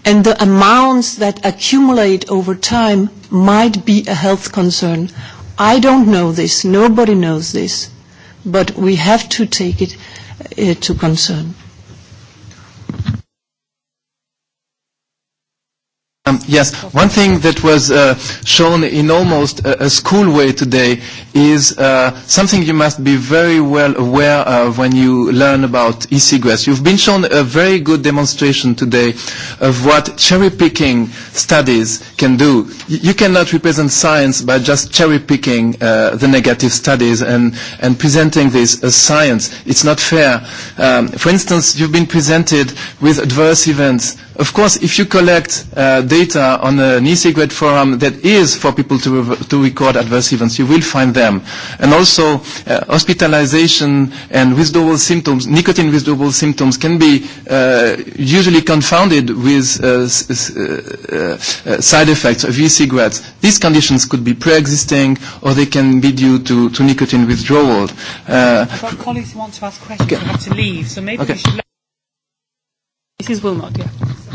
S16: And the amounts that accumulate over time might be a health concern. I don't know this. Nobody knows this. But we have to take it to concern.
S10: Yes, one thing that was shown in almost a school way today is something you must be very well aware of when you learn about e-cigarettes. You've been shown a very good demonstration today of what cherry-picking studies can do. You cannot represent science by just cherry-picking the negative studies and and presenting this as science. It's not fair. For instance, you've been presented with adverse events. Of course, if you collect data data on the e-cigarette forum that is for people to to record adverse events. You will find them. And also hospitalization and withdrawal symptoms, nicotine withdrawal symptoms can be usually confounded with side effects of e-cigarettes. These conditions could be pre-existing or they can be due to to nicotine withdrawal.
S4: Colleagues want to ask questions.
S1: have to leave, so maybe we should.
S4: Mrs. Wilmot, yeah.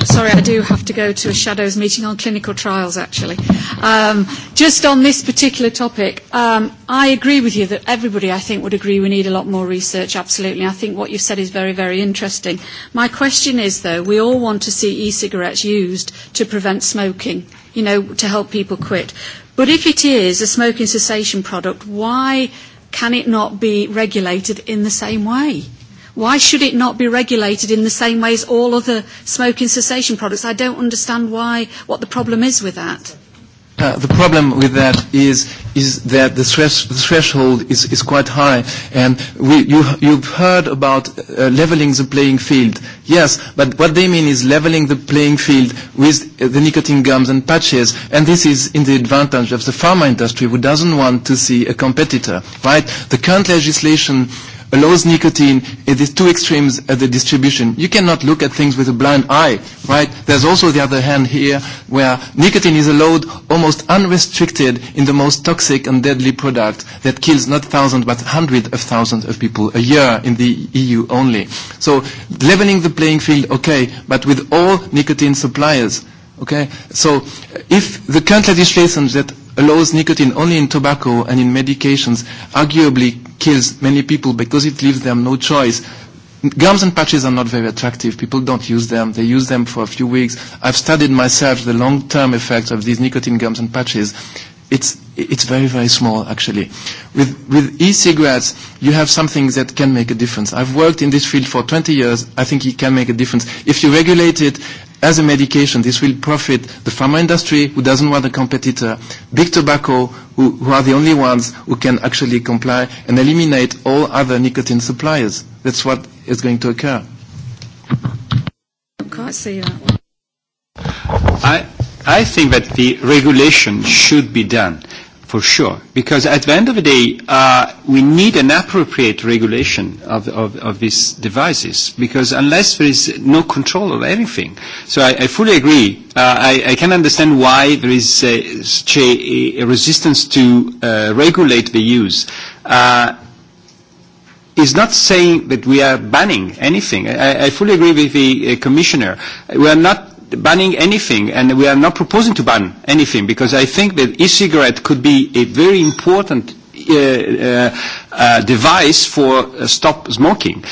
S4: Sorry, I do have to go to a shadows meeting on clinical trials, actually. Just on this particular topic, I agree with you that everybody, I think, would agree we need a lot more research, absolutely. I think what you've said is very, very interesting. My question is, though, we all want to see e-cigarettes used to prevent smoking, you know, to help people quit. But if it is a smoking cessation product, why can it not be regulated in the same way? Why should it not be regulated in the same way as all other smoking cessation products? I don't understand why, what the problem is with that.
S10: The problem with that is is that the threshold is is quite high, and we you you've heard about leveling the playing field. Yes, but what they mean is leveling the playing field with the nicotine gums and patches, and this is in the advantage of the pharma industry, who doesn't want to see a competitor. Right? The current legislation allows nicotine it these two extremes at the distribution. You cannot look at things with a blind eye, right? There's also the other hand here where nicotine is allowed almost unrestricted in the most toxic and deadly product that kills not thousands but hundreds of thousands of people a year in the EU only. So leveling the playing field, okay, but with all nicotine suppliers. Okay, so if the current legislation that allows nicotine only in tobacco and in medications arguably kills many people because it leaves them no choice. Gums and patches are not very attractive. People don't use them. They use them for a few weeks. I've studied myself the long-term effects of these nicotine gums and patches it's it's very very small actually with with e-cigarettes you have something that can make a difference i've worked in this field for 20 years i think it can make a difference if you regulate it as a medication this will profit the pharma industry who doesn't want a competitor big tobacco who who are the only ones who can actually comply and eliminate all other nicotine suppliers that's what is going to occur i I think that the
S15: regulation should be done, for sure, because at the end of the day, we need an appropriate regulation of these devices, because unless there is no control of anything, So I fully agree. I can understand why there is such a resistance to regulate the use is not saying that we are banning anything. I, I fully agree with the Commissioner. We are not banning anything, and we are not proposing to ban anything, because I think that e-cigarette could be a very important device for stop smoking.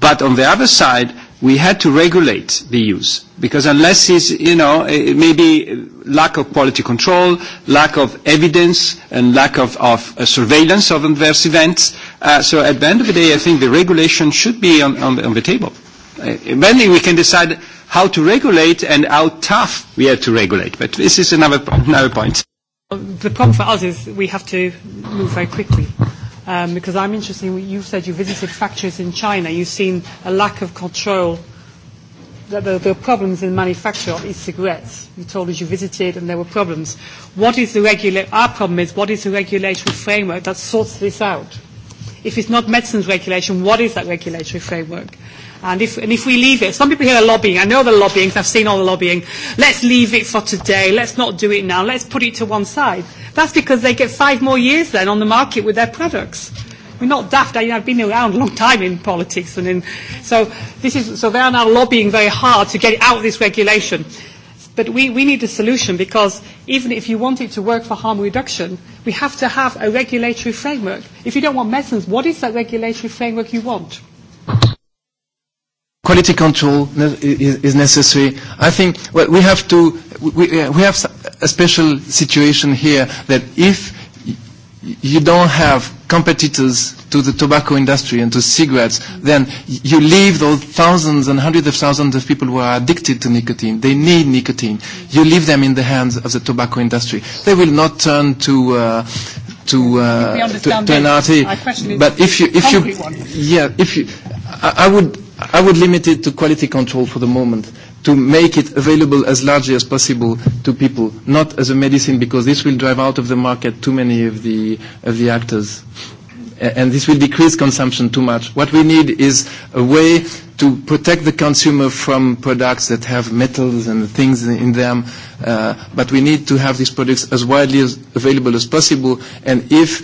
S15: But on the other side, we had to regulate the use, because unless it's, you know, maybe lack of quality control, lack of evidence, and lack of surveillance of adverse events. So at the end of the day, I think the regulation should be on the table. Then we can decide how to regulate and how tough we have to regulate. But this is another point.
S1: The problem for us is we have to move very quickly. Because I'm interested, you said you visited factories in China. You've seen a lack of control. There are problems in manufacture of e-cigarettes. You told us you visited and there were problems. What is the Our problem is what is the regulatory framework that sorts this out? If it's not medicines regulation, what is that regulatory framework? And if, and if we leave it, some people here are lobbying. I know they're lobbying because I've seen all the lobbying. Let's leave it for today. Let's not do it now. Let's put it to one side. That's because they get five more years then on the market with their products. We're not daft. I, I've been around a long time in politics. and in, so, this is, so they are now lobbying very hard to get out of this regulation. But we, we need a solution because even if you want it to work for harm reduction, we have to have a regulatory framework. If you don't want medicines, what is that regulatory framework you want?
S10: quality control is necessary. I think we have to, we have a special situation here that if you don't have competitors to the tobacco industry and to cigarettes, then you leave those thousands and hundreds of thousands of people who are addicted to nicotine. They need nicotine. You leave them in the hands of the tobacco industry. They will not turn to to uh, to an RT. But if you if you yeah if you I would I would limit it to quality control for the moment to make it available as largely as possible to people, not as a medicine, because this will drive out of the market too many of the actors and this will decrease consumption too much. What we need is a way to protect the consumer from products that have metals and things in them, but we need to have these products as widely available as possible. And if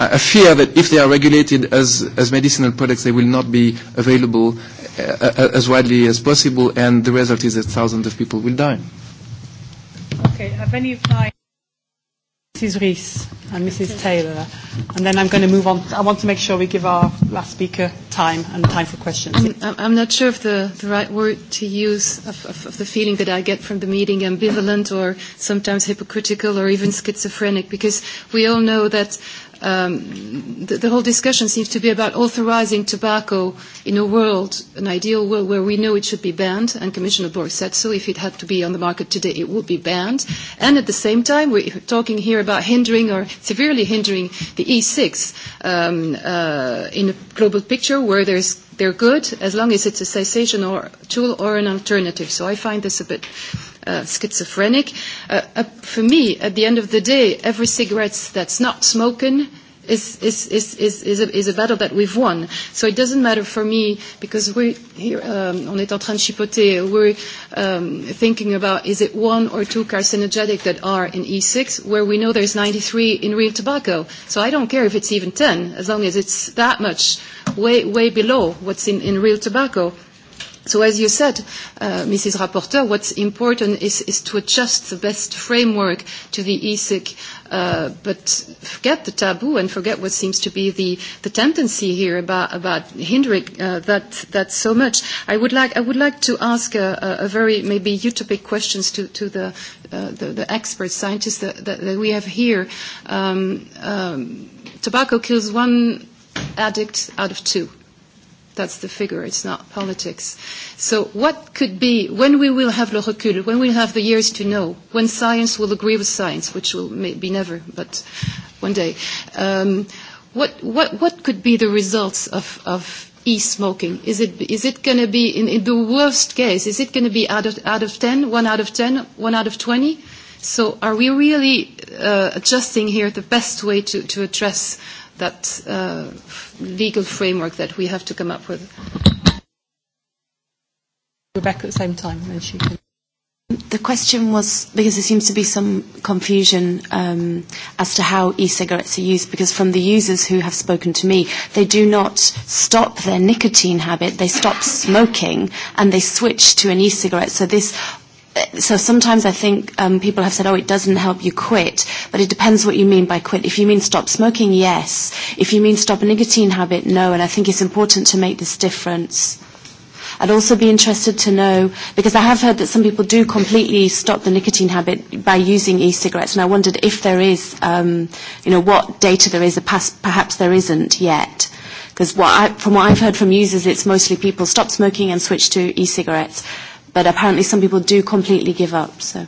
S10: I fear that if they are regulated as as medicinal products, they will not be available as widely as possible, and the result is that thousands of people will die.
S1: Okay, have any Mrs. Rees and Mrs. Taylor, and then I'm going to move on. I want to make sure we give our last speaker time and time for questions.
S9: I'm not sure if the right word to use of the feeling that I get from the meeting, ambivalent or sometimes hypocritical or even schizophrenic, because we all know that the whole discussion seems to be about authorizing tobacco in a world, an ideal world, where we know it should be banned, and Commissioner Borg said so. If it had to be on the market today, it would be banned. And at the same time, we're talking here about hindering or severely hindering the E6 in a global picture where there's they're good as long as it's a cessation or tool or an alternative. So I find this a bit schizophrenic. For me, at the end of the day, every cigarette that's not smoking is is is is is a battle that we've won. So it doesn't matter for me because we're here, on est en train de chipoter, we're thinking about is it one or two carcinogenic that are in E6 where we know there's 93 in real tobacco. So I don't care if it's even 10 as long as it's that much way, way below what's in, in real tobacco. So as you said, Mrs. Rapporteur, what's important is to adjust the best framework to the ESIC, but forget the taboo and forget what seems to be the tendency here about hindering that so much. I would like to ask a very maybe utopic questions to the experts, scientists that we have here. Tobacco kills one addict out of two That's the figure. It's not politics. So what could be, when we will have le recul, when we have the years to know, when science will agree with science, which will maybe never, but one day, what, what, what could be the results of, e-smoking? Is it, is it going to be, in, the worst case, is it going to be out of, out of 10, 1 out of 10, One out of 20? So are we really adjusting here the best way to, to address that legal framework that we have to come up with.
S6: Rebecca at the same time, and she The question was because there seems to be some confusion as to how e-cigarettes are used because from the users who have spoken to me, they do not stop their nicotine habit, they stop smoking and they switch to an e-cigarette. So this so sometimes I think people have said, oh, it doesn't help you quit, but it depends what you mean by quit. If you mean stop smoking, yes. If you mean stop a nicotine habit, no. And I think it's important to make this difference. I'd also be interested to know, because I have heard that some people do completely stop the nicotine habit by using e-cigarettes, and I wondered if there is, um, you know, what data there is, perhaps there isn't yet. Because what I, from what I've heard from users, it's mostly people stop smoking and switch to e-cigarettes but apparently some people do completely give up. So.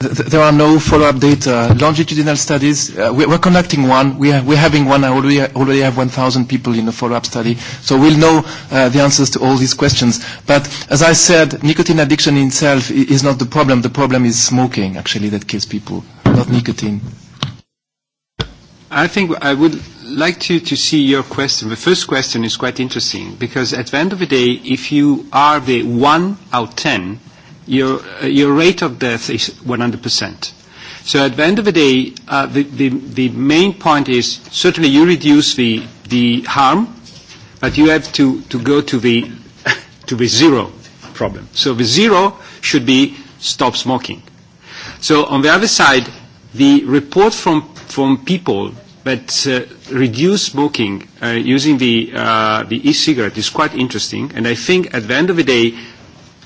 S10: There are no follow-up data. Longitudinal studies, we're conducting one. We're having one. I already have 1,000 people in a follow-up study. So we'll know the answers to all these questions. But as I said, nicotine addiction itself is not the problem. The problem is smoking, actually, that kills people, not nicotine.
S15: I think I would like to, to see your question. The first question is quite interesting because at the end of the day, if you are the one out ten, your, your rate of death is 100%. So at the end of the day, the, the, the main point is certainly you reduce the, the harm, but you have to, to go to the, to the zero problem. So the zero should be stop smoking. So on the other side, the report from, from people But reduce smoking using the the e-cigarette is quite interesting, and I think at the end of the day,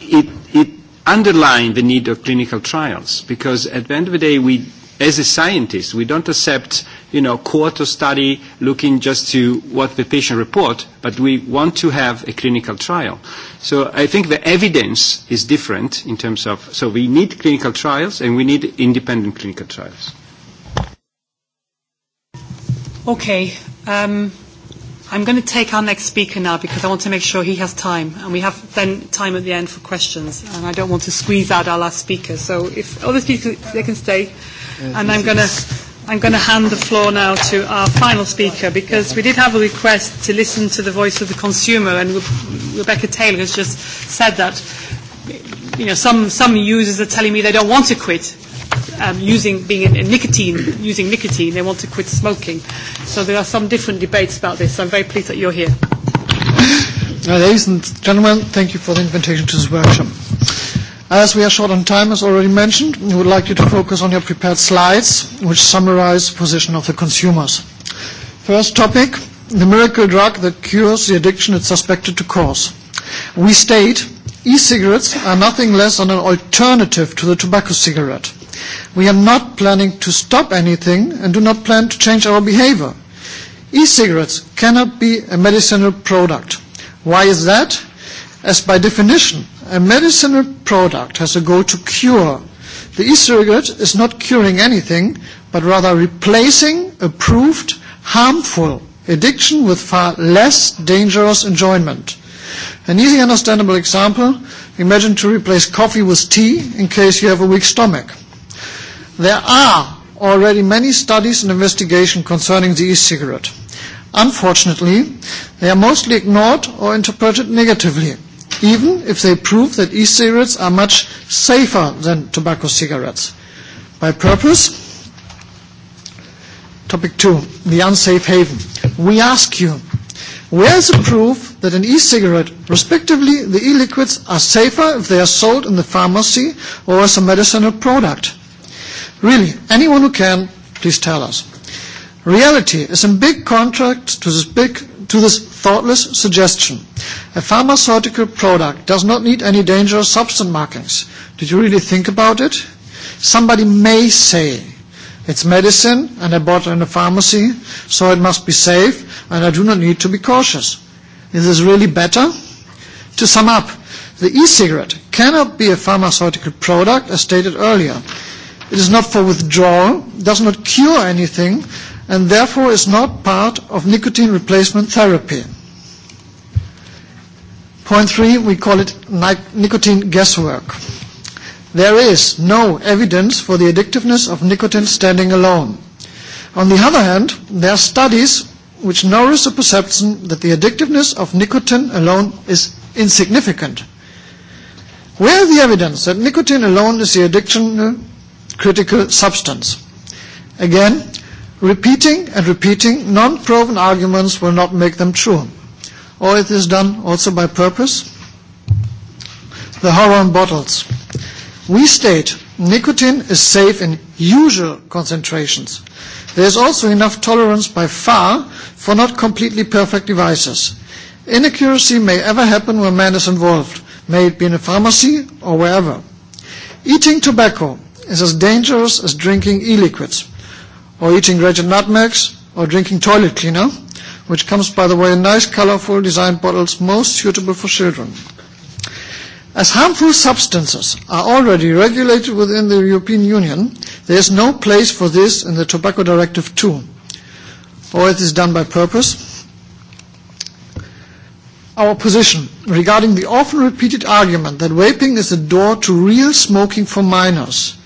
S15: it it underlines the need of clinical trials because at the end of the day, we as a scientist we don't accept you know quarter study looking just to what the patient report, but we want to have a clinical trial. So I think the evidence is different in terms of so we need clinical trials and we need independent clinical trials.
S1: Okay. Um, I'm going to take our next speaker now because I want to make sure he has time. And we have then time at the end for questions. And I don't want to squeeze out our last speaker. So if other speakers, they can stay. And I'm going to... I'm going to hand the floor now to our final speaker because we did have a request to listen to the voice of the consumer and Rebecca Taylor has just said that you know, some, some users are telling me they don't want to quit using being in nicotine, using nicotine, they want to quit smoking. So there are some different debates about this. I'm very pleased that you're here.
S17: Ladies and gentlemen, thank you for the invitation to this workshop. As we are short on time, as already mentioned, we would like you to focus on your prepared slides, which summarize the position of the consumers. First topic, the miracle drug that cures the addiction it's suspected to cause. We state e-cigarettes are nothing less than an alternative to the tobacco cigarette We are not planning to stop anything and do not plan to change our behavior. E-cigarettes cannot be a medicinal product. Why is that? As by definition, a medicinal product has a goal to cure. The e-cigarette is not curing anything, but rather replacing approved harmful addiction with far less dangerous enjoyment. An easy understandable example, imagine to replace coffee with tea in case you have a weak stomach. There are already many studies and investigations concerning the e-cigarette. Unfortunately, they are mostly ignored or interpreted negatively, even if they prove that e-cigarettes are much safer than tobacco cigarettes. By purpose, Topic two, the unsafe haven. We ask you, where is the proof that an e-cigarette, respectively the e-liquids, are safer if they are sold in the pharmacy or as a medicinal product? Really, anyone who can, please tell us. Reality is in big contrast to this big to this thoughtless suggestion. A pharmaceutical product does not need any dangerous substance markings. Did you really think about it? Somebody may say, it's medicine and I bought it in a pharmacy, so it must be safe and I do not need to be cautious. Is this really better? To sum up, the e-cigarette cannot be a pharmaceutical product as stated earlier. It is not for withdrawal, does not cure anything, and therefore is not part of nicotine replacement therapy. Point three, we call it nicotine guesswork. There is no evidence for the addictiveness of nicotine standing alone. On the other hand, there are studies which nourish the perception that the addictiveness of nicotine alone is insignificant. Where is the evidence that nicotine alone is the addiction critical substance. Again, repeating and repeating non-proven arguments will not make them true. Or it is done also by purpose. The on bottles. We state nicotine is safe in usual concentrations. There is also enough tolerance by far for not completely perfect devices. Inaccuracy may ever happen when man is involved, may it be in a pharmacy or wherever. Eating tobacco is as dangerous as drinking e-liquids or eating grated nutmegs or drinking toilet cleaner, which comes, by the way, in nice, colorful design bottles most suitable for children. As harmful substances are already regulated within the European Union, there is no place for this in the Tobacco Directive 2, or it is done by purpose. Our position regarding the often repeated argument that vaping is the door to real smoking for minors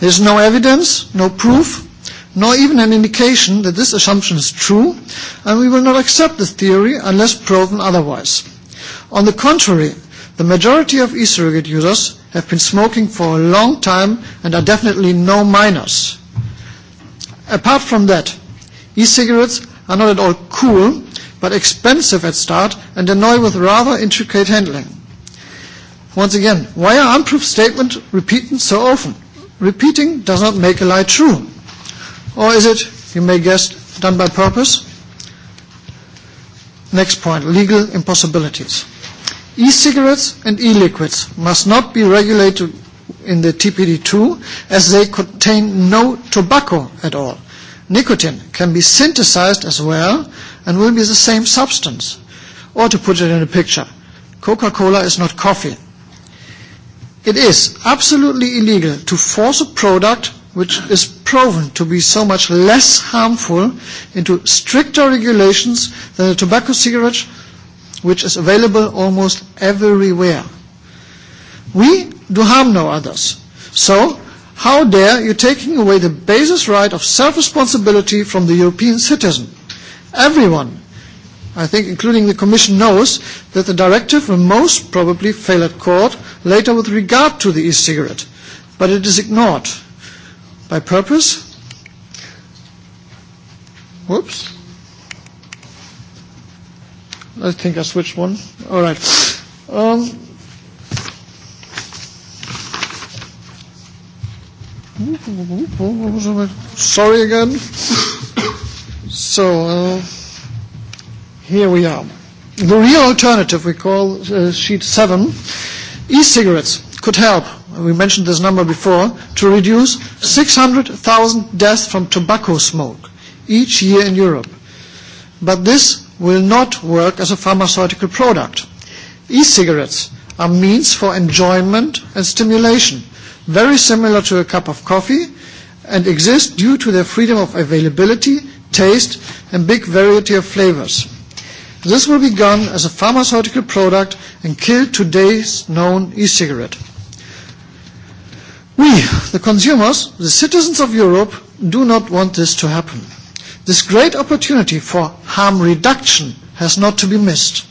S17: There is no evidence, no proof, nor even an indication that this assumption is true, and we will not accept this theory unless proven otherwise. On the contrary, the majority of e-cigarette users have been smoking for a long time and are definitely no minors. Apart from that, e-cigarettes are not at all cool, but expensive at start and annoy with rather intricate handling. Once again, why are unproved statements repeated so often? Repeating does not make a lie true. Or is it, you may guess, done by purpose? Next point, legal impossibilities. E-cigarettes and e-liquids must not be regulated in the TPD2 as they contain no tobacco at all. Nicotine can be synthesized as well and will be the same substance. Or to put it in a picture, Coca-Cola is not coffee. It is absolutely illegal to force a product which is proven to be so much less harmful into stricter regulations than a tobacco cigarette which is available almost everywhere. We do harm no others. So how dare you taking away the basis right of self-responsibility from the European citizen? Everyone I think including the Commission knows that the directive will most probably fail at court later with regard to the e-cigarette, but it is ignored. By purpose? Whoops. I think I switched one. All right. Um, sorry again. so, Here we are. The real alternative, we call sheet seven, e-cigarettes could help, we mentioned this number before, to reduce 600,000 deaths from tobacco smoke each year in Europe. But this will not work as a pharmaceutical product. E-cigarettes are means for enjoyment and stimulation, very similar to a cup of coffee, and exist due to their freedom of availability, taste, and big variety of flavors. This will be gone as a pharmaceutical product and kill today's known e-cigarette. We, the consumers, the citizens of Europe, do not want this to happen. This great opportunity for harm reduction has not to be missed.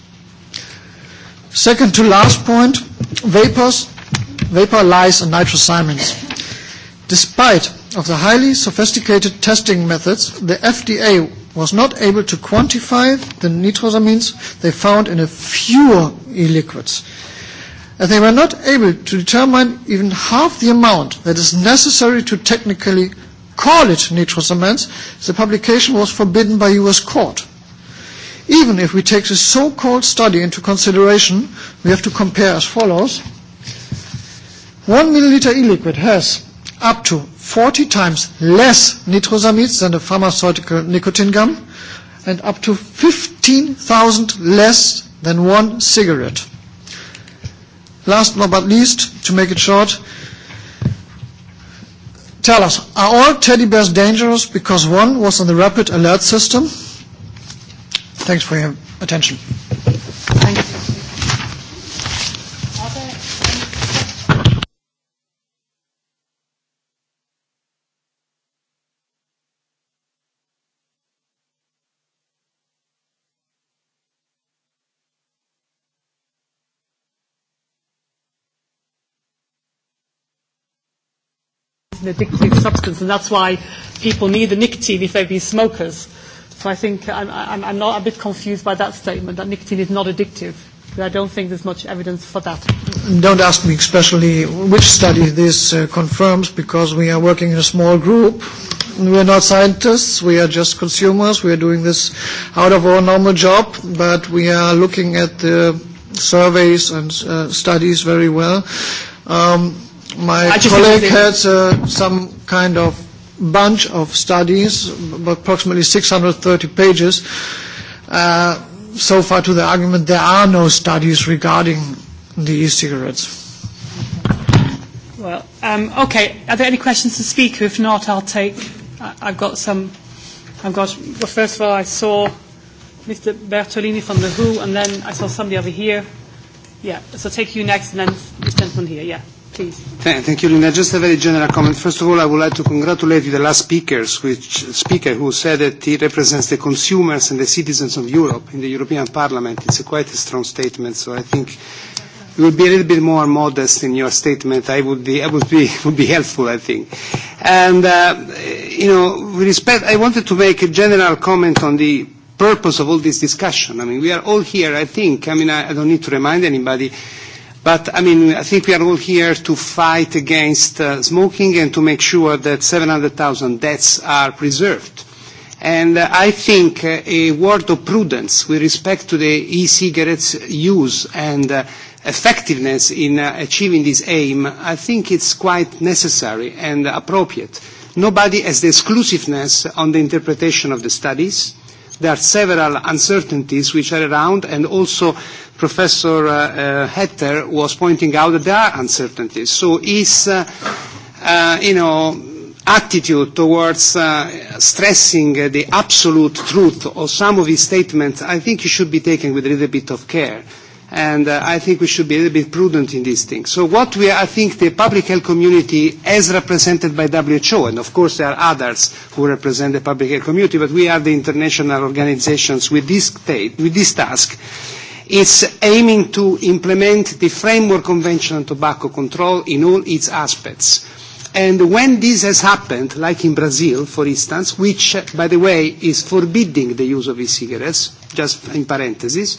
S17: Second to last point, vapors, vapor lies and nitrosamines. Despite of the highly sophisticated testing methods, the FDA was not able to quantify the nitrosamines they found in a few e-liquids. And they were not able to determine even half the amount that is necessary to technically call it nitrosamines. The publication was forbidden by U.S. court. Even if we take this so-called study into consideration, we have to compare as follows. One milliliter e-liquid has up to 40 times less nitrosamines than a pharmaceutical nicotine gum and up to 15,000 less than one cigarette. Last but not least, to make it short, tell us, are all teddy bears dangerous because one was on the rapid alert system? Thanks for your attention.
S1: addictive substance, and that's why people need the nicotine if they've been smokers. So I think I'm, I'm, not a bit confused by that statement that nicotine is not addictive. I don't think there's much evidence for that.
S17: Don't ask me especially which study this confirms, because we are working in a small group. We are not scientists. We are just consumers. We are doing this out of our normal job, but we are looking at the surveys and studies very well. Um, My colleague has some kind of bunch of studies, approximately 630 pages, so far to the argument there are no studies regarding the e-cigarettes.
S1: Well, um, okay. Are there any questions to speak? If not, I'll take. I've got some. I've got. Well, first of all, I saw Mr. Bertolini from the WHO, and then I saw somebody over here. Yeah. So take you next, and then this gentleman here. Yeah.
S3: Thank you, Linda. Just a very general comment. First of all, I would like to congratulate you, the last speakers, which speaker who said that he represents the consumers and the citizens of Europe in the European Parliament. It's a quite a strong statement, so I think you would be a little bit more modest in your statement. I would be, I would be, would be helpful, I think. And, you know, with respect, I wanted to make a general comment on the purpose of all this discussion. I mean, we are all here, I think. I mean, I don't need to remind anybody But, I mean, I think we are all here to fight against smoking and to make sure that 700,000 deaths are preserved. And I think a word of prudence with respect to the e-cigarettes use and effectiveness in achieving this aim, I think it's quite necessary and appropriate. Nobody has the exclusiveness on the interpretation of the studies. There are several uncertainties which are around, and also Professor Hetter was pointing out that there are uncertainties. So is, you know, attitude towards stressing the absolute truth of some of his statements, I think should be taken with a little bit of care and I think we should be a little bit prudent in these things. So what we, I think the public health community as represented by WHO, and of course there are others who represent the public health community, but we are the international organizations with this, with this task, is aiming to implement the Framework Convention on Tobacco Control in all its aspects. And when this has happened, like in Brazil, for instance, which, by the way, is forbidding the use of e-cigarettes, just in parentheses,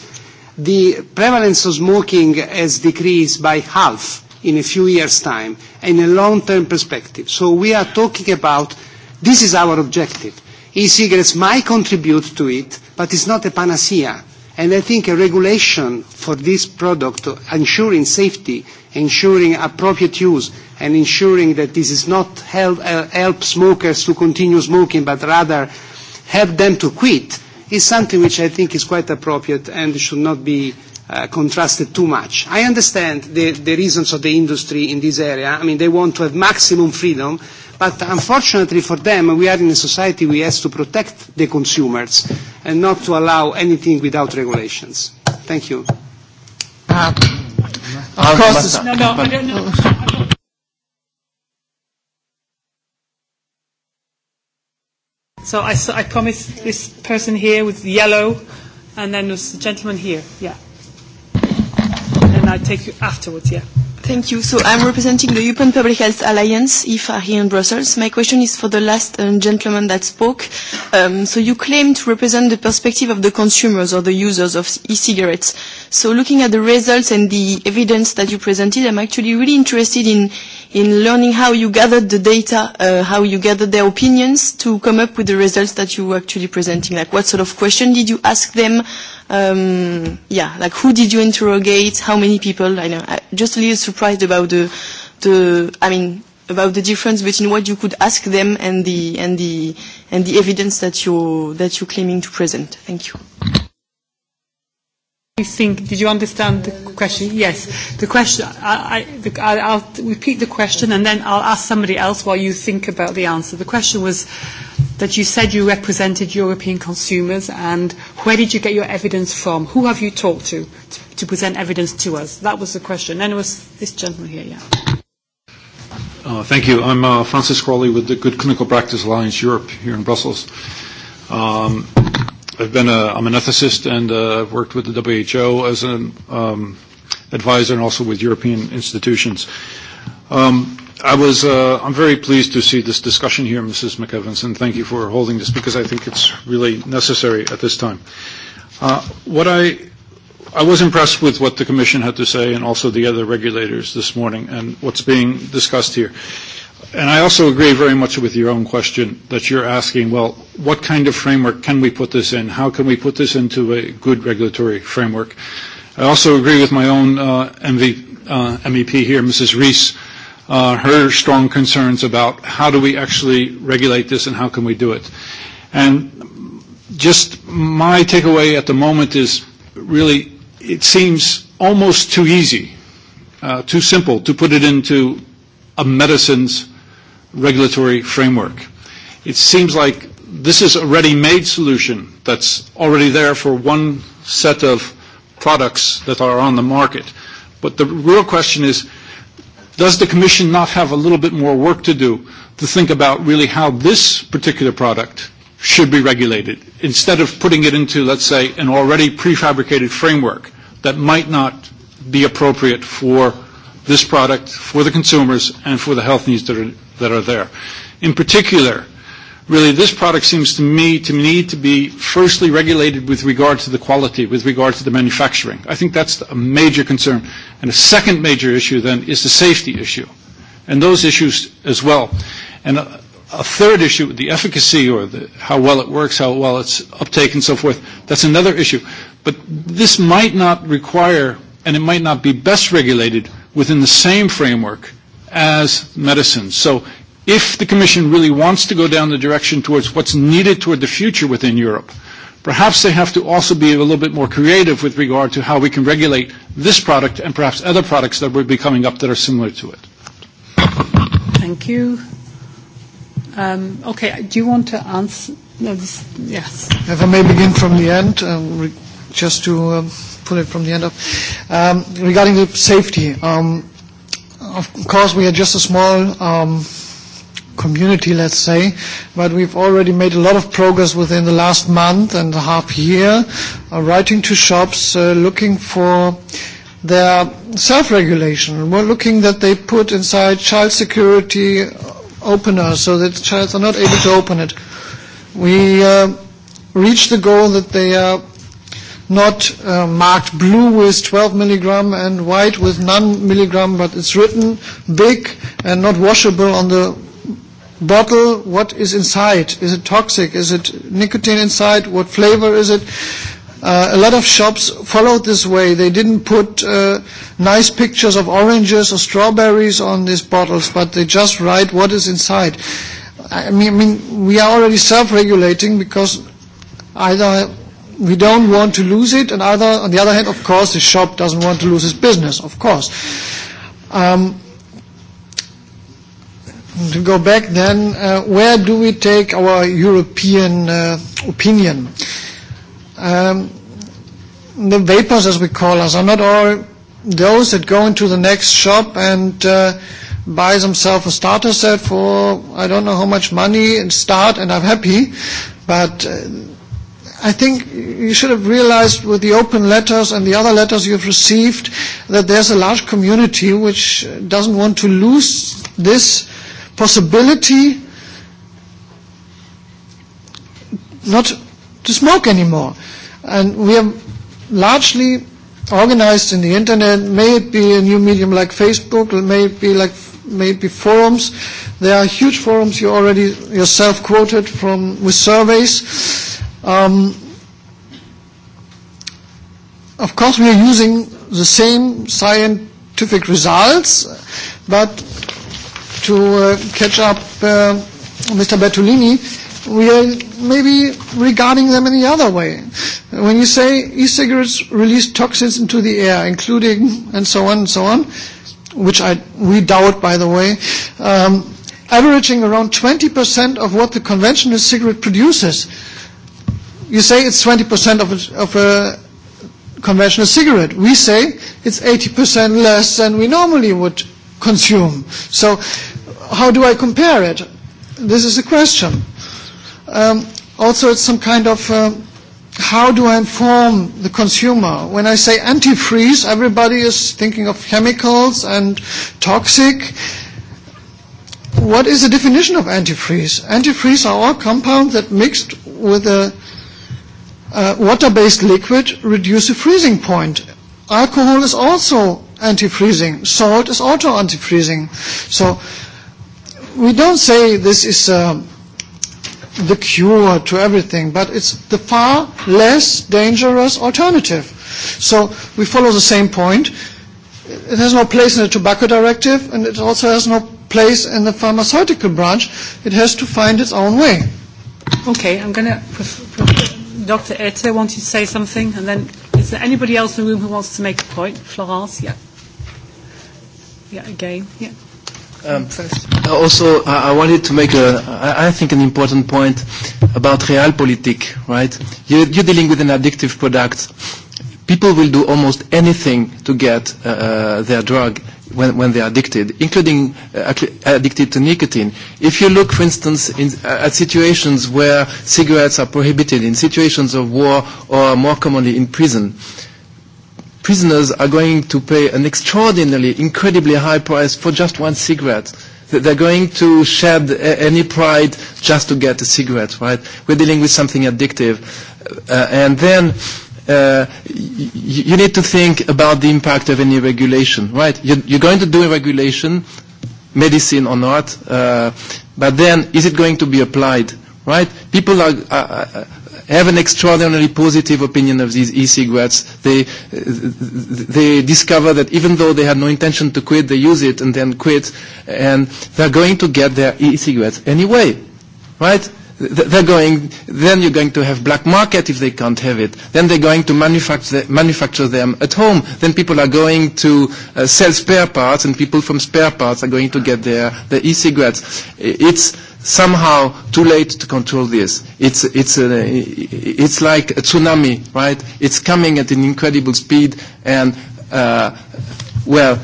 S3: the prevalence of smoking has decreased by half in a few years' time in a long-term perspective. So we are talking about this is our objective. E-cigarettes might contribute to it, but it's not a panacea. And I think a regulation for this product, ensuring safety, ensuring appropriate use, and ensuring that this is not help smokers to continue smoking, but rather help them to quit, is something which I think is quite appropriate and should not be contrasted too much. I understand the reasons of the industry in this area. I mean, they want to have maximum freedom, but unfortunately for them, we are in a society we have to protect the consumers and not to allow anything without regulations. Thank you.
S1: So I, I promise this person here with yellow, and then this gentleman here. Yeah. And I take you afterwards. Yeah.
S14: Thank you. So I'm representing the European Public Health Alliance, IFA, here in Brussels. My question is for the last gentleman that spoke. So you claim to represent the perspective of the consumers or the users of e-cigarettes. So looking at the results and the evidence that you presented, I'm actually really interested in in learning how you gathered the data, how you gathered their opinions to come up with the results that you were actually presenting. Like what sort of question did you ask them? Yeah, like who did you interrogate? How many people? I know. Just a little surprised about the, the, I mean, about the difference between what you could ask them and the and the and the evidence that you that you're claiming to present. Thank you
S1: think, did you understand the question? Yes. The question, I, I, I'll repeat the question and then I'll ask somebody else while you think about the answer. The question was that you said you represented European consumers and where did you get your evidence from? Who have you talked to to present evidence to us? That was the question. Then it was this gentleman here, yeah.
S18: thank you. I'm uh, Francis Crawley with the Good Clinical Practice Alliance Europe here in Brussels. Um, I've been a, I'm an ethicist and uh, I've worked with the WHO as an um, advisor and also with European institutions. Um, I was, uh, I'm very pleased to see this discussion here, Mrs. McEvans, and thank you for holding this because I think it's really necessary at this time. Uh, what I, I was impressed with what the Commission had to say and also the other regulators this morning and what's being discussed here. And I also agree very much with your own question that you're asking, well, what kind of framework can we put this in? How can we put this into a good regulatory framework? I also agree with my own MV MEP here, Mrs. Rees, her strong concerns about how do we actually regulate this and how can we do it. And just my takeaway at the moment is really it seems almost too easy, too simple to put it into a medicines regulatory framework. It seems like this is a ready-made solution that's already there for one set of products that are on the market. But the real question is, does the Commission not have a little bit more work to do to think about really how this particular product should be regulated instead of putting it into, let's say, an already prefabricated framework that might not be appropriate for this product, for the consumers, and for the health needs that are that are there. In particular, really this product seems to me to need to be firstly regulated with regard to the quality, with regard to the manufacturing. I think that's a major concern. And a second major issue then is the safety issue, and those issues as well. And a third issue, the efficacy or the, how well it works, how well it's uptake and so forth, that's another issue. But this might not require, and it might not be best regulated within the same framework as medicine. So if the Commission really wants to go down the direction towards what's needed toward the future within Europe, perhaps they have to also be a little bit more creative with regard to how we can regulate this product and perhaps other products that will be coming up that are similar to it.
S1: Thank you. Um, okay, do you want to answer? yes. If I may begin
S17: from the end, just to um, pull it from the end up. Um, regarding the safety, um, of course we are just a small um, community, let's say, but we've already made a lot of progress within the last month and a half year, writing to shops, looking for their self-regulation. We're looking that they put inside child security openers so that child are not able to open it. We reach the goal that they are not marked blue with 12 milligram and white with none milligram, but it's written big and not washable on the bottle. What is inside? Is it toxic? Is it nicotine inside? What flavor is it? A lot of shops followed this way. They didn't put nice pictures of oranges or strawberries on these bottles, but they just write what is inside. I mean, we are already self-regulating because either we don't want to lose it, and other, on the other hand, of course, the shop doesn't want to lose its business, of course. Um, to go back then, uh, where do we take our European uh, opinion? Um, the vapors, as we call us, are not all those that go into the next shop and uh, buy themselves a starter set for I don't know how much money and start and I'm happy, but I think you should have realized with the open letters and the other letters you've received that there's a large community which doesn't want to lose this possibility not to smoke anymore. And we are largely organized in the internet, may it be a new medium like Facebook, may it be like maybe forums. There are huge forums you already yourself quoted from with surveys Of course, we are using the same scientific results, but to catch up Mr. Bertolini, we are maybe regarding them in the other way. When you say e-cigarettes release toxins into the air, including and so on and so on, which I we doubt, by the way, averaging around 20% of what the conventional cigarette produces. You say it's 20% of of a conventional cigarette. We say it's 80% less than we normally would consume. So how do I compare it? This is a question. Also, it's some kind of how do I inform the consumer? When I say antifreeze, everybody is thinking of chemicals and toxic. What is the definition of antifreeze? Antifreeze are all compounds that mixed with a water-based liquid reduce the freezing point. Alcohol is also anti-freezing. Salt is also anti-freezing. So we don't say this is the cure to everything, but it's the far less dangerous alternative. So we follow the same point. It has no place in the tobacco directive, and it also has no place in the pharmaceutical branch. It has to find its own way.
S1: Okay, I'm going to Dr. Ette wanted to say something, and then is there anybody else in the room who wants to make a point? Florence, yeah. Yeah, again, yeah.
S10: Um, also, I wanted to make, a, I think, an important point about realpolitik, right? You're, you're dealing with an addictive product people will do almost anything to get their drug when when they are addicted, including addicted to nicotine. If you look, for instance, at situations where cigarettes are prohibited, in situations of war or more commonly in prison, prisoners are going to pay an extraordinarily, incredibly high price for just one cigarette. They're going to shed any pride just to get a cigarette, right? We're dealing with something addictive. And then you need to think about the impact of any regulation, right? You're going to do a regulation, medicine or not, but then is it going to be applied, right? People are have an extraordinarily positive opinion of these e-cigarettes. They they discover that even though they had no intention to quit, they use it and then quit, and they're going to get their e-cigarettes anyway, right? they're going, then you're going to have black market if they can't have it. Then they're going to manufacture, manufacture them at home. Then people are going to sell spare parts and people from spare parts are going to get their, their e-cigarettes. It's somehow too late to control this. It's, it's, it's like a tsunami, right? It's coming at an incredible speed and, uh, well,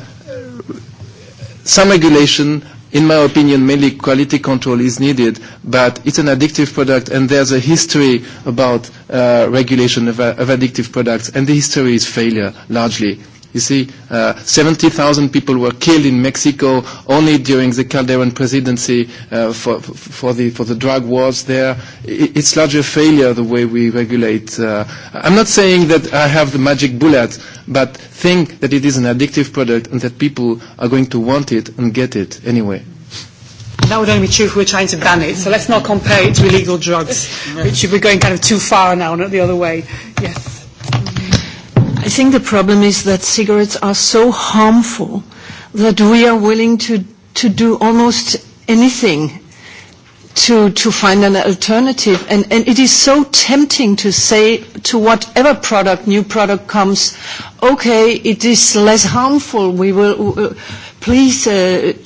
S10: some regulation in my opinion, mainly quality control is needed, but it's an addictive product, and there's a history about regulation of addictive products, and the history is failure, largely. You see, 70,000 people were killed in Mexico only during the Calderon presidency for for the for the drug wars there. It's largely a failure the way we regulate. I'm not saying that I have the magic bullet, but think that it is an addictive product and that people are going to want it and get it anyway.
S1: That would only be true if we were trying to ban it. So let's not compare it to illegal drugs, which would be going kind of too far now, not the other way. Yes.
S16: I think the problem is that cigarettes are so harmful that we are willing to to do almost anything to to find an alternative and and it is so tempting to say to whatever product new product comes okay it is less harmful we will please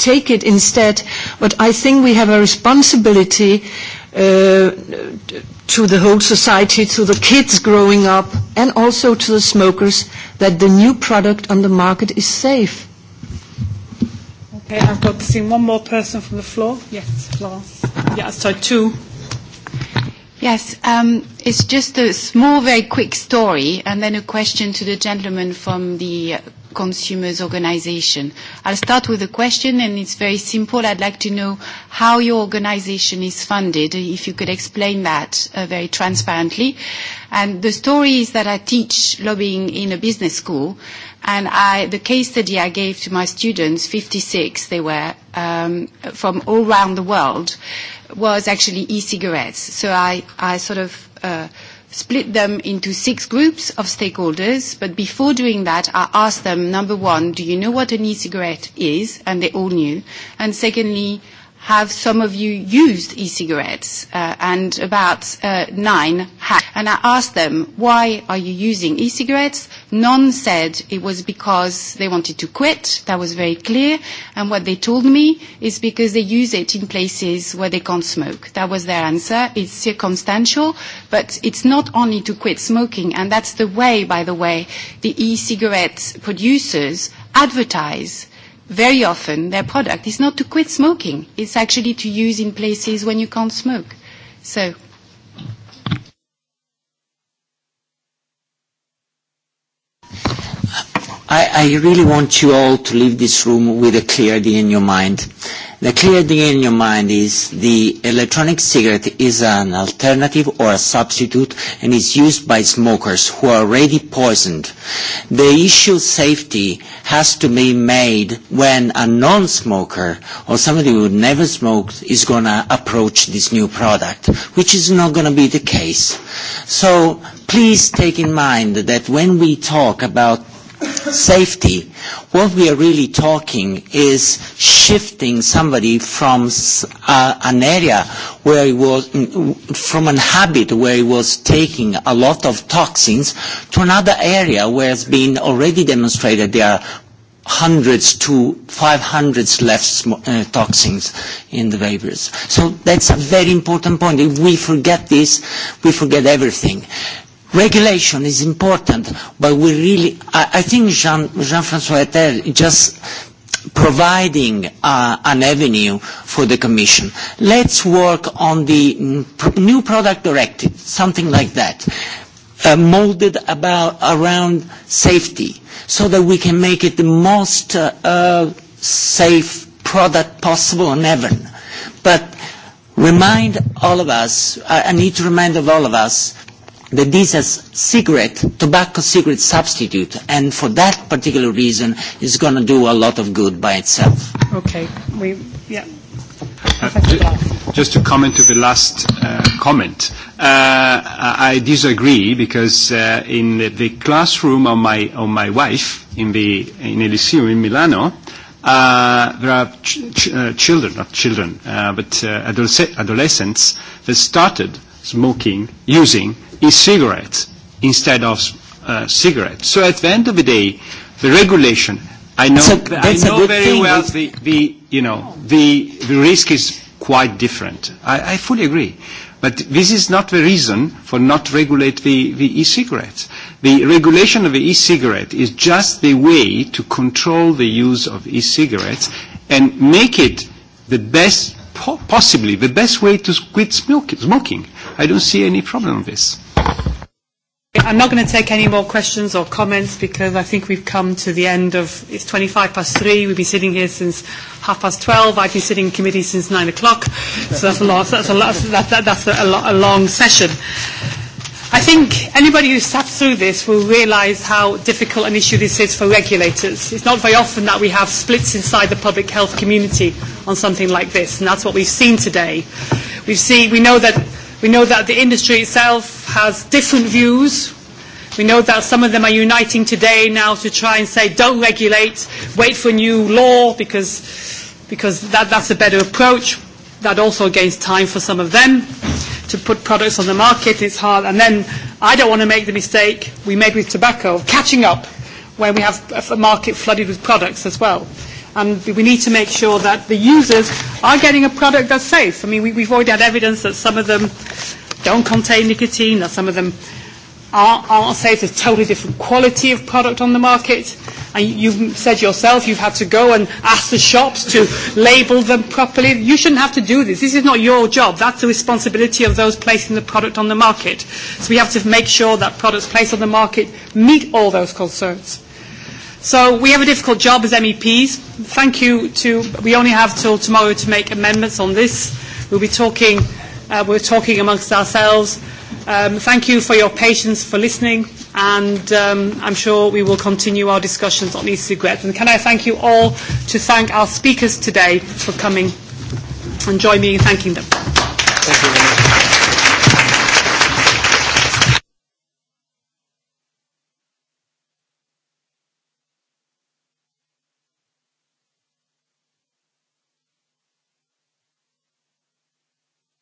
S16: take it instead but i think we have a responsibility to the whole society, to the kids growing up, and also to the smokers, that the new product on the market is safe.
S1: Okay, I've got to see one more person from the floor. Yes, Florence.
S14: two. Yes, um, it's just a small, very quick story, and then a question to the gentleman from the consumers' organization. I'll start with a question, and it's very simple. I'd like to know how your organization is funded, if you could explain that very transparently. And the story is that I teach lobbying in a business school, and I the case study I gave to my students, 56 they were, from all around the world, was actually e-cigarettes. So I sort of split them into six groups of stakeholders, but before doing that, I asked them, number one, do you know what an e-cigarette is? And they all knew. And secondly, have some of you used e-cigarettes? And about nine had. And I asked them, why are you using e-cigarettes? None said it was because they wanted to quit. That was very clear. And what they told me is because they use it in places where they can't smoke. That was their answer. It's circumstantial, but it's not only to quit smoking. And that's the way, by the way, the e-cigarette producers advertise very often their product is not to quit smoking. It's actually to use in places when you can't smoke. So
S7: I really want you all to leave this room with a clear idea in your mind. The clear idea in your mind is the electronic cigarette is an alternative or a substitute and is used by smokers who are already poisoned. The issue of safety has to be made when a non-smoker or somebody who never smoked is going to approach this new product, which is not going to be the case. So please take in mind that when we talk about safety, what we are really talking is shifting somebody from an area where he was, from a habit where he was taking a lot of toxins to another area where it's been already demonstrated there are hundreds to five hundreds less toxins in the vapors. So that's a very important point. If we forget this, we forget everything. Regulation is important, but we really, I think Jean-François Etel just providing an avenue for the Commission. Let's work on the new product directive, something like that, molded about around safety, so that we can make it the most safe product possible on ever. But remind all of us, I need to remind of all of us that this is cigarette, tobacco cigarette substitute, and for that particular reason, is going to do a lot of good by itself.
S1: Okay, we, yeah.
S15: Just to comment to the last comment, I disagree because in the classroom of my of my wife in the in Eliseo in Milano, there are children, not children, but adolescents that started smoking, using, e cigarettes instead of cigarettes. So at the end of the day, the regulation, I know, I know very well the, you know, the, the risk is quite different. I, I fully agree. But this is not the reason for not regulate the, the e-cigarettes. The regulation of the e-cigarette is just the way to control the use of e-cigarettes and make it the best, possibly the best way to quit smoking I don't see any problem with this.
S1: I'm not going to take any more questions or comments because I think we've come to the end of, it's 25 past three, we've been sitting here since half past 12, I've been sitting in committee since nine o'clock, so that's a lot, that's a lot, that's a long session. I think anybody who sat through this will realise how difficult an issue this is for regulators. It's not very often that we have splits inside the public health community on something like this, and that's what we've seen today. We've seen, we know that We know that the industry itself has different views. We know that some of them are uniting today now to try and say don't regulate, wait for new law because because that that's a better approach. That also gains time for some of them to put products on the market. It's hard. And then I don't want to make the mistake we made with tobacco, catching up when we have a market flooded with products as well and we need to make sure that the users are getting a product that's safe. I mean, we, we've already had evidence that some of them don't contain nicotine, that some of them aren't, aren't safe. There's totally different quality of product on the market. And you've said yourself you've had to go and ask the shops to label them properly. You shouldn't have to do this. This is not your job. That's the responsibility of those placing the product on the market. So we have to make sure that products placed on the market meet all those concerns. So we have a difficult job as MEPs. Thank you to, we only have till tomorrow to make amendments on this. We'll be talking, we're talking amongst ourselves. Thank you for your patience, for listening, and I'm sure we will continue our discussions on e-cigarettes. And can I thank you all to thank our speakers today for coming and join me in thanking them.